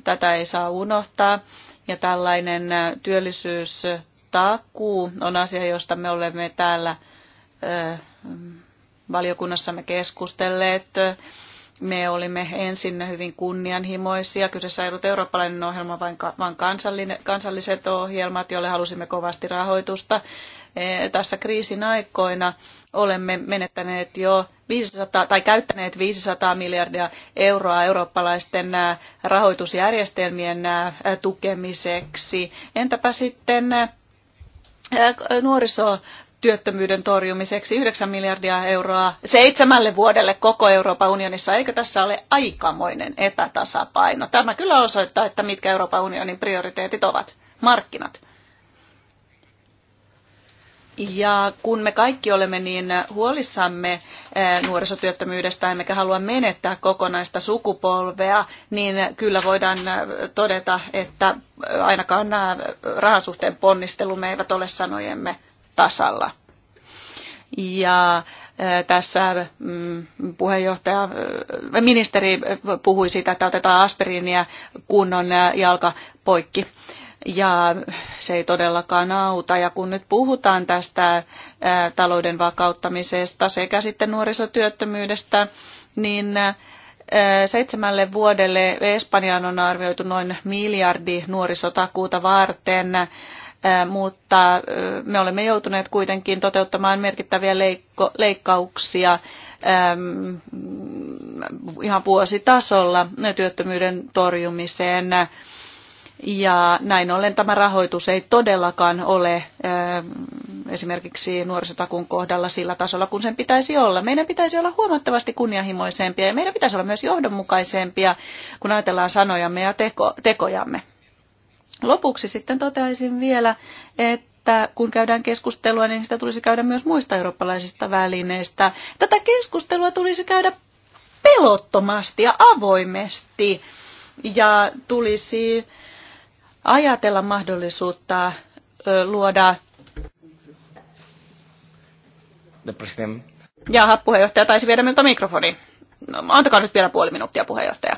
tätä ei saa unohtaa. Ja tällainen työllisyystakuu on asia, josta me olemme täällä valiokunnassamme keskustelleet. Me olimme ensin hyvin kunnianhimoisia. Kyseessä ei ollut eurooppalainen ohjelma, vaan kansalliset ohjelmat, joille halusimme kovasti rahoitusta. E, tässä kriisin aikoina olemme menettäneet jo 500, tai käyttäneet 500 miljardia euroa eurooppalaisten rahoitusjärjestelmien tukemiseksi. Entäpä sitten nuoriso työttömyyden torjumiseksi 9 miljardia euroa seitsemälle vuodelle koko Euroopan unionissa. Eikö tässä ole aikamoinen epätasapaino? Tämä kyllä osoittaa, että mitkä Euroopan unionin prioriteetit ovat. Markkinat. Ja kun me kaikki olemme niin huolissamme eh, nuorisotyöttömyydestä, emmekä halua menettää kokonaista sukupolvea, niin kyllä voidaan eh, todeta, että eh, ainakaan nämä rahasuhteen ponnistelumme eivät ole sanojemme tasalla. Ja tässä mm, puheenjohtaja, ministeri puhui siitä, että otetaan aspiriinia kunnon jalka poikki ja se ei todellakaan auta. Ja kun nyt puhutaan tästä talouden vakauttamisesta sekä sitten nuorisotyöttömyydestä, niin seitsemälle vuodelle Espanjaan on arvioitu noin miljardi nuorisotakuuta varten, mutta me olemme joutuneet kuitenkin toteuttamaan merkittäviä leikko- leikkauksia ihan vuositasolla työttömyyden torjumiseen ja näin ollen tämä rahoitus ei todellakaan ole esimerkiksi nuorisotakun kohdalla sillä tasolla, kun sen pitäisi olla. Meidän pitäisi olla huomattavasti kunnianhimoisempia ja meidän pitäisi olla myös johdonmukaisempia, kun ajatellaan sanojamme ja teko, tekojamme. Lopuksi sitten toteaisin vielä, että kun käydään keskustelua, niin sitä tulisi käydä myös muista eurooppalaisista välineistä. Tätä keskustelua tulisi käydä pelottomasti ja avoimesti ja tulisi ajatella mahdollisuutta luoda... Jaha, puheenjohtaja taisi viedä minulta mikrofoni. No, antakaa nyt vielä puoli minuuttia, puheenjohtaja.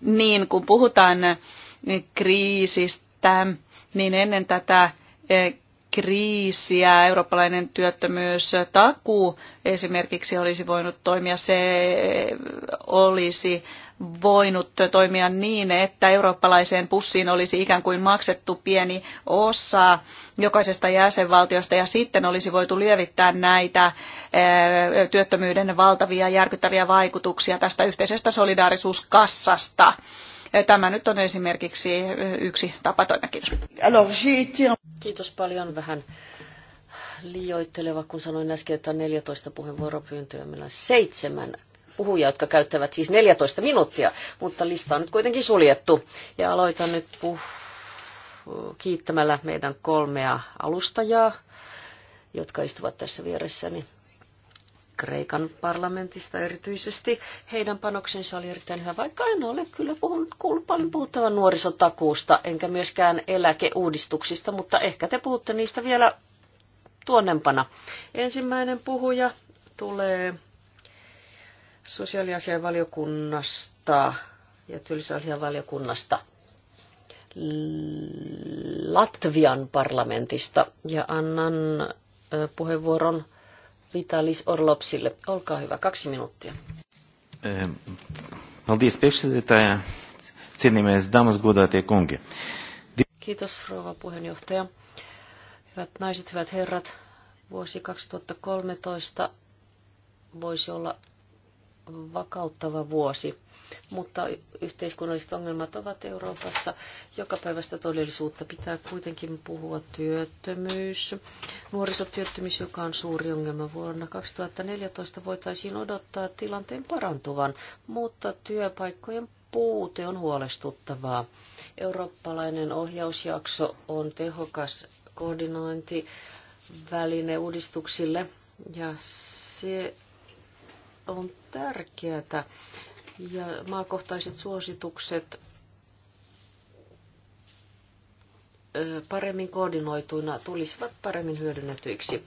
Niin, kun puhutaan kriisistä, niin ennen tätä kriisiä. Eurooppalainen työttömyys takuu esimerkiksi olisi voinut toimia. Se olisi voinut toimia niin, että eurooppalaiseen pussiin olisi ikään kuin maksettu pieni osa jokaisesta jäsenvaltiosta ja sitten olisi voitu lievittää näitä eh, työttömyyden valtavia järkyttäviä vaikutuksia tästä yhteisestä solidaarisuuskassasta Tämä nyt on esimerkiksi eh, yksi tapa toimia. Kiitos. Kiitos paljon. Vähän liioitteleva, kun sanoin äsken, että on 14 puheenvuoropyyntöä. Meillä on seitsemän puhujaa, jotka käyttävät siis 14 minuuttia, mutta lista on nyt kuitenkin suljettu. Ja aloitan nyt puh- kiittämällä meidän kolmea alustajaa, jotka istuvat tässä vieressäni. Kreikan parlamentista erityisesti. Heidän panoksensa oli erittäin hyvä, vaikka en ole kyllä puhunut, kuullut paljon puhuttavan nuorisotakuusta, enkä myöskään eläkeuudistuksista, mutta ehkä te puhutte niistä vielä tuonnempana. Ensimmäinen puhuja tulee sosiaaliasiavaliokunnasta ja työllisyysasiavaliokunnasta Latvian parlamentista ja annan puheenvuoron Vitalis Orlopsille. Olkaa hyvä, kaksi minuuttia. Eh, Kiitos rouva puheenjohtaja. Hyvät naiset, hyvät herrat, vuosi 2013 voisi olla vakauttava vuosi, mutta yhteiskunnalliset ongelmat ovat Euroopassa. Joka päivästä todellisuutta pitää kuitenkin puhua työttömyys. Nuorisotyöttömyys, joka on suuri ongelma vuonna 2014, voitaisiin odottaa tilanteen parantuvan, mutta työpaikkojen puute on huolestuttavaa. Eurooppalainen ohjausjakso on tehokas koordinointiväline uudistuksille ja se on tärkeää. Ja maakohtaiset suositukset paremmin koordinoituina tulisivat paremmin hyödynnetyiksi.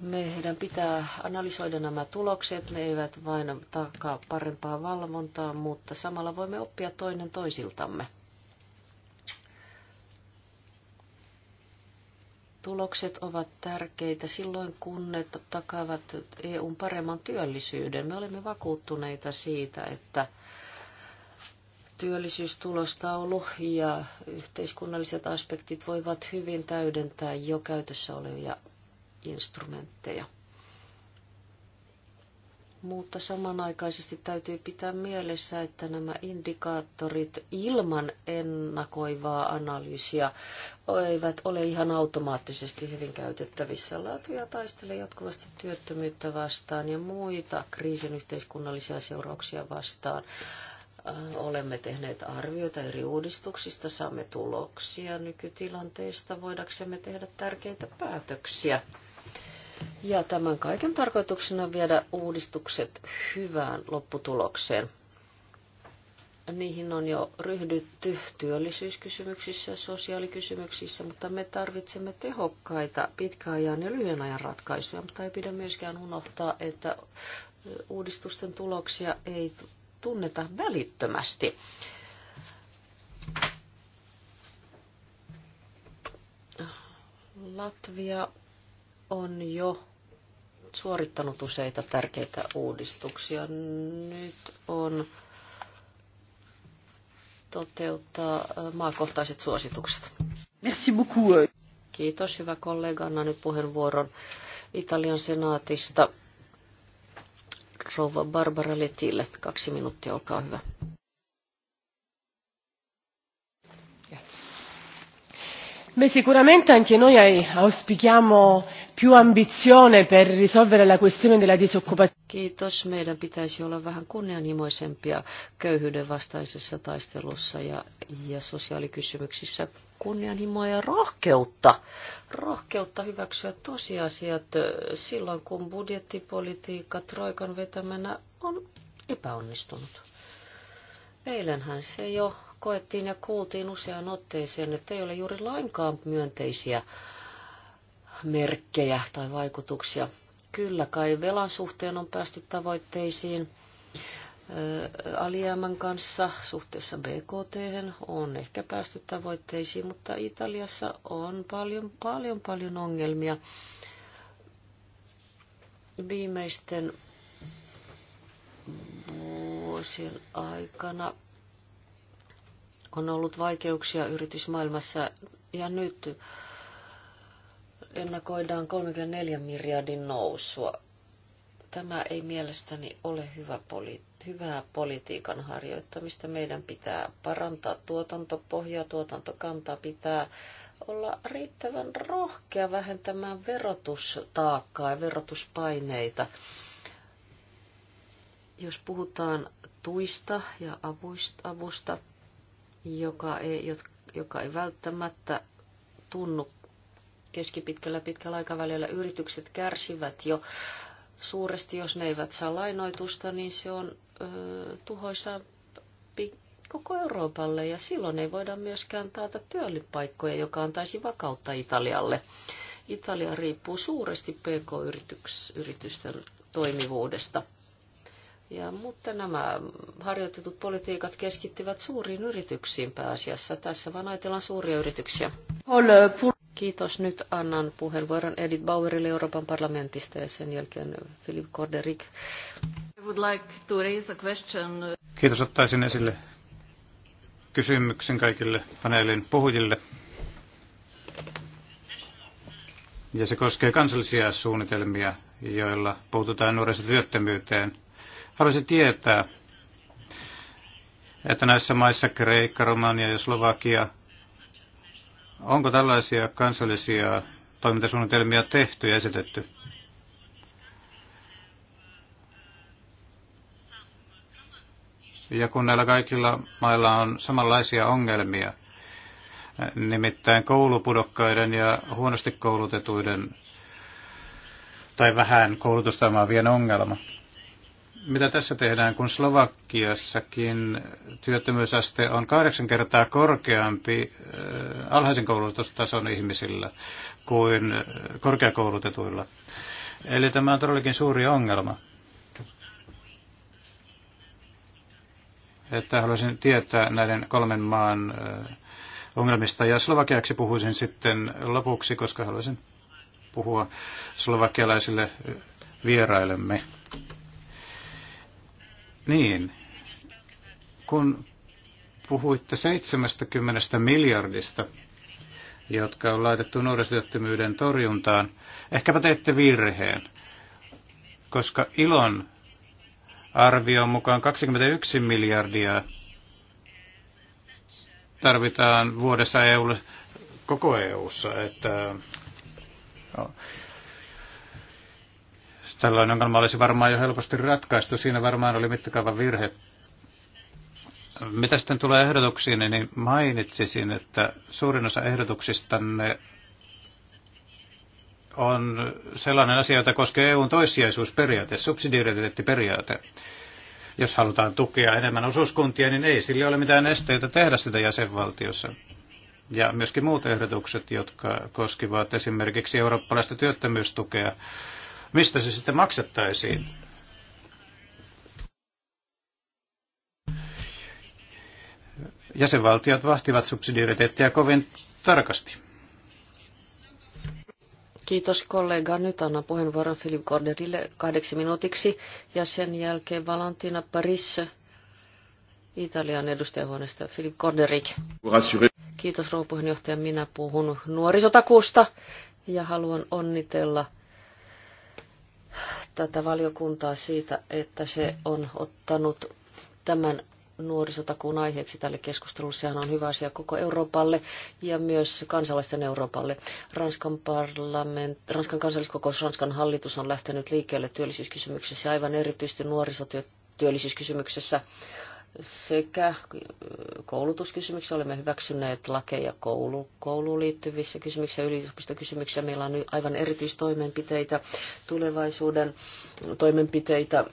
Meidän pitää analysoida nämä tulokset, ne eivät vain takaa parempaa valvontaa, mutta samalla voimme oppia toinen toisiltamme. Tulokset ovat tärkeitä silloin, kun ne takaavat EUn paremman työllisyyden. Me olemme vakuuttuneita siitä, että työllisyystulostaulu ja yhteiskunnalliset aspektit voivat hyvin täydentää jo käytössä olevia instrumentteja mutta samanaikaisesti täytyy pitää mielessä, että nämä indikaattorit ilman ennakoivaa analyysiä eivät ole ihan automaattisesti hyvin käytettävissä. Latvia taistelee jatkuvasti työttömyyttä vastaan ja muita kriisin yhteiskunnallisia seurauksia vastaan. Äh, olemme tehneet arvioita eri uudistuksista, saamme tuloksia nykytilanteesta, voidaksemme tehdä tärkeitä päätöksiä. Ja tämän kaiken tarkoituksena on viedä uudistukset hyvään lopputulokseen. Niihin on jo ryhdytty työllisyyskysymyksissä, sosiaalikysymyksissä, mutta me tarvitsemme tehokkaita pitkäajan ja lyhyen ajan ratkaisuja, mutta ei pidä myöskään unohtaa, että uudistusten tuloksia ei tunneta välittömästi. Latvia on jo suorittanut useita tärkeitä uudistuksia. Nyt on toteuttaa maakohtaiset suositukset. Merci beaucoup. Kiitos, hyvä kollega. Anna nyt puheenvuoron Italian senaatista rouva Barbara Letille. Kaksi minuuttia, olkaa hyvä. Me sicuramente anche noi eh, auspichiamo più ambizione per risolvere la questione della disoccupazione. Kiitos. Meidän pitäisi olla vähän kunnianhimoisempia köyhyyden vastaisessa taistelussa ja, ja sosiaalikysymyksissä kunnianhimoa ja rohkeutta. Rohkeutta hyväksyä tosiasiat silloin, kun budjettipolitiikka Troikan vetämänä on epäonnistunut. Eilenhän se jo koettiin ja kuultiin useaan otteeseen, että ei ole juuri lainkaan myönteisiä merkkejä tai vaikutuksia. Kyllä kai velan suhteen on päästy tavoitteisiin alijäämän kanssa suhteessa BKT on ehkä päästy tavoitteisiin, mutta Italiassa on paljon, paljon, paljon ongelmia. Viimeisten vuosien aikana on ollut vaikeuksia yritysmaailmassa ja nyt ennakoidaan 34 miljardin nousua. Tämä ei mielestäni ole hyvä poli- hyvää politiikan harjoittamista. Meidän pitää parantaa tuotantopohjaa, tuotantokantaa pitää olla riittävän rohkea vähentämään verotustaakkaa ja verotuspaineita. Jos puhutaan tuista ja avusta, joka ei, joka ei välttämättä tunnu keskipitkällä pitkällä aikavälillä yritykset kärsivät jo suuresti, jos ne eivät saa lainoitusta, niin se on ö, tuhoisa koko Euroopalle ja silloin ei voida myöskään taata työllipaikkoja, joka antaisi vakautta Italialle. Italia riippuu suuresti pk-yritysten toimivuudesta. Ja, mutta nämä harjoitetut politiikat keskittyvät suuriin yrityksiin pääasiassa. Tässä vain ajatellaan suuria yrityksiä. Kiitos. Nyt annan puheenvuoron Edith Bauerille Euroopan parlamentista ja sen jälkeen Philip Korderik. Kiitos. Ottaisin esille kysymyksen kaikille paneelin puhujille. Ja se koskee kansallisia suunnitelmia, joilla puututaan nuorisotyöttömyyteen. Haluaisin tietää, että näissä maissa Kreikka, Romania ja Slovakia – Onko tällaisia kansallisia toimintasuunnitelmia tehty ja esitetty? Ja kun näillä kaikilla mailla on samanlaisia ongelmia, nimittäin koulupudokkaiden ja huonosti koulutetuiden tai vähän koulutusta omaavien ongelma, mitä tässä tehdään, kun Slovakiassakin työttömyysaste on kahdeksan kertaa korkeampi äh, alhaisen koulutustason ihmisillä kuin äh, korkeakoulutetuilla. Eli tämä on todellakin suuri ongelma. Että haluaisin tietää näiden kolmen maan äh, ongelmista. Ja slovakiaksi puhuisin sitten lopuksi, koska haluaisin puhua slovakialaisille vierailemme. Niin, kun puhuitte 70 miljardista, jotka on laitettu nuorisotyöttömyyden torjuntaan, ehkäpä teette virheen, koska ilon arvion mukaan 21 miljardia tarvitaan vuodessa EUlle koko EUssa, että Tällainen ongelma olisi varmaan jo helposti ratkaistu. Siinä varmaan oli mittakaavan virhe. Mitä sitten tulee ehdotuksiin, niin mainitsisin, että suurin osa ehdotuksistanne on sellainen asia, jota koskee EUn toissijaisuusperiaate, subsidiariteettiperiaate. Jos halutaan tukea enemmän osuuskuntia, niin ei sille ole mitään esteitä tehdä sitä jäsenvaltiossa. Ja myöskin muut ehdotukset, jotka koskivat esimerkiksi eurooppalaista työttömyystukea, Mistä se sitten maksettaisiin? Jäsenvaltiot vahtivat subsidiariteettia kovin tarkasti. Kiitos kollega. Nyt annan puheenvuoron Philip Corderille kahdeksi minuutiksi ja sen jälkeen Valentina Paris Italian edustajahuoneesta Philip Corderik. Kiitos rouva puheenjohtaja. Minä puhun nuorisotakuusta ja haluan onnitella tätä valiokuntaa siitä, että se on ottanut tämän nuorisotakuun aiheeksi tälle keskustelulle. Sehän on hyvä asia koko Euroopalle ja myös kansalaisten Euroopalle. Ranskan, parlament, Ranskan kansalliskokous, Ranskan hallitus on lähtenyt liikkeelle työllisyyskysymyksessä ja aivan erityisesti nuorisotyöllisyyskysymyksessä sekä koulutuskysymyksiä. Olemme hyväksyneet lakeja koulu, kouluun liittyvissä kysymyksissä ja yliopistokysymyksissä. Meillä on nyt aivan erityistoimenpiteitä, tulevaisuuden toimenpiteitä,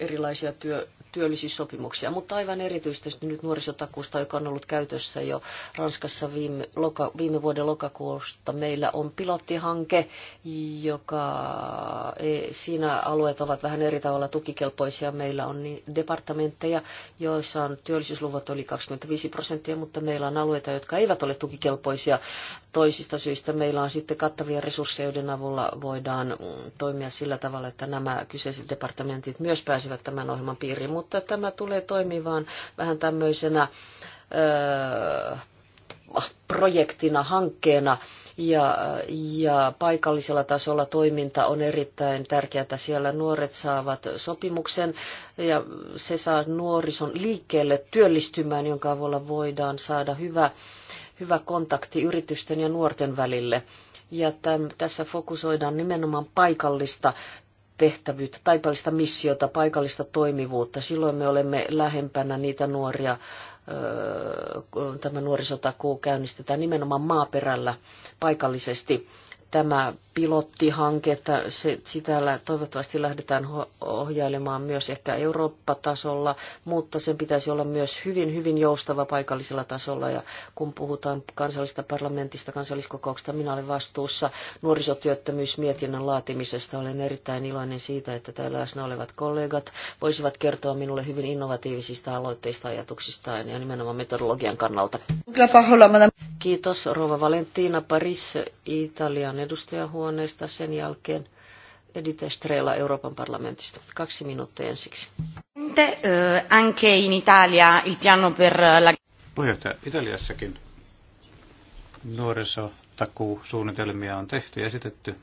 erilaisia työ, työllisyyssopimuksia, mutta aivan erityisesti nyt nuorisotakuusta, joka on ollut käytössä jo Ranskassa viime, loka, viime vuoden lokakuusta. Meillä on pilottihanke, joka e, siinä alueet ovat vähän eri tavalla tukikelpoisia. Meillä on niin departamentteja, joissa on työllisyysluvut oli 25 prosenttia, mutta meillä on alueita, jotka eivät ole tukikelpoisia toisista syistä. Meillä on sitten kattavia resursseja, joiden avulla voidaan mm, toimia sillä tavalla, että nämä kyseiset departamentit myös pääsevät tämän ohjelman piiriin mutta tämä tulee toimimaan vähän tämmöisenä ö, öö, projektina, hankkeena ja, ja paikallisella tasolla toiminta on erittäin tärkeää. Siellä nuoret saavat sopimuksen ja se saa nuorison liikkeelle työllistymään, jonka avulla voidaan saada hyvä, hyvä kontakti yritysten ja nuorten välille. Ja tämän, tässä fokusoidaan nimenomaan paikallista tehtävyyttä, taipallista missiota, paikallista toimivuutta. Silloin me olemme lähempänä niitä nuoria, tämä nuorisotakuu käynnistetään nimenomaan maaperällä paikallisesti tämä pilottihanke, että se, sitä toivottavasti lähdetään ohjailemaan myös ehkä Eurooppa-tasolla, mutta sen pitäisi olla myös hyvin, hyvin joustava paikallisella tasolla. Ja kun puhutaan kansallista parlamentista, kansalliskokouksesta, minä olen vastuussa nuorisotyöttömyysmietinnän laatimisesta. Olen erittäin iloinen siitä, että täällä läsnä olevat kollegat voisivat kertoa minulle hyvin innovatiivisista aloitteista, ajatuksista ja nimenomaan metodologian kannalta. Kiitos, Rova Valentina Paris, Italian Puolan edustajahuoneesta, sen jälkeen Edith Strela Euroopan parlamentista. Kaksi minuuttia ensiksi. Eh, anche in Italia il piano per la... Puheenjohtaja, Italiassakin nuorisotakuusuunnitelmia on tehty ja esitetty.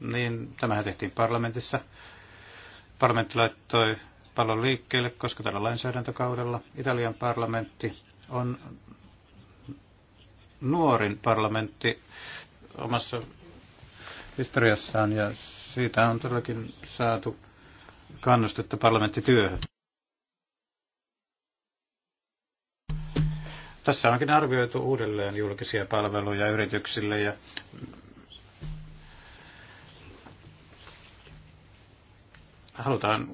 Niin, tämähän tehtiin parlamentissa. Parlamentti laittoi pallon liikkeelle, koska tällä lainsäädäntökaudella Italian parlamentti on nuorin parlamentti omassa historiassaan ja siitä on todellakin saatu kannustetta parlamenttityöhön. Tässä onkin arvioitu uudelleen julkisia palveluja yrityksille ja halutaan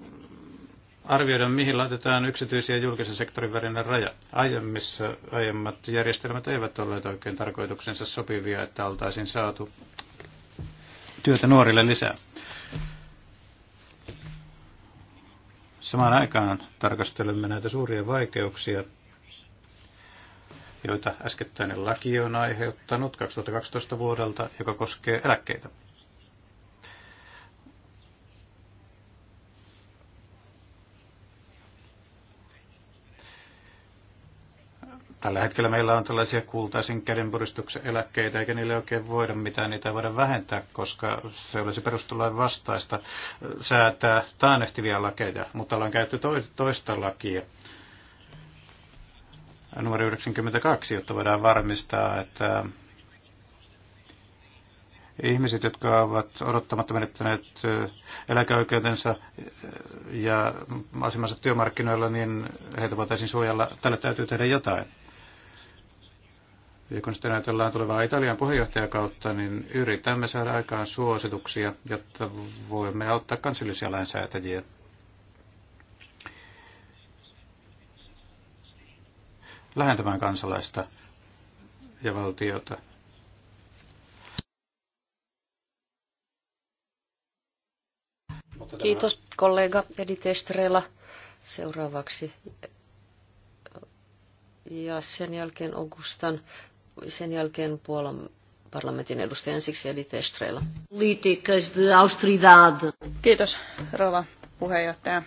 arvioida, mihin laitetaan yksityisiä ja julkisen sektorin välinen raja. Aiemmissa, aiemmat järjestelmät eivät olleet oikein tarkoituksensa sopivia, että oltaisiin saatu työtä nuorille lisää. Samaan aikaan tarkastelemme näitä suuria vaikeuksia, joita äskettäinen laki on aiheuttanut 2012 vuodelta, joka koskee eläkkeitä. Tällä hetkellä meillä on tällaisia kultaisen kädenpuristuksen eläkkeitä, eikä niille oikein voida mitään, niitä ei voida vähentää, koska se olisi perustulain vastaista säätää taanehtivia lakeja, mutta ollaan käytetty toista lakia numero 92, jotta voidaan varmistaa, että ihmiset, jotka ovat odottamatta menettäneet äh, eläkeoikeutensa äh, ja asemansa työmarkkinoilla, niin heitä voitaisiin suojella. Tälle täytyy tehdä jotain. Ja kun sitten ajatellaan tulevaa Italian puheenjohtajakautta, niin yritämme saada aikaan suosituksia, jotta voimme auttaa kansallisia lainsäätäjiä. lähentämään kansalaista ja valtiota. Kiitos kollega Edith Estrella. Seuraavaksi äh, ja sen jälkeen Augustan sen jälkeen Puolan parlamentin edustajan siksi Eli Testrella. Kiitos, rouva puheenjohtaja.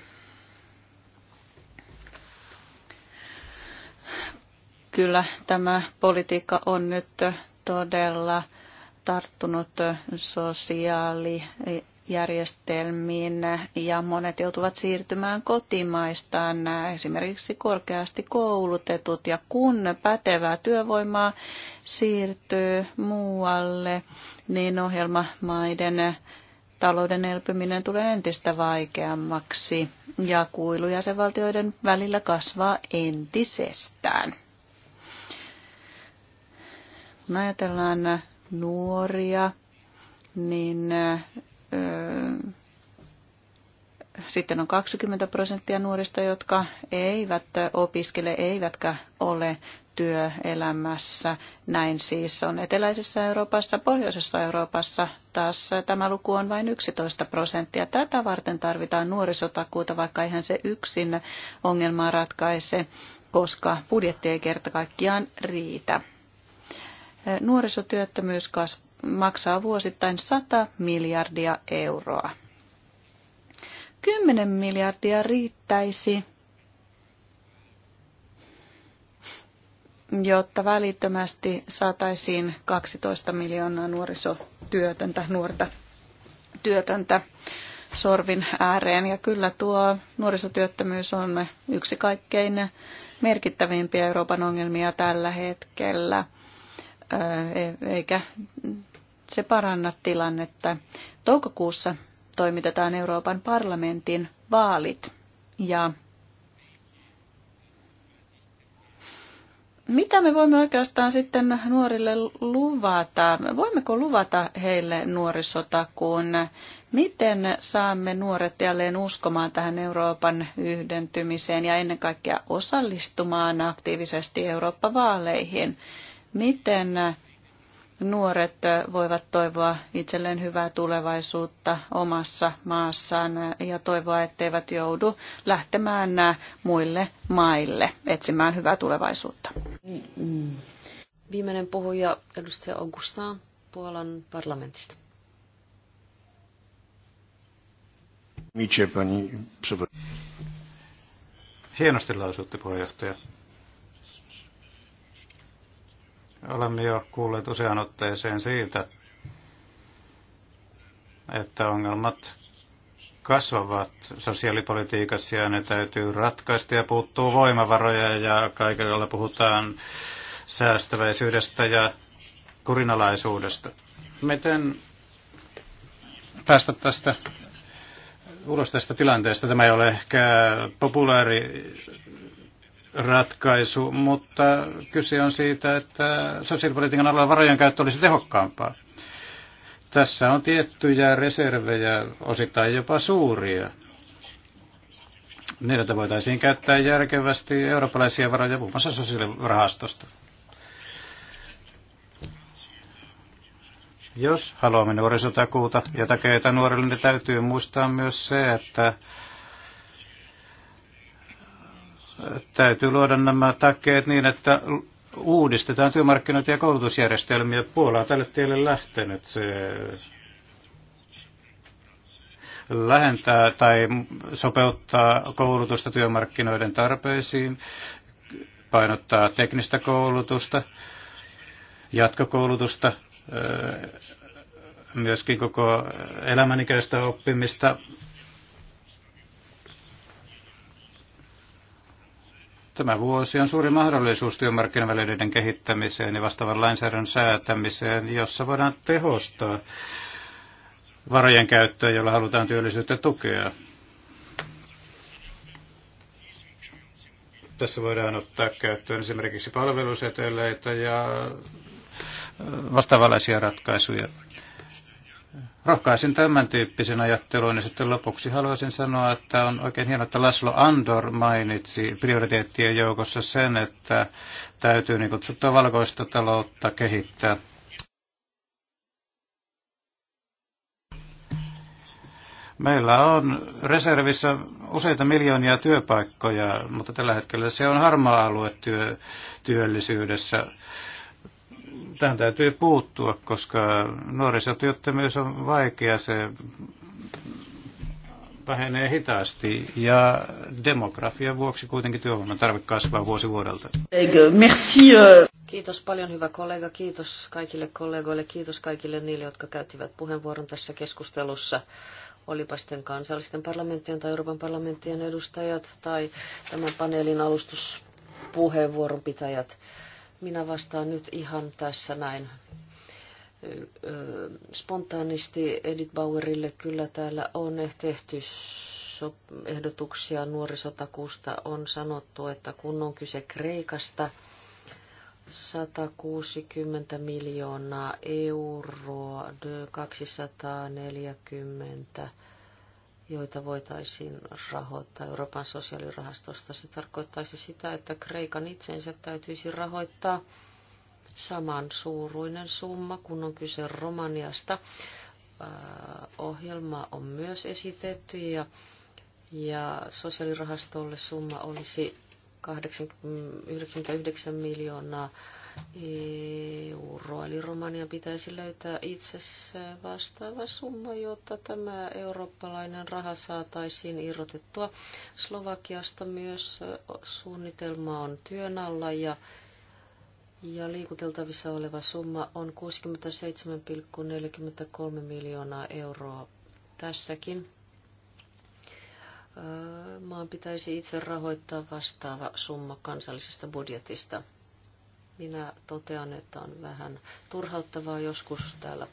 Kyllä tämä politiikka on nyt todella tarttunut sosiaali- järjestelmiin ja monet joutuvat siirtymään kotimaistaan, esimerkiksi korkeasti koulutetut. Ja kun pätevää työvoimaa siirtyy muualle, niin ohjelmamaiden talouden elpyminen tulee entistä vaikeammaksi ja kuilu jäsenvaltioiden välillä kasvaa entisestään. Kun ajatellaan nuoria, niin sitten on 20 prosenttia nuorista, jotka eivät opiskele eivätkä ole työelämässä. Näin siis on eteläisessä Euroopassa, pohjoisessa Euroopassa taas tämä luku on vain 11 prosenttia. Tätä varten tarvitaan nuorisotakuuta, vaikka eihän se yksin ongelmaa ratkaise, koska budjetti ei kerta kaikkiaan riitä. Nuorisotyöttömyys kasvaa maksaa vuosittain 100 miljardia euroa. 10 miljardia riittäisi, jotta välittömästi saataisiin 12 miljoonaa nuorisotyötöntä, nuorta työtöntä sorvin ääreen. Ja kyllä tuo nuorisotyöttömyys on yksi kaikkein merkittävimpiä Euroopan ongelmia tällä hetkellä. E- eikä se paranna tilannetta. Toukokuussa toimitetaan Euroopan parlamentin vaalit ja mitä me voimme oikeastaan sitten nuorille luvata? Voimmeko luvata heille nuorisotakuun? Miten saamme nuoret jälleen uskomaan tähän Euroopan yhdentymiseen ja ennen kaikkea osallistumaan aktiivisesti Eurooppa-vaaleihin? Miten nuoret voivat toivoa itselleen hyvää tulevaisuutta omassa maassaan ja toivoa, etteivät joudu lähtemään muille maille etsimään hyvää tulevaisuutta. Viimeinen puhuja, edustaja Augusta Puolan parlamentista. Hienosti lausutte, puheenjohtaja. Olemme jo kuulleet usean otteeseen siitä, että ongelmat kasvavat sosiaalipolitiikassa ja ne täytyy ratkaista ja puuttuu voimavaroja ja kaikilla puhutaan säästäväisyydestä ja kurinalaisuudesta. Miten päästä tästä ulos tästä tilanteesta? Tämä ei ole ehkä populaari ratkaisu, mutta kyse on siitä, että sosiaalipolitiikan alalla varojen käyttö olisi tehokkaampaa. Tässä on tiettyjä reservejä, osittain jopa suuria. Niitä voitaisiin käyttää järkevästi eurooppalaisia varoja muun muassa sosiaalirahastosta. Jos haluamme nuorisotakuuta ja takeita nuorille, niin täytyy muistaa myös se, että täytyy luoda nämä takeet niin, että uudistetaan työmarkkinoita ja koulutusjärjestelmiä. Puola on tälle tielle lähtenyt. Se lähentää tai sopeuttaa koulutusta työmarkkinoiden tarpeisiin, painottaa teknistä koulutusta, jatkokoulutusta, myöskin koko elämänikäistä oppimista, Tämä vuosi on suuri mahdollisuus työmarkkinavälineiden kehittämiseen ja vastaavan lainsäädännön säätämiseen, jossa voidaan tehostaa varojen käyttöä, jolla halutaan työllisyyttä tukea. Tässä voidaan ottaa käyttöön esimerkiksi palveluseteleitä ja vastaavanlaisia ratkaisuja rohkaisin tämän tyyppisen ajatteluun. Ja sitten lopuksi haluaisin sanoa, että on oikein hienoa, että Laslo Andor mainitsi prioriteettien joukossa sen, että täytyy niin kutsuttua valkoista taloutta kehittää. Meillä on reservissa useita miljoonia työpaikkoja, mutta tällä hetkellä se on harmaa alue työ, työllisyydessä tähän täytyy puuttua, koska nuorisotyöttömyys on vaikea, se vähenee hitaasti ja demografian vuoksi kuitenkin työvoiman tarve kasvaa vuosi vuodelta. Merci. Kiitos paljon hyvä kollega, kiitos kaikille kollegoille, kiitos kaikille niille, jotka käyttivät puheenvuoron tässä keskustelussa. Olipa sitten kansallisten parlamenttien tai Euroopan parlamenttien edustajat tai tämän paneelin alustuspuheenvuoron pitäjät. Minä vastaan nyt ihan tässä näin spontaanisti Edith Bauerille kyllä täällä on tehty ehdotuksia nuorisotakuusta. On sanottu, että kun on kyse Kreikasta, 160 miljoonaa euroa, 240 joita voitaisiin rahoittaa Euroopan sosiaalirahastosta. Se tarkoittaisi sitä, että Kreikan itsensä täytyisi rahoittaa saman suuruinen summa, kun on kyse Romaniasta. Ohjelma on myös esitetty ja, ja sosiaalirahastolle summa olisi 89 miljoonaa euroa. Eli Romanian pitäisi löytää itsessä vastaava summa, jotta tämä eurooppalainen raha saataisiin irrotettua. Slovakiasta myös suunnitelma on työn alla ja ja liikuteltavissa oleva summa on 67,43 miljoonaa euroa tässäkin. Maan pitäisi itse rahoittaa vastaava summa kansallisesta budjetista. Minä totean, että on vähän turhauttavaa joskus täällä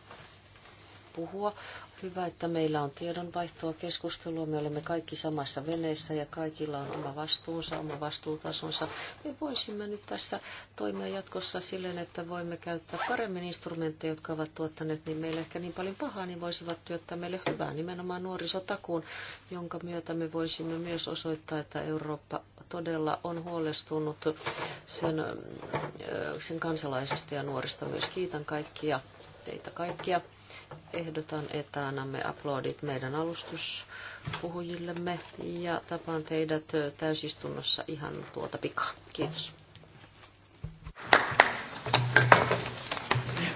puhua. Hyvä, että meillä on tiedonvaihtoa, keskustelua. Me olemme kaikki samassa veneessä ja kaikilla on oma vastuunsa, oma vastuutasonsa. Me voisimme nyt tässä toimia jatkossa silleen, että voimme käyttää paremmin instrumentteja, jotka ovat tuottaneet niin meille ehkä niin paljon pahaa, niin voisivat työttää meille hyvää, nimenomaan nuorisotakuun, jonka myötä me voisimme myös osoittaa, että Eurooppa todella on huolestunut sen, sen kansalaisista ja nuorista myös. Kiitän kaikkia, teitä kaikkia ehdotan, että annamme aplodit meidän alustuspuhujillemme ja tapaan teidät täysistunnossa ihan tuota pikaa. Kiitos.